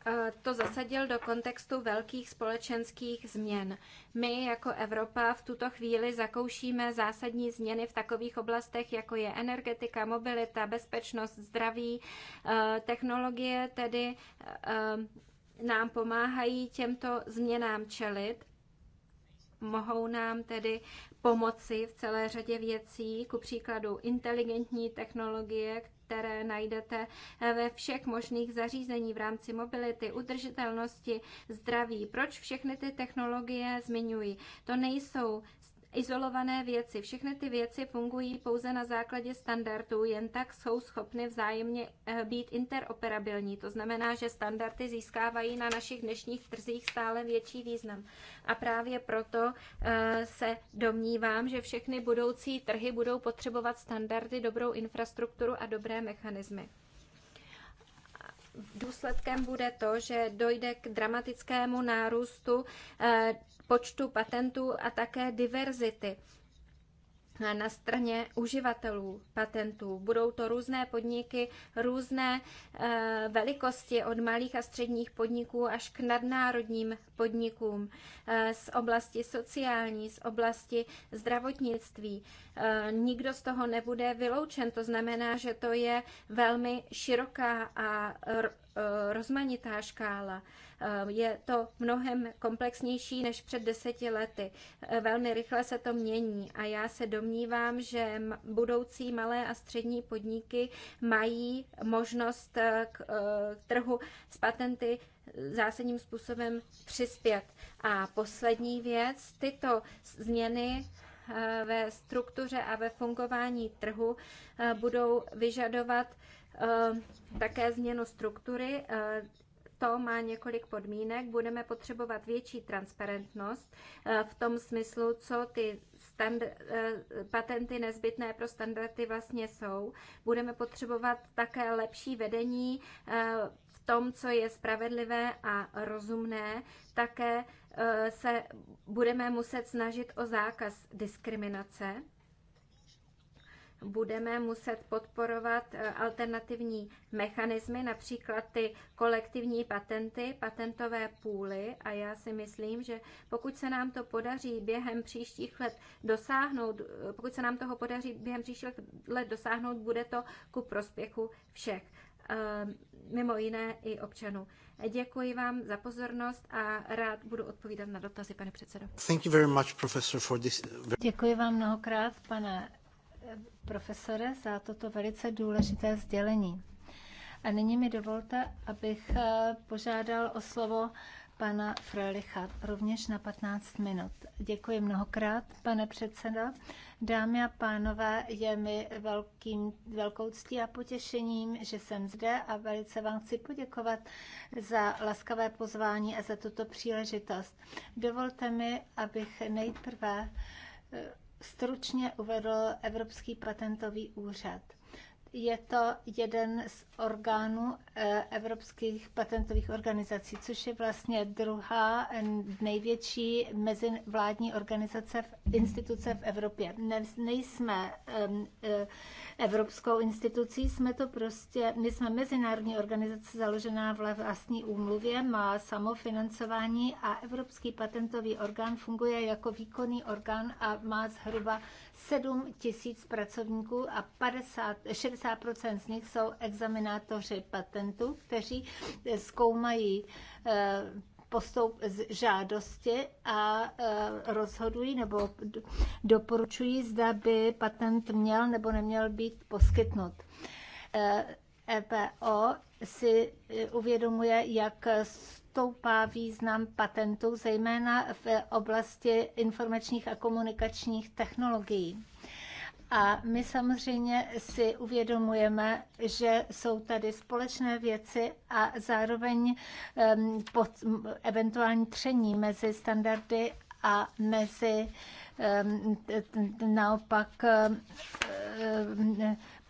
Eh, to zasadil do kontextu velkých společenských změn. My jako Evropa v tuto chvíli zakoušíme zásadní změny v takových oblastech, jako je energetika, mobilita, bezpečnost, zdraví, eh, technologie, tedy eh, nám pomáhají těmto změnám čelit mohou nám tedy pomoci v celé řadě věcí, ku příkladu inteligentní technologie, které najdete eh, ve všech možných zařízení v rámci mobility, udržitelnosti, zdraví. Proč všechny ty technologie zmiňují? To nejsou izolované věci. Všechny ty věci fungují pouze na základě standardů, jen tak jsou schopny vzájemně eh, být interoperabilní. To znamená, že standardy získávají na našich dnešních trzích stále větší význam. A právě proto eh, se domnívám, že všechny budoucí trhy budou potřebovat standardy, dobrou infrastrukturu a dobré mechanismy důsledkem bude to, že dojde k dramatickému nárůstu eh, počtu patentů a také diverzity na straně uživatelů patentů. Budou to různé podniky, různé eh, velikosti od malých a středních podniků až k nadnárodním podnikům eh, z oblasti sociální, z oblasti zdravotnictví. Eh, nikdo z toho nebude vyloučen, to znamená, že to je velmi široká a Eh, rozmanitá škála. Eh, je to mnohem komplexnější než před deseti lety. Eh, velmi rychle se to mění a já se domnívám, že budoucí malé a střední podniky mají možnost k trhu s patenty zásadním způsobem přispět. A poslední věc, tyto změny ve struktuře a ve fungování trhu budou vyžadovat Ehm, také změnu struktury. Ehm, to má několik podmínek. Budeme potřebovat větší transparentnost ehm, v tom smyslu, co ty patenty nezbytné pro standardy vlastně jsou. Budeme potřebovat také lepší vedení v tom, co je spravedlivé a rozumné. Také se budeme muset snažit o zákaz diskriminace budeme muset podporovat eh, alternativní mechanismy, například ty kolektivní patenty, patentové půly a já si myslím, že pokud se nám to podaří během příštích let dosáhnout, eh, pokud se nám toho podaří během příštích let dosáhnout, bude to ku prospěchu všech eh, mimo jiné i občanů. Děkuji vám za pozornost a rád budu odpovídat na dotazy, pane předsedo. Thank you very much, professor, Děkuji vám mnohokrát, pane profesore, za toto velice důležité sdělení. A nyní mi dovolte, abych eh, požádal o slovo pana Frelicha, rovněž na 15 minut. Děkuji mnohokrát, pane předseda. Dámy a pánové, je mi velkým, velkou ctí a potěšením, že jsem zde a velice vám chci poděkovat za laskavé pozvání a za tuto příležitost. Dovolte mi, abych nejprve eh, stručně uvedl Evropský patentový úřad je to jeden z orgánů eh, evropských patentových organizací, což je vlastně druhá eh, největší mezivládní organizace v instituce v Evropě. Ne, nejsme eh, evropskou institucí, jsme to prostě, my jsme mezinárodní organizace založená v vlastní úmluvě, má samofinancování a Evropský patentový orgán funguje jako výkonný orgán a má zhruba 7 tisíc pracovníků a 50, 60% z nich jsou examinátoři patentů, kteří zkoumají eh, postup z žádosti a eh, rozhodují nebo doporučují, zda by patent měl nebo neměl být poskytnut. EPO eh, e si uvědomuje, jak stoupá význam patentů, zejména v oblasti informačních a komunikačních technologií. A my samozřejmě si uvědomujeme, že jsou tady společné věci a zároveň um, pod, eventuální tření mezi standardy a mezi um, naopak um,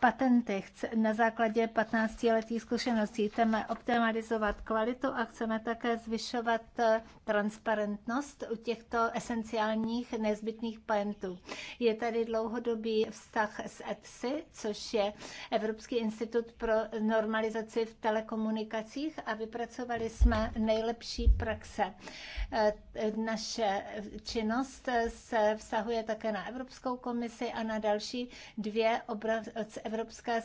patenty. Na základě 15-letých zkušeností chceme optimalizovat kvalitu a chceme také zvyšovat eh, transparentnost u těchto esenciálních nezbytných patentů. Je tady dlouhodobý vztah s EPSI, což je Evropský institut pro normalizaci v telekomunikacích a vypracovali jsme nejlepší praxe. Eh, naše činnost se vztahuje také na Evropskou komisi a na další dvě obrovské Evropská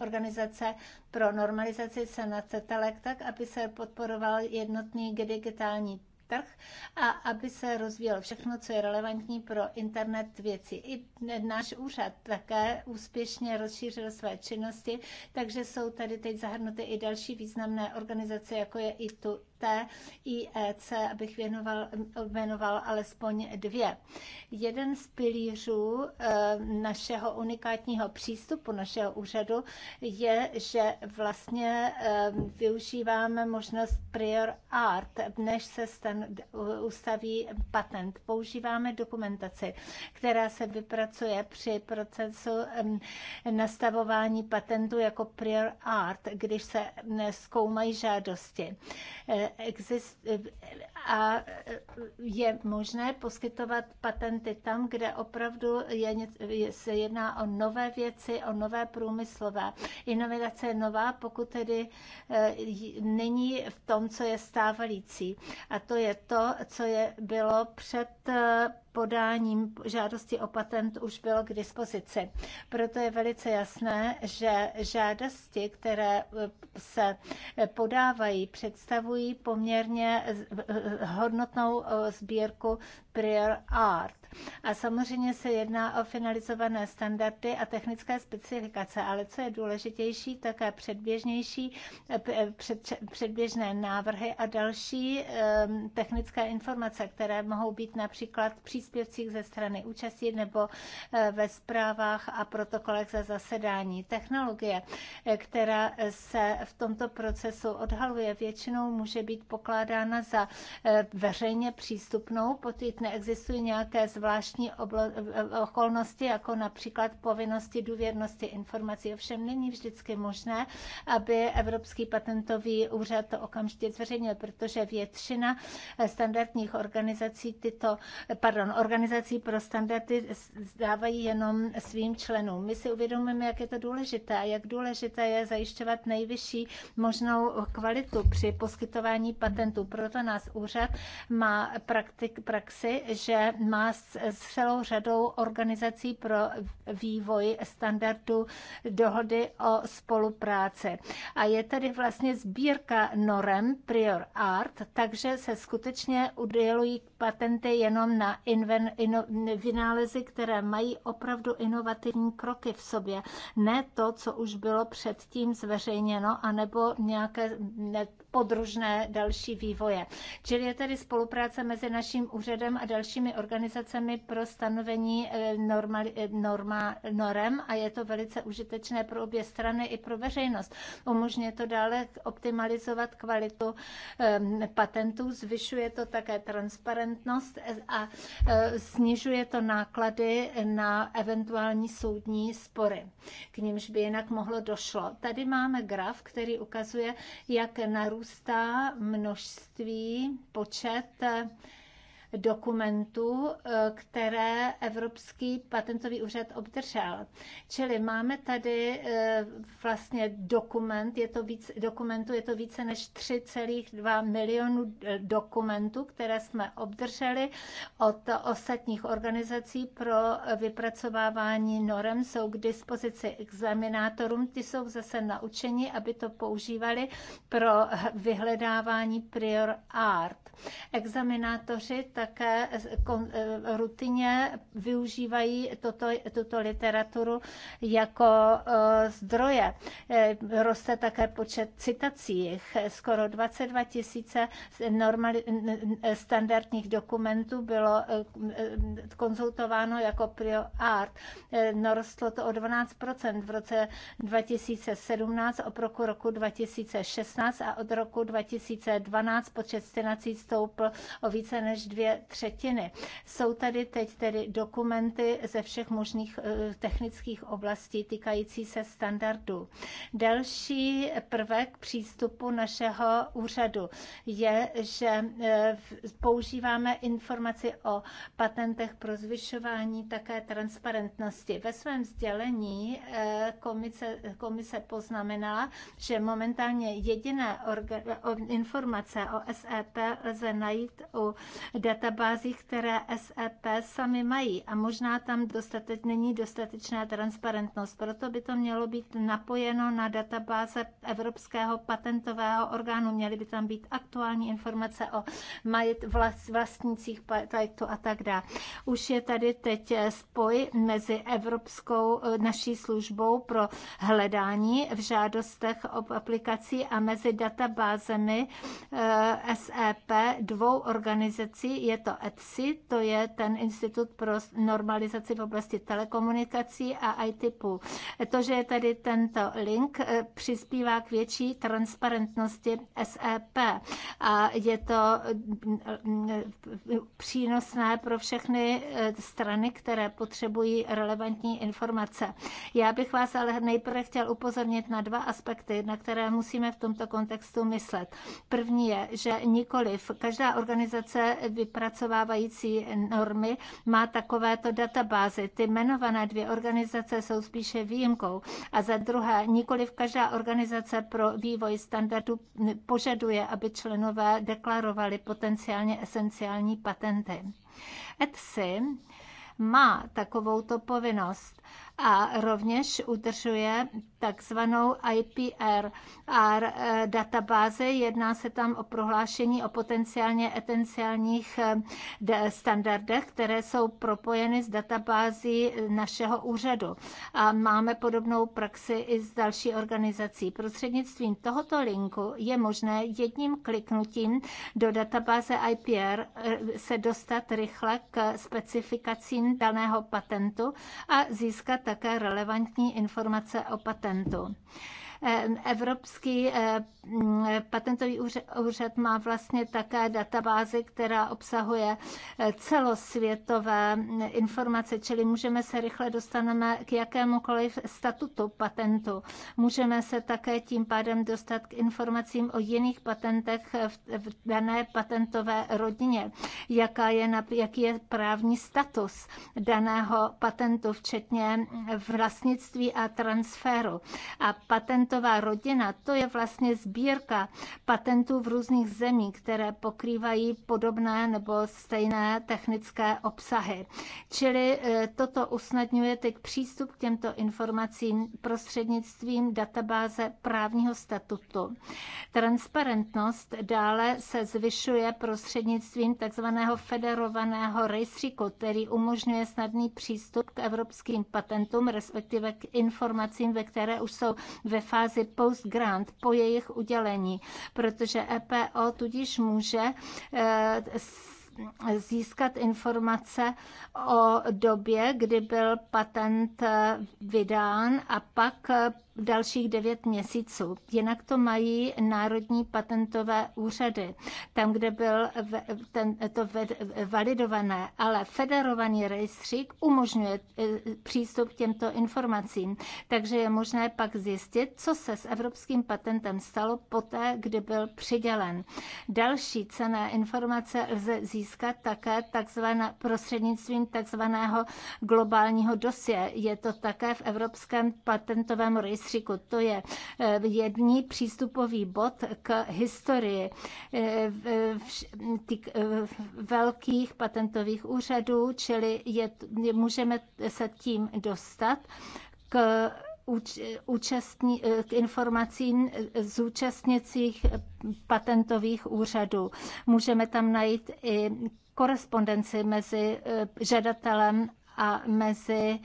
organizace pro normalizaci cen na cetelek tak, aby se podporoval jednotný digitální trh a aby se rozvíjelo všechno, co je relevantní pro internet věcí. I náš úřad také úspěšně rozšířil své činnosti, takže jsou tady teď zahrnuty i další významné organizace, jako je i tu T i e C abych věnoval, věnoval alespoň dvě. Jeden z pilířů eh, našeho unikátního přístupu, našeho úřadu, je, že vlastně eh, využíváme možnost prior art, než se stan, ustaví patent. Používáme dokumentaci, která se vypracuje při procesu nastavování patentu jako prior art, když se zkoumají žádosti. Eh, exist, a je možné poskytovat patenty tam, kde opravdu je, se jedná o nové věci, o nové průmyslové. Inovace je nová, pokud tedy eh, není v tom, co je stávající. A to je to, co je bylo před eh, podáním žádosti o patent už bylo k dispozici. Proto je velice jasné, že žádosti, které eh, se podávají, představují poměrně hodnotnou eh, sbírku Prior Art. A samozřejmě se jedná o finalizované standardy a technické specifikace, ale co je důležitější, také předběžnější, před, předběžné návrhy a další ehm, technické informace, které mohou být například v příspěvcích ze strany účastí nebo eh, ve zprávách a protokolech za zasedání. Technologie, eh, která se v tomto procesu odhaluje, většinou může být pokládána za eh, veřejně přístupnou, pokud neexistují nějaké zvláštní okolnosti, jako například povinnosti důvěrnosti informací. Ovšem není vždycky možné, aby Evropský patentový úřad to okamžitě zveřejnil, protože většina eh, standardních organizací tyto, eh, pardon, organizací pro standardy dávají jenom svým členům. My si uvědomujeme, jak je to důležité a jak důležité je zajišťovat nejvyšší možnou kvalitu při poskytování patentů. Proto nás úřad má praktik, praxi, že má s celou řadou organizací pro vývoj standardu dohody o spolupráci. A je tady vlastně sbírka norem prior art, takže se skutečně udělují patenty jenom na inven, ino, vynálezy, které mají opravdu inovativní kroky v sobě, ne to, co už bylo předtím zveřejněno, anebo nějaké ne, podružné další vývoje. Čili je tady spolupráce mezi naším úřadem a dalšími organizacemi, institucemi pro stanovení eh, norma, eh, norma, norem a je to velice užitečné pro obě strany i pro veřejnost. Umožňuje to dále optimalizovat kvalitu ehm, patentů, zvyšuje to také transparentnost eh, a snižuje to náklady na eventuální soudní spory, k nímž by jinak mohlo došlo. Tady máme graf, který ukazuje, jak narůstá množství, počet dokumentů, eh, které Evropský patentový úřad obdržel. Čili máme tady eh, vlastně dokument, je to víc, dokumentu je to více než 3,2 milionu eh, dokumentů, které jsme obdrželi od ostatních organizací pro vypracovávání norem, jsou k dispozici examinátorům, ty jsou zase naučeni, aby to používali pro vyhledávání prior art. Examinátoři také e, rutině využívají toto, tuto literaturu jako e, zdroje. E, roste také počet citací, skoro 22 tisíce standardních dokumentů bylo konzultováno jako prior art. Narostlo to o 12 v roce 2017 oproti roku 2016 a od roku 2012 počet citací stoupl o více než dvě dvě třetiny. Jsou tady teď tedy dokumenty ze všech možných eh, technických oblastí týkající se standardů. Další prvek přístupu našeho úřadu je, že eh, používáme informaci o patentech pro zvyšování také transparentnosti. Ve svém sdělení eh, komise, komise poznamenala, že momentálně jediné informace o SEP lze najít u data databázích, které SEP sami mají a možná tam dostateč, není dostatečná transparentnost. Proto by to mělo být napojeno na databáze Evropského patentového orgánu. Měly by tam být aktuální informace o majit vlast, vlastnících projektů a tak dále. Už je tady teď spoj mezi Evropskou eh, naší službou pro hledání v žádostech o aplikací a mezi databázemi eh, SEP dvou organizací, je to ETSI, to je ten Institut pro normalizaci v oblasti telekomunikací a ITPu. To, že je tady tento link, eh, přispívá k větší transparentnosti SEP a je to mm, eh, přínosné pro všechny eh, strany, které potřebují relevantní informace. Já bych vás ale nejprve chtěl upozornit na dva aspekty, na které musíme v tomto kontextu myslet. První je, že nikoliv každá organizace vypadá zpracovávající normy má takovéto databáze. Ty jmenované dvě organizace jsou spíše výjimkou. A za druhé, nikoliv každá organizace pro vývoj standardů požaduje, aby členové deklarovali potenciálně esenciální patenty. ETSI má takovouto povinnost a rovněž udržuje takzvanou IPR R eh, databáze. Jedná se tam o prohlášení o potenciálně etenciálních eh, standardech, které jsou propojeny s databází eh, našeho úřadu. A máme podobnou praxi i s další organizací. Prostřednictvím tohoto linku je možné jedním kliknutím do databáze IPR se dostat rychle k specifikacím daného patentu a získat také relevantní informace o patentu tento. Evropský eh, mm, patentový úřad má vlastně také databázi, která obsahuje eh, celosvětové mm, informace, čili můžeme se rychle dostaneme k jakémukoliv statutu patentu. Můžeme se také tím pádem dostat k informacím o jiných patentech v dané patentové rodině, jaká je, jaký je právní status daného patentu, včetně mm, vlastnictví a transferu. A patent patentová rodina, to je vlastně sbírka patentů v různých zemích, které pokrývají podobné nebo stejné technické obsahy. Čili e, toto usnadňuje teď přístup k těmto informacím prostřednictvím databáze právního statutu. Transparentnost dále se zvyšuje prostřednictvím takzvaného federovaného rejstříku, který umožňuje snadný přístup k evropským patentům, respektive k informacím, ve které už jsou ve fázi fázi post-grant po jejich udělení, protože EPO tudíž může eh, získat informace o době, kdy byl patent eh, vydán a pak eh, dalších devět měsíců. Jinak to mají národní patentové úřady, tam, kde byl ten, to validované, ale federovaný rejstřík umožňuje eh, přístup k těmto informacím, takže je možné pak zjistit, co se s evropským patentem stalo poté, kdy byl přidělen. Další cené informace lze získat získat také takzvané, prostřednictvím takzvaného globálního dosie. Je to také v Evropském patentovém rejstříku. To je eh, jední přístupový bod k historii eh, eh, velkých patentových úřadů, čili je, můžeme se tím dostat k účastní, eh, k informacím zúčastněcích patentových úřadů. Můžeme tam najít i korespondenci mezi eh, žadatelem a mezi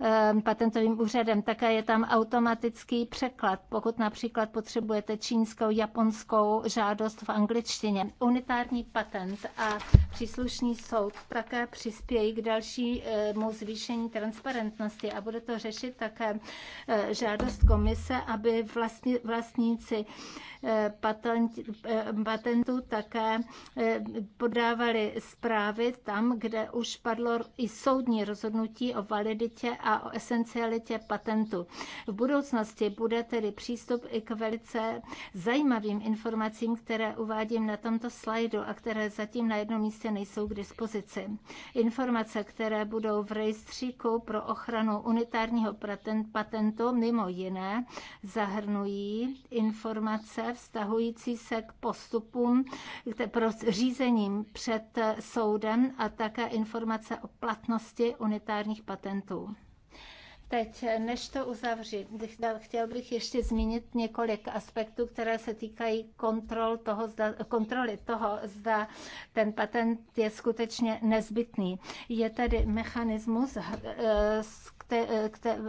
eh, patentovým úřadem. Také je tam automatický překlad, pokud například potřebujete čínskou, japonskou žádost v angličtině. Unitární patent a příslušný soud také přispějí k dalšímu zvýšení transparentnosti a bude to řešit také eh, žádost komise, aby vlastní, vlastníci Eh, patent, eh, patentů také eh, podávali zprávy tam, kde už padlo i soudní rozhodnutí o validitě a o esencialitě patentu. V budoucnosti bude tedy přístup i k velice zajímavým informacím, které uvádím na tomto slajdu a které zatím na jednom místě nejsou k dispozici. Informace, které budou v rejstříku pro ochranu unitárního patentu mimo jiné zahrnují informace vztahující se k postupům pro řízením před soudem a také informace o platnosti unitárních patentů. Teď, než to uzavři, chtěl bych ještě zmínit několik aspektů, které se týkají kontrol toho, zda, kontroly toho, zda ten patent je skutečně nezbytný. Je tady mechanismus, eh,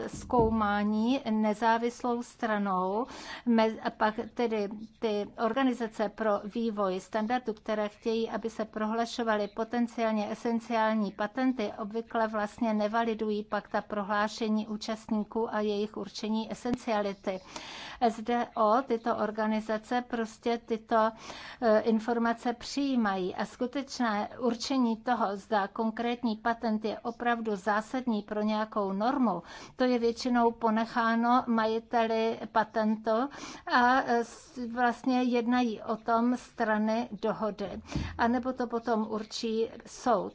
zkoumání nezávislou stranou. A pak tedy ty organizace pro vývoj standardů, které chtějí, aby se prohlašovaly potenciálně esenciální patenty, obvykle vlastně nevalidují pak ta prohlášení účastníků a jejich určení esenciality. SDO, tyto organizace prostě tyto e, informace přijímají a skutečné určení toho, zda konkrétní patent je opravdu zásadní pro nějakou normu, to je většinou ponecháno majiteli patentu a e, vlastně jednají o tom strany dohody. A nebo to potom určí soud.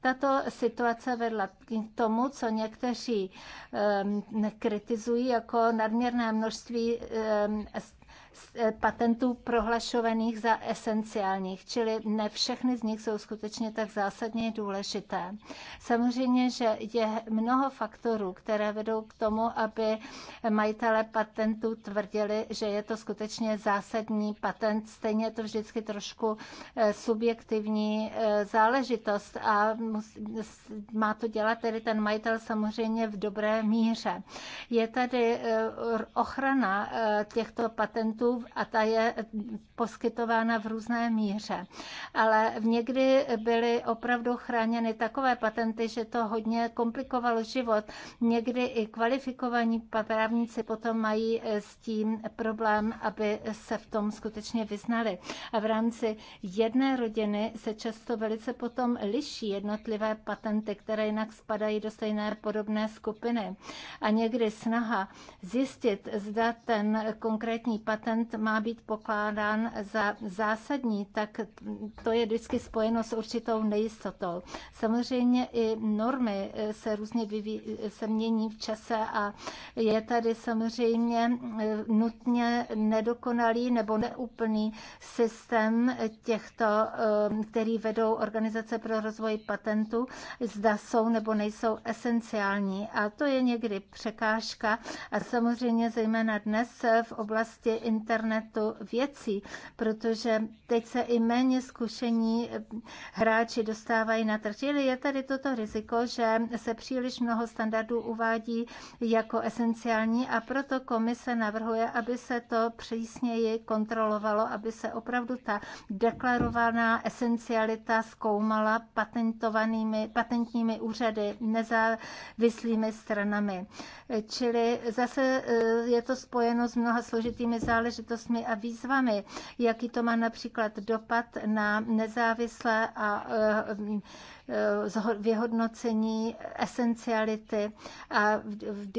Tato situace vedla k tomu, co někteří um, kritizují jako nadměrné množství um, Eh, patentů prohlašovaných za esenciálních, čili ne všechny z nich jsou skutečně tak zásadně důležité. Samozřejmě, že je mnoho faktorů, které vedou k tomu, aby majitele patentů tvrdili, že je to skutečně zásadní patent. Stejně je to vždycky trošku eh, subjektivní eh, záležitost a má to dělat tedy ten majitel samozřejmě v dobré míře. Je tady ochrana těchto patentů migrantů a ta je poskytována v různé míře. Ale někdy byly opravdu chráněny takové patenty, že to hodně komplikovalo život. Někdy i kvalifikovaní právníci potom mají eh, s tím problém, aby se v tom skutečně vyznali. A v rámci jedné rodiny se často velice potom liší jednotlivé patenty, které jinak spadají do stejné podobné skupiny. A někdy snaha zjistit, zda ten konkrétní patent má být pokládán za zásadní, tak to je vždycky spojeno s určitou nejistotou. Samozřejmě i normy eh, se různě vyví, eh, se mění v čase a je tady samozřejmě eh, nutně nedokonalý nebo neúplný systém těchto, který vedou Organizace pro rozvoj patentů, zda jsou nebo nejsou esenciální. A to je někdy překážka a samozřejmě zejména dnes v oblasti internetu věcí, protože teď se i méně zkušení eh, hráči dostávají na trh. Čili je tady toto riziko, že se příliš mnoho standardů uvádí jako esenciální a proto komise navrhuje, aby se to přísněji kontrolovalo, aby se opravdu ta deklarovaná esencialita zkoumala patentovanými, patentními úřady, nezávislými stranami. Čili zase eh, je to spojeno s mnoha složitými záležitostmi a výzvami jaký to má například dopad na nezávislé a eh, eh, vyhodnocení esenciality a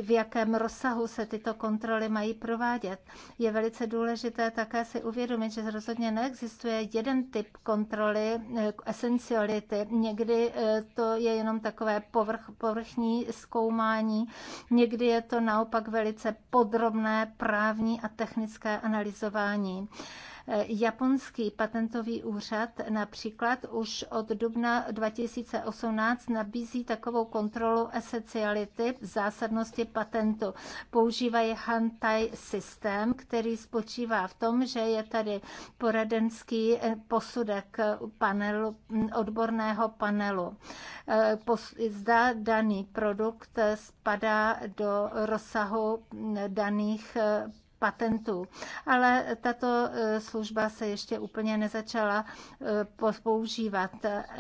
v jakém rozsahu se tyto kontroly mají provádět. Je velice důležité také si uvědomit, že rozhodně neexistuje jeden typ kontroly eh, esenciality. Někdy to je jenom takové povrch, povrchní zkoumání, někdy je to naopak velice podrobné právní a technické analyzování. Japonský patentový úřad například už od dubna 2018 nabízí takovou kontrolu esenciality zásadnosti patentu. Používají Hantai systém, který spočívá v tom, že je tady poradenský eh, posudek panelu, odborného panelu. Eh, zda daný produkt spadá do rozsahu daných eh, patentů. Ale tato e, služba se ještě úplně nezačala e, používat.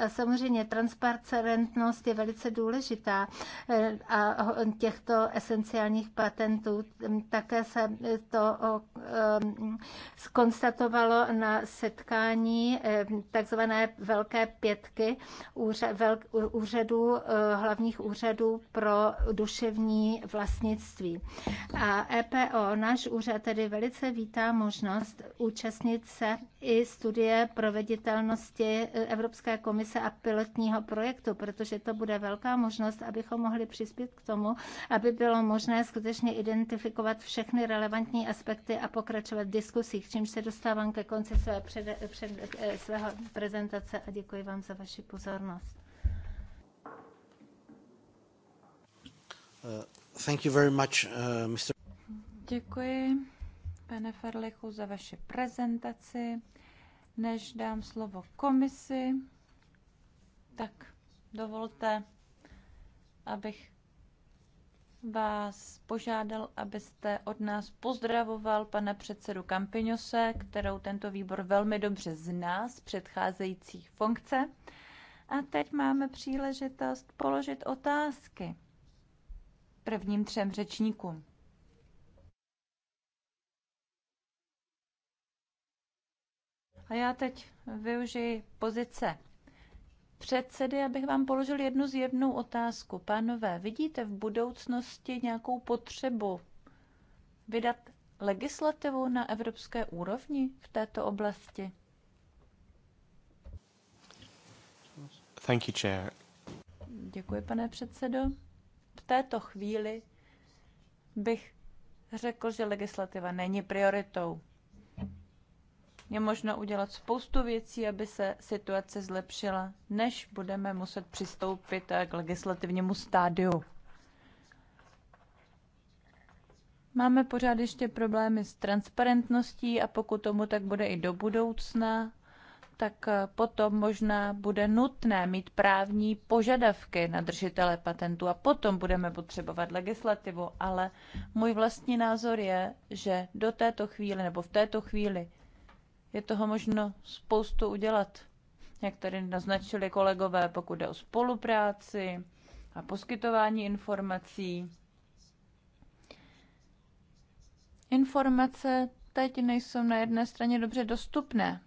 Samozřejmě transparentnost je velice důležitá e, a těchto esenciálních patentů také se to skonstatovalo na setkání takzvané velké pětky úřadů, hlavních úřadů pro duševní vlastnictví. A EPO, náš úřad a tedy velice vítá možnost účastnit se i studie proveditelnosti Evropské komise a pilotního projektu, protože to bude velká možnost, abychom mohli přispět k tomu, aby bylo možné skutečně identifikovat všechny relevantní aspekty a pokračovat v diskusích, čímž se dostávám ke konci své před, před, svého prezentace a děkuji vám za vaši pozornost. Uh, thank you very much, uh, Mr. Děkuji, pane Ferlichu, za vaši prezentaci. Než dám slovo komisi, tak dovolte, abych vás požádal, abyste od nás pozdravoval pana předsedu Kampiňose, kterou tento výbor velmi dobře zná z předcházejících funkce. A teď máme příležitost položit otázky prvním třem řečníkům. A já teď využiji pozice předsedy, abych vám položil jednu zjevnou otázku. Pánové, vidíte v budoucnosti nějakou potřebu vydat legislativu na evropské úrovni v této oblasti? Thank you, chair. Děkuji, pane předsedo. V této chvíli bych řekl, že legislativa není prioritou. Je možno udělat spoustu věcí, aby se situace zlepšila, než budeme muset přistoupit eh, k legislativnímu stádiu. Máme pořád ještě problémy s transparentností a pokud tomu tak bude i do budoucna, tak eh, potom možná bude nutné mít právní požadavky na držitele patentu a potom budeme potřebovat legislativu, ale můj vlastní názor je, že do této chvíle nebo v této chvíli je toho možno spoustu udělat. Jak tady naznačili kolegové, pokud jde o spolupráci a poskytování informací. Informace teď nejsou na jedné straně dobře dostupné.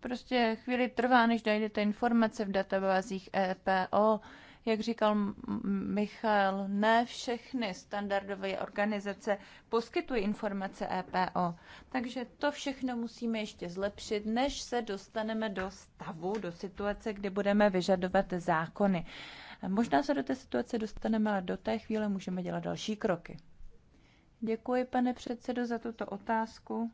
Prostě chvíli trvá, než najdete informace v databázích EPO, jak říkal Michal, ne všechny standardové organizace poskytují informace EPO. Takže to všechno musíme ještě zlepšit, než se dostaneme do stavu, do situace, kdy budeme vyžadovat zákony. Možná se do té situace dostaneme, ale do té chvíle můžeme dělat další kroky. Děkuji, pane předsedo, za tuto otázku.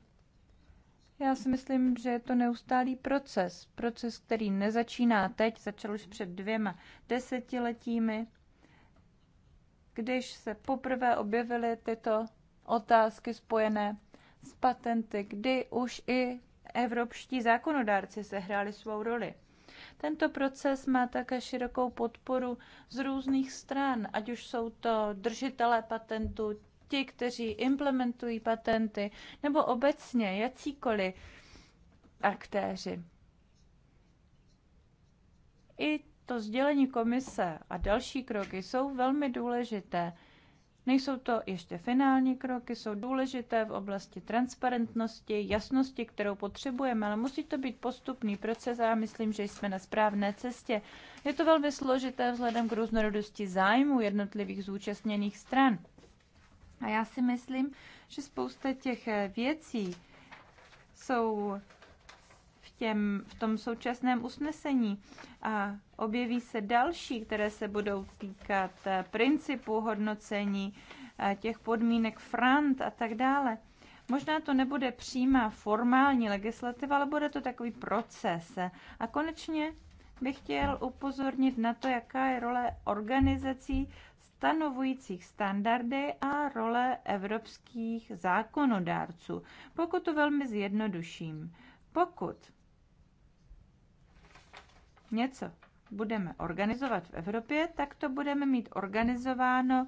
Já si myslím, že je to neustálý proces. Proces, který nezačíná teď, začal už před dvěma desetiletími, když se poprvé objevily tyto otázky spojené s patenty, kdy už i evropští zákonodárci sehráli svou roli. Tento proces má také širokou podporu z různých stran, ať už jsou to držitelé patentů, ti, kteří implementují patenty, nebo obecně jakýkoliv aktéři. I to sdělení komise a další kroky jsou velmi důležité. Nejsou to ještě finální kroky, jsou důležité v oblasti transparentnosti, jasnosti, kterou potřebujeme, ale musí to být postupný proces a já myslím, že jsme na správné cestě. Je to velmi složité vzhledem k různorodosti zájmu jednotlivých zúčastněných stran. A já si myslím, že spousta těch eh, věcí jsou v, těm, v tom současném usnesení a objeví se další, které se budou týkat eh, principu hodnocení, eh, těch podmínek frant a tak dále. Možná to nebude přímá formální legislativa, ale bude to takový proces. A konečně bych chtěl upozornit na to, jaká je role organizací stanovujících standardy a role evropských zákonodárců. Pokud to velmi zjednoduším, pokud něco budeme organizovat v Evropě, tak to budeme mít organizováno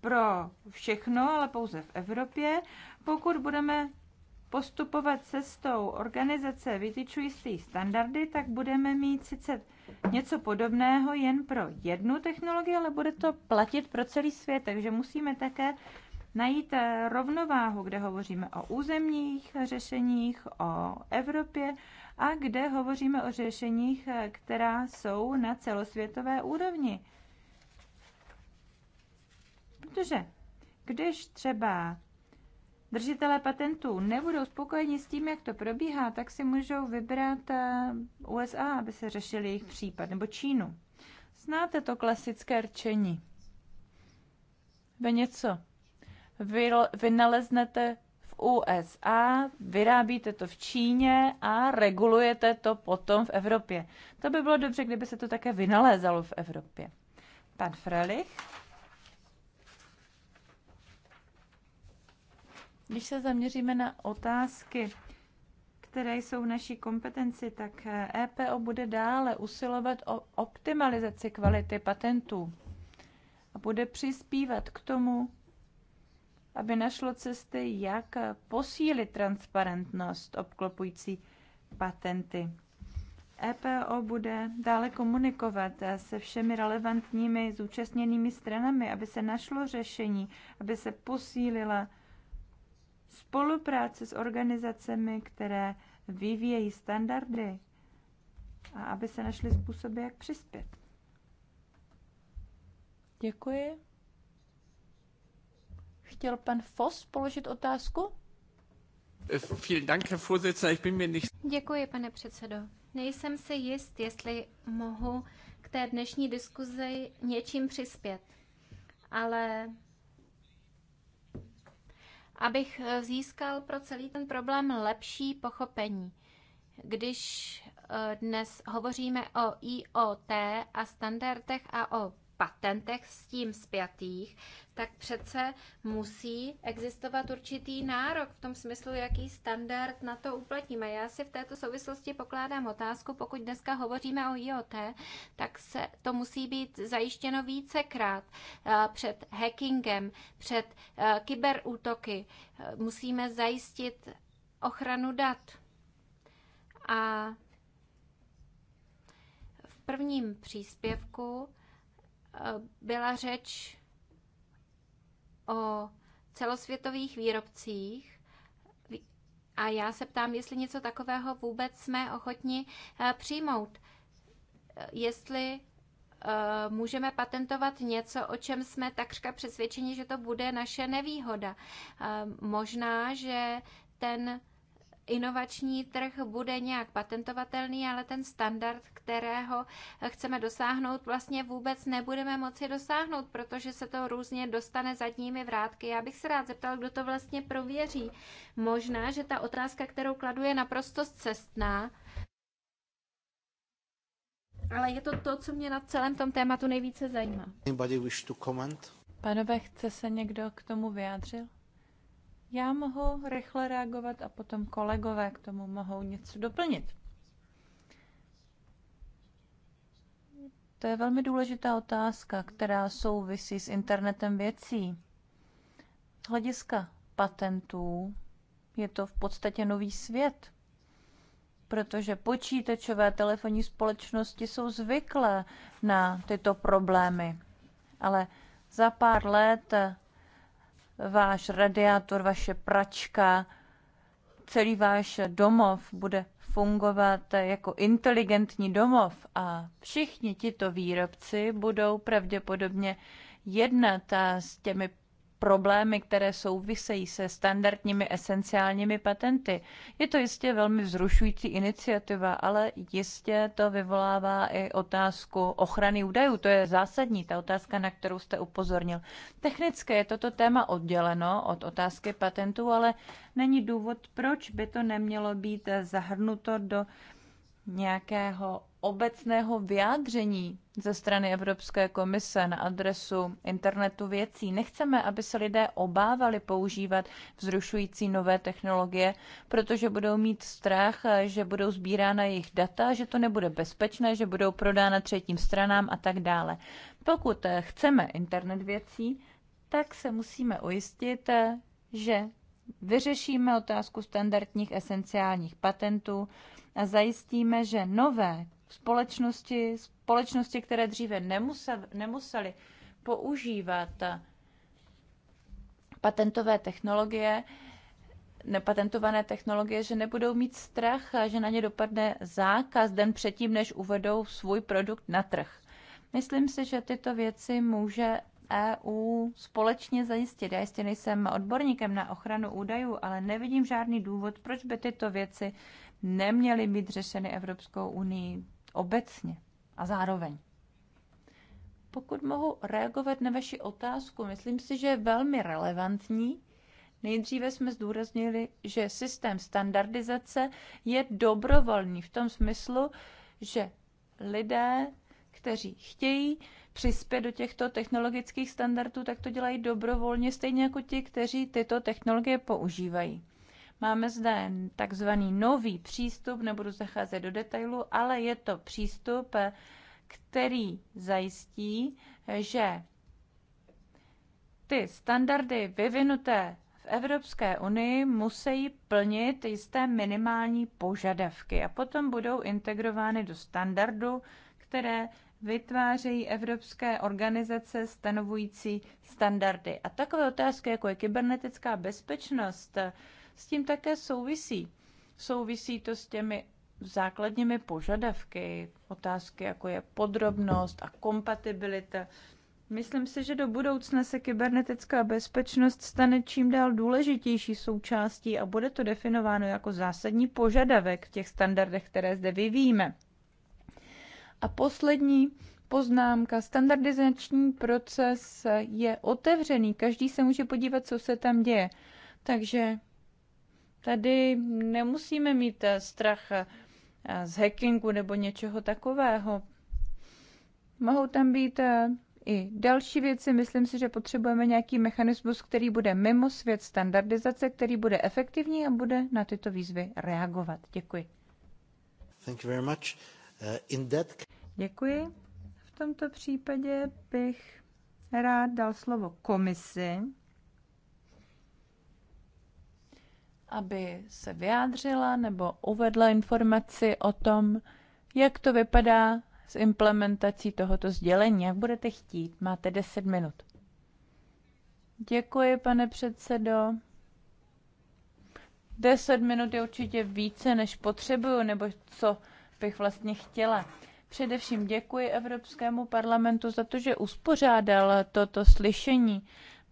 pro všechno, ale pouze v Evropě. Pokud budeme postupovat cestou organizace vytyčující standardy, tak budeme mít sice něco podobného jen pro jednu technologii, ale bude to platit pro celý svět. Takže musíme také najít eh, rovnováhu, kde hovoříme o územních řešeních, o Evropě a kde hovoříme o řešeních, eh, která jsou na celosvětové úrovni. Protože když třeba držitelé patentů nebudou spokojeni s tím, jak to probíhá, tak si můžou vybrat eh, USA, aby se řešil jejich případ, nebo Čínu. Znáte to klasické rčení. Vy něco vynaleznete v USA, vyrábíte to v Číně a regulujete to potom v Evropě. To by bylo dobře, kdyby se to také vynalézalo v Evropě. Pan Frelich. Když se zaměříme na otázky, které jsou v naší kompetenci, tak EPO bude dále usilovat o optimalizaci kvality patentů a bude přispívat k tomu, aby našlo cesty, jak posílit transparentnost obklopující patenty. EPO bude dále komunikovat se všemi relevantními zúčastněnými stranami, aby se našlo řešení, aby se posílila spolupráce s organizacemi, které vyvíjejí standardy a aby se našly způsoby, jak přispět. Děkuji. Chtěl pan Foss položit otázku? Eh, Děkuji, pane předsedo. Nejsem si jist, jestli mohu k té dnešní diskuzi něčím přispět, ale abych eh, získal pro celý ten problém lepší pochopení. Když eh, dnes hovoříme o IoT a standardech a o patentech s tím spjatých, tak přece musí existovat určitý nárok v tom smyslu, jaký standard na to uplatníme. Já si v této souvislosti pokládám otázku, pokud dneska hovoříme o IoT, tak se to musí být zajištěno vícekrát eh, před hackingem, před eh, kyberútoky. Eh, musíme zajistit ochranu dat. A v prvním příspěvku Eh, byla řeč o celosvětových výrobcích a já se ptám, jestli něco takového vůbec jsme ochotni eh, přijmout. Eh, jestli můžeme patentovat něco, o čem jsme takřka přesvědčeni, že to bude naše nevýhoda. Možná, že ten inovační trh bude nějak patentovatelný, ale ten standard, kterého chceme dosáhnout, vlastně vůbec nebudeme moci dosáhnout, protože se to různě dostane zadními vrátky. Já bych se rád zeptal, kdo to vlastně prověří. Možná, že ta otázka, kterou kladu, je naprosto cestná, ale je to to, co mě na celém tom tématu nejvíce zajímá. Panové, chce se někdo k tomu vyjádřit? Já mohu rychle reagovat a potom kolegové k tomu mohou něco doplnit. To je velmi důležitá otázka, která souvisí s internetem věcí. Z hlediska patentů je to v podstatě nový svět, protože počítačové telefonní společnosti jsou zvyklé na tyto problémy. Ale za pár let váš radiátor, vaše pračka, celý váš domov bude fungovat jako inteligentní domov a všichni tito výrobci budou pravděpodobně jednat s těmi problémy, které souvisejí se standardními esenciálními patenty. Je to jistě velmi vzrušující iniciativa, ale jistě to vyvolává i otázku ochrany údajů. To je zásadní, ta otázka, na kterou jste upozornil. Technicky je toto téma odděleno od otázky patentů, ale není důvod, proč by to nemělo být zahrnuto do nějakého obecného vyjádření ze strany Evropské komise na adresu internetu věcí. Nechceme, aby se lidé obávali používat vzrušující nové technologie, protože budou mít strach, že budou sbírána jejich data, že to nebude bezpečné, že budou prodána třetím stranám a tak dále. Pokud eh, chceme internet věcí, tak se musíme ujistit, eh, že vyřešíme otázku standardních esenciálních patentů a zajistíme, že nové společnosti, společnosti, které dříve nemuseli, nemuseli používat patentové technologie, nepatentované technologie, že nebudou mít strach, že na ně dopadne zákaz den předtím, než uvedou svůj produkt na trh. Myslím si, že tyto věci může EU společně zajistit. Já jistě nejsem odborníkem na ochranu údajů, ale nevidím žádný důvod, proč by tyto věci neměly být řešeny Evropskou unii obecně a zároveň. Pokud mohu reagovat na vaši otázku, myslím si, že je velmi relevantní. Nejdříve jsme zdůraznili, že systém standardizace je dobrovolný v tom smyslu, že lidé, kteří chtějí přispět do těchto technologických standardů, tak to dělají dobrovolně, stejně jako ti, kteří tyto technologie používají. Máme zde takzvaný nový přístup, nebudu zacházet do detailu, ale je to přístup, který zajistí, že ty standardy vyvinuté v Evropské unii musí plnit jisté minimální požadavky a potom budou integrovány do standardu, které vytvářejí evropské organizace stanovující standardy. A takové otázky, jako je kybernetická bezpečnost, s tím také souvisí. Souvisí to s těmi základními požadavky, otázky jako je podrobnost a kompatibilita. Myslím si, že do budoucna se kybernetická bezpečnost stane čím dál důležitější součástí a bude to definováno jako zásadní požadavek v těch standardech, které zde vyvíjíme. A poslední poznámka. Standardizační proces je otevřený. Každý se může podívat, co se tam děje. Takže Tady nemusíme mít eh, strach eh, z hackingu nebo něčeho takového. Mohou tam být eh, i další věci. Myslím si, že potřebujeme nějaký mechanismus, který bude mimo svět standardizace, který bude efektivní a bude na tyto výzvy reagovat. Děkuji. Thank you very much. Uh, in that... Děkuji. V tomto případě bych rád dal slovo komisi. aby se vyjádřila nebo uvedla informaci o tom, jak to vypadá s implementací tohoto sdělení, jak budete chtít. Máte 10 minut. Děkuji, pane předsedo. 10 minut je určitě více, než potřebuju, nebo co bych vlastně chtěla. Především děkuji Evropskému parlamentu za to, že uspořádal toto slyšení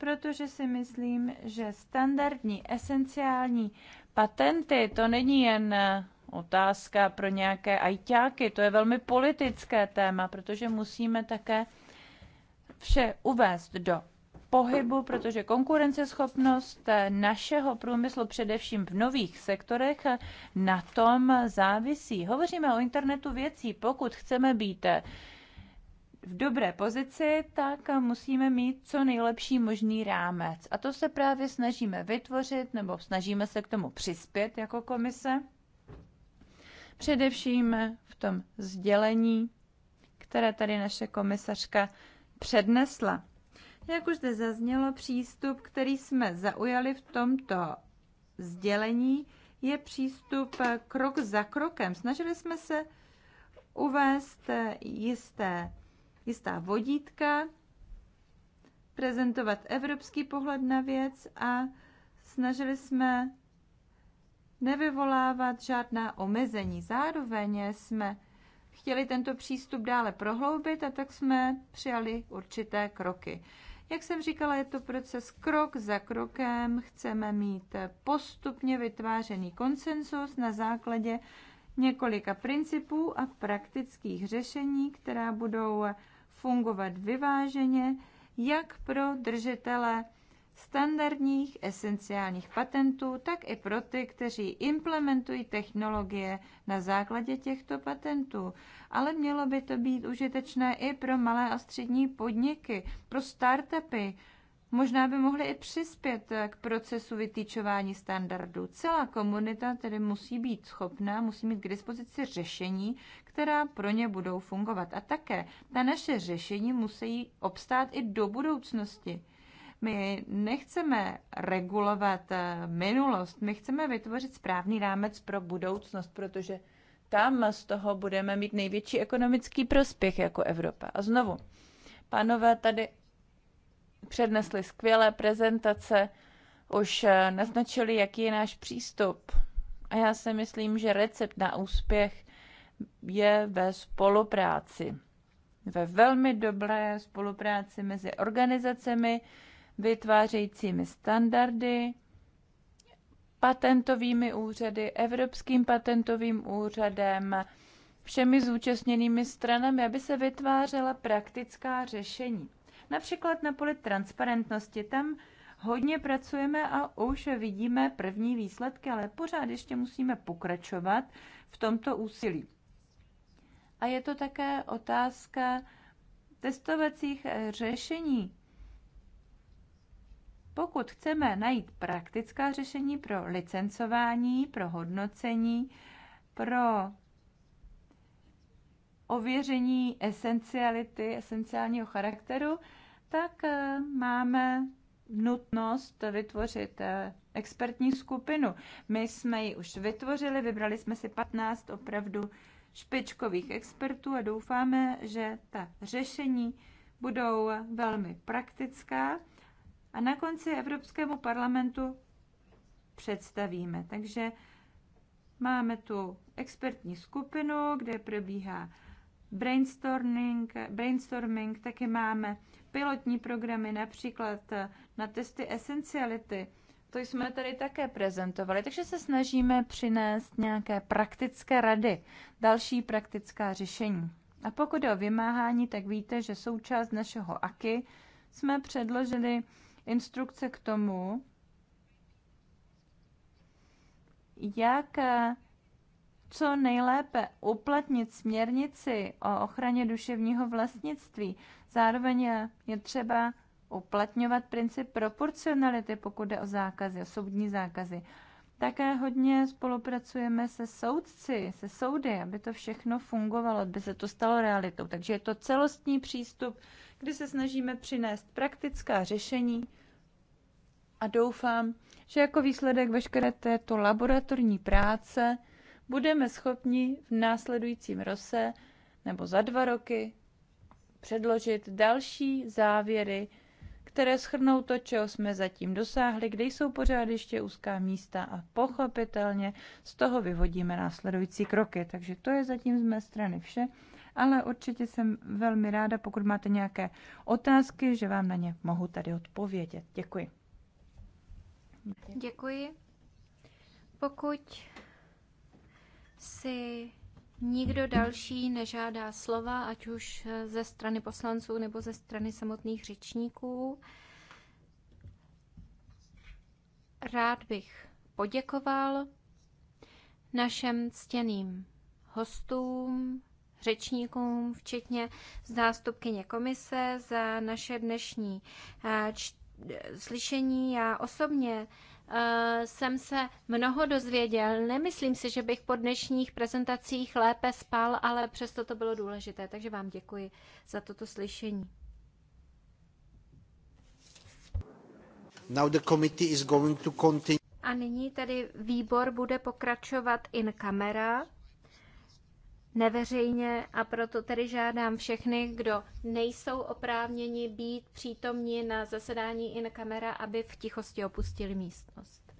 protože si myslím, že standardní esenciální patenty to není jen eh, otázka pro nějaké ajťáky, to je velmi politické téma, protože musíme také vše uvést do pohybu, protože konkurenceschopnost eh, našeho průmyslu, především v nových sektorech, eh, na tom závisí. Hovoříme o internetu věcí. Pokud chceme být v dobré pozici, tak musíme mít co nejlepší možný rámec. A to se právě snažíme vytvořit, nebo snažíme se k tomu přispět jako komise. Především v tom sdělení, které tady naše komisařka přednesla. Jak už zde zaznělo, přístup, který jsme zaujali v tomto sdělení, je přístup krok za krokem. Snažili jsme se uvést jisté jistá vodítka, prezentovat evropský pohled na věc a snažili jsme nevyvolávat žádná omezení. Zároveň jsme chtěli tento přístup dále prohloubit a tak jsme přijali určité kroky. Jak jsem říkala, je to proces krok za krokem. Chceme mít postupně vytvářený konsenzus na základě několika principů a praktických řešení, která budou fungovat vyváženě jak pro držitele standardních esenciálních patentů, tak i pro ty, kteří implementují technologie na základě těchto patentů. Ale mělo by to být užitečné i pro malé a střední podniky, pro startupy, možná by mohly i přispět eh, k procesu vytýčování standardů. Celá komunita tedy musí být schopná, musí mít k dispozici řešení, která pro ně budou fungovat. A také ta naše řešení musí obstát i do budoucnosti. My nechceme regulovat eh, minulost, my chceme vytvořit správný rámec pro budoucnost, protože tam z toho budeme mít největší ekonomický prospěch jako Evropa. A znovu, pánové tady přednesli skvělé prezentace, už eh, naznačili, jaký je náš přístup. A já si myslím, že recept na úspěch je ve spolupráci. Ve velmi dobré spolupráci mezi organizacemi vytvářejícími standardy, patentovými úřady, Evropským patentovým úřadem, všemi zúčastněnými stranami, aby se vytvářela praktická řešení. Například na poli transparentnosti, tam hodně pracujeme a už vidíme první výsledky, ale pořád ještě musíme pokračovat v tomto úsilí. A je to také otázka testovacích eh, řešení. Pokud chceme najít praktická řešení pro licencování, pro hodnocení, pro ověření esenciality, esenciálního charakteru, tak eh, máme nutnost vytvořit eh, expertní skupinu. My jsme ji už vytvořili, vybrali jsme si 15 opravdu špičkových expertů a doufáme, že ta řešení budou velmi praktická a na konci Evropskému parlamentu představíme. Takže máme tu expertní skupinu, kde probíhá brainstorming, brainstorming taky máme pilotní programy, například eh, na testy esenciality. To jsme tady také prezentovali, takže se snažíme přinést nějaké praktické rady, další praktická řešení. A pokud je o vymáhání, tak víte, že součást našeho AKY jsme předložili instrukce k tomu, jak eh, co nejlépe uplatnit směrnici o ochraně duševního vlastnictví. Zároveň je třeba uplatňovat princip proporcionality, pokud jde o zákazy, o soudní zákazy. Také hodně spolupracujeme se soudci, se soudy, aby to všechno fungovalo, aby se to stalo realitou. Takže je to celostní přístup, kdy se snažíme přinést praktická řešení a doufám, že jako výsledek veškeré této laboratorní práce budeme schopni v následujícím roce nebo za dva roky předložit další závěry, které schrnou to, čeho jsme zatím dosáhli, kde jsou pořád ještě úzká místa a pochopitelně z toho vyvodíme následující kroky. Takže to je zatím z mé strany vše, ale určitě jsem velmi ráda, pokud máte nějaké otázky, že vám na ně mohu tady odpovědět. Děkuji. Děkuji. Pokud si nikdo další nežádá slova, ať už eh, ze strany poslanců nebo ze strany samotných řečníků. Rád bych poděkoval našem ctěným hostům, řečníkům, včetně zástupkyně komise za naše dnešní eh, slyšení. Já osobně Eh, jsem se mnoho dozvěděl. Nemyslím si, že bych po dnešních prezentacích lépe spal, ale přesto to bylo důležité, takže vám děkuji za toto slyšení. Now the committee is going to continue. A nyní tedy výbor bude pokračovat in camera neveřejně a proto tedy žádám všechny, kdo nejsou oprávněni být přítomní na zasedání in kamera, aby v tichosti opustili místnost.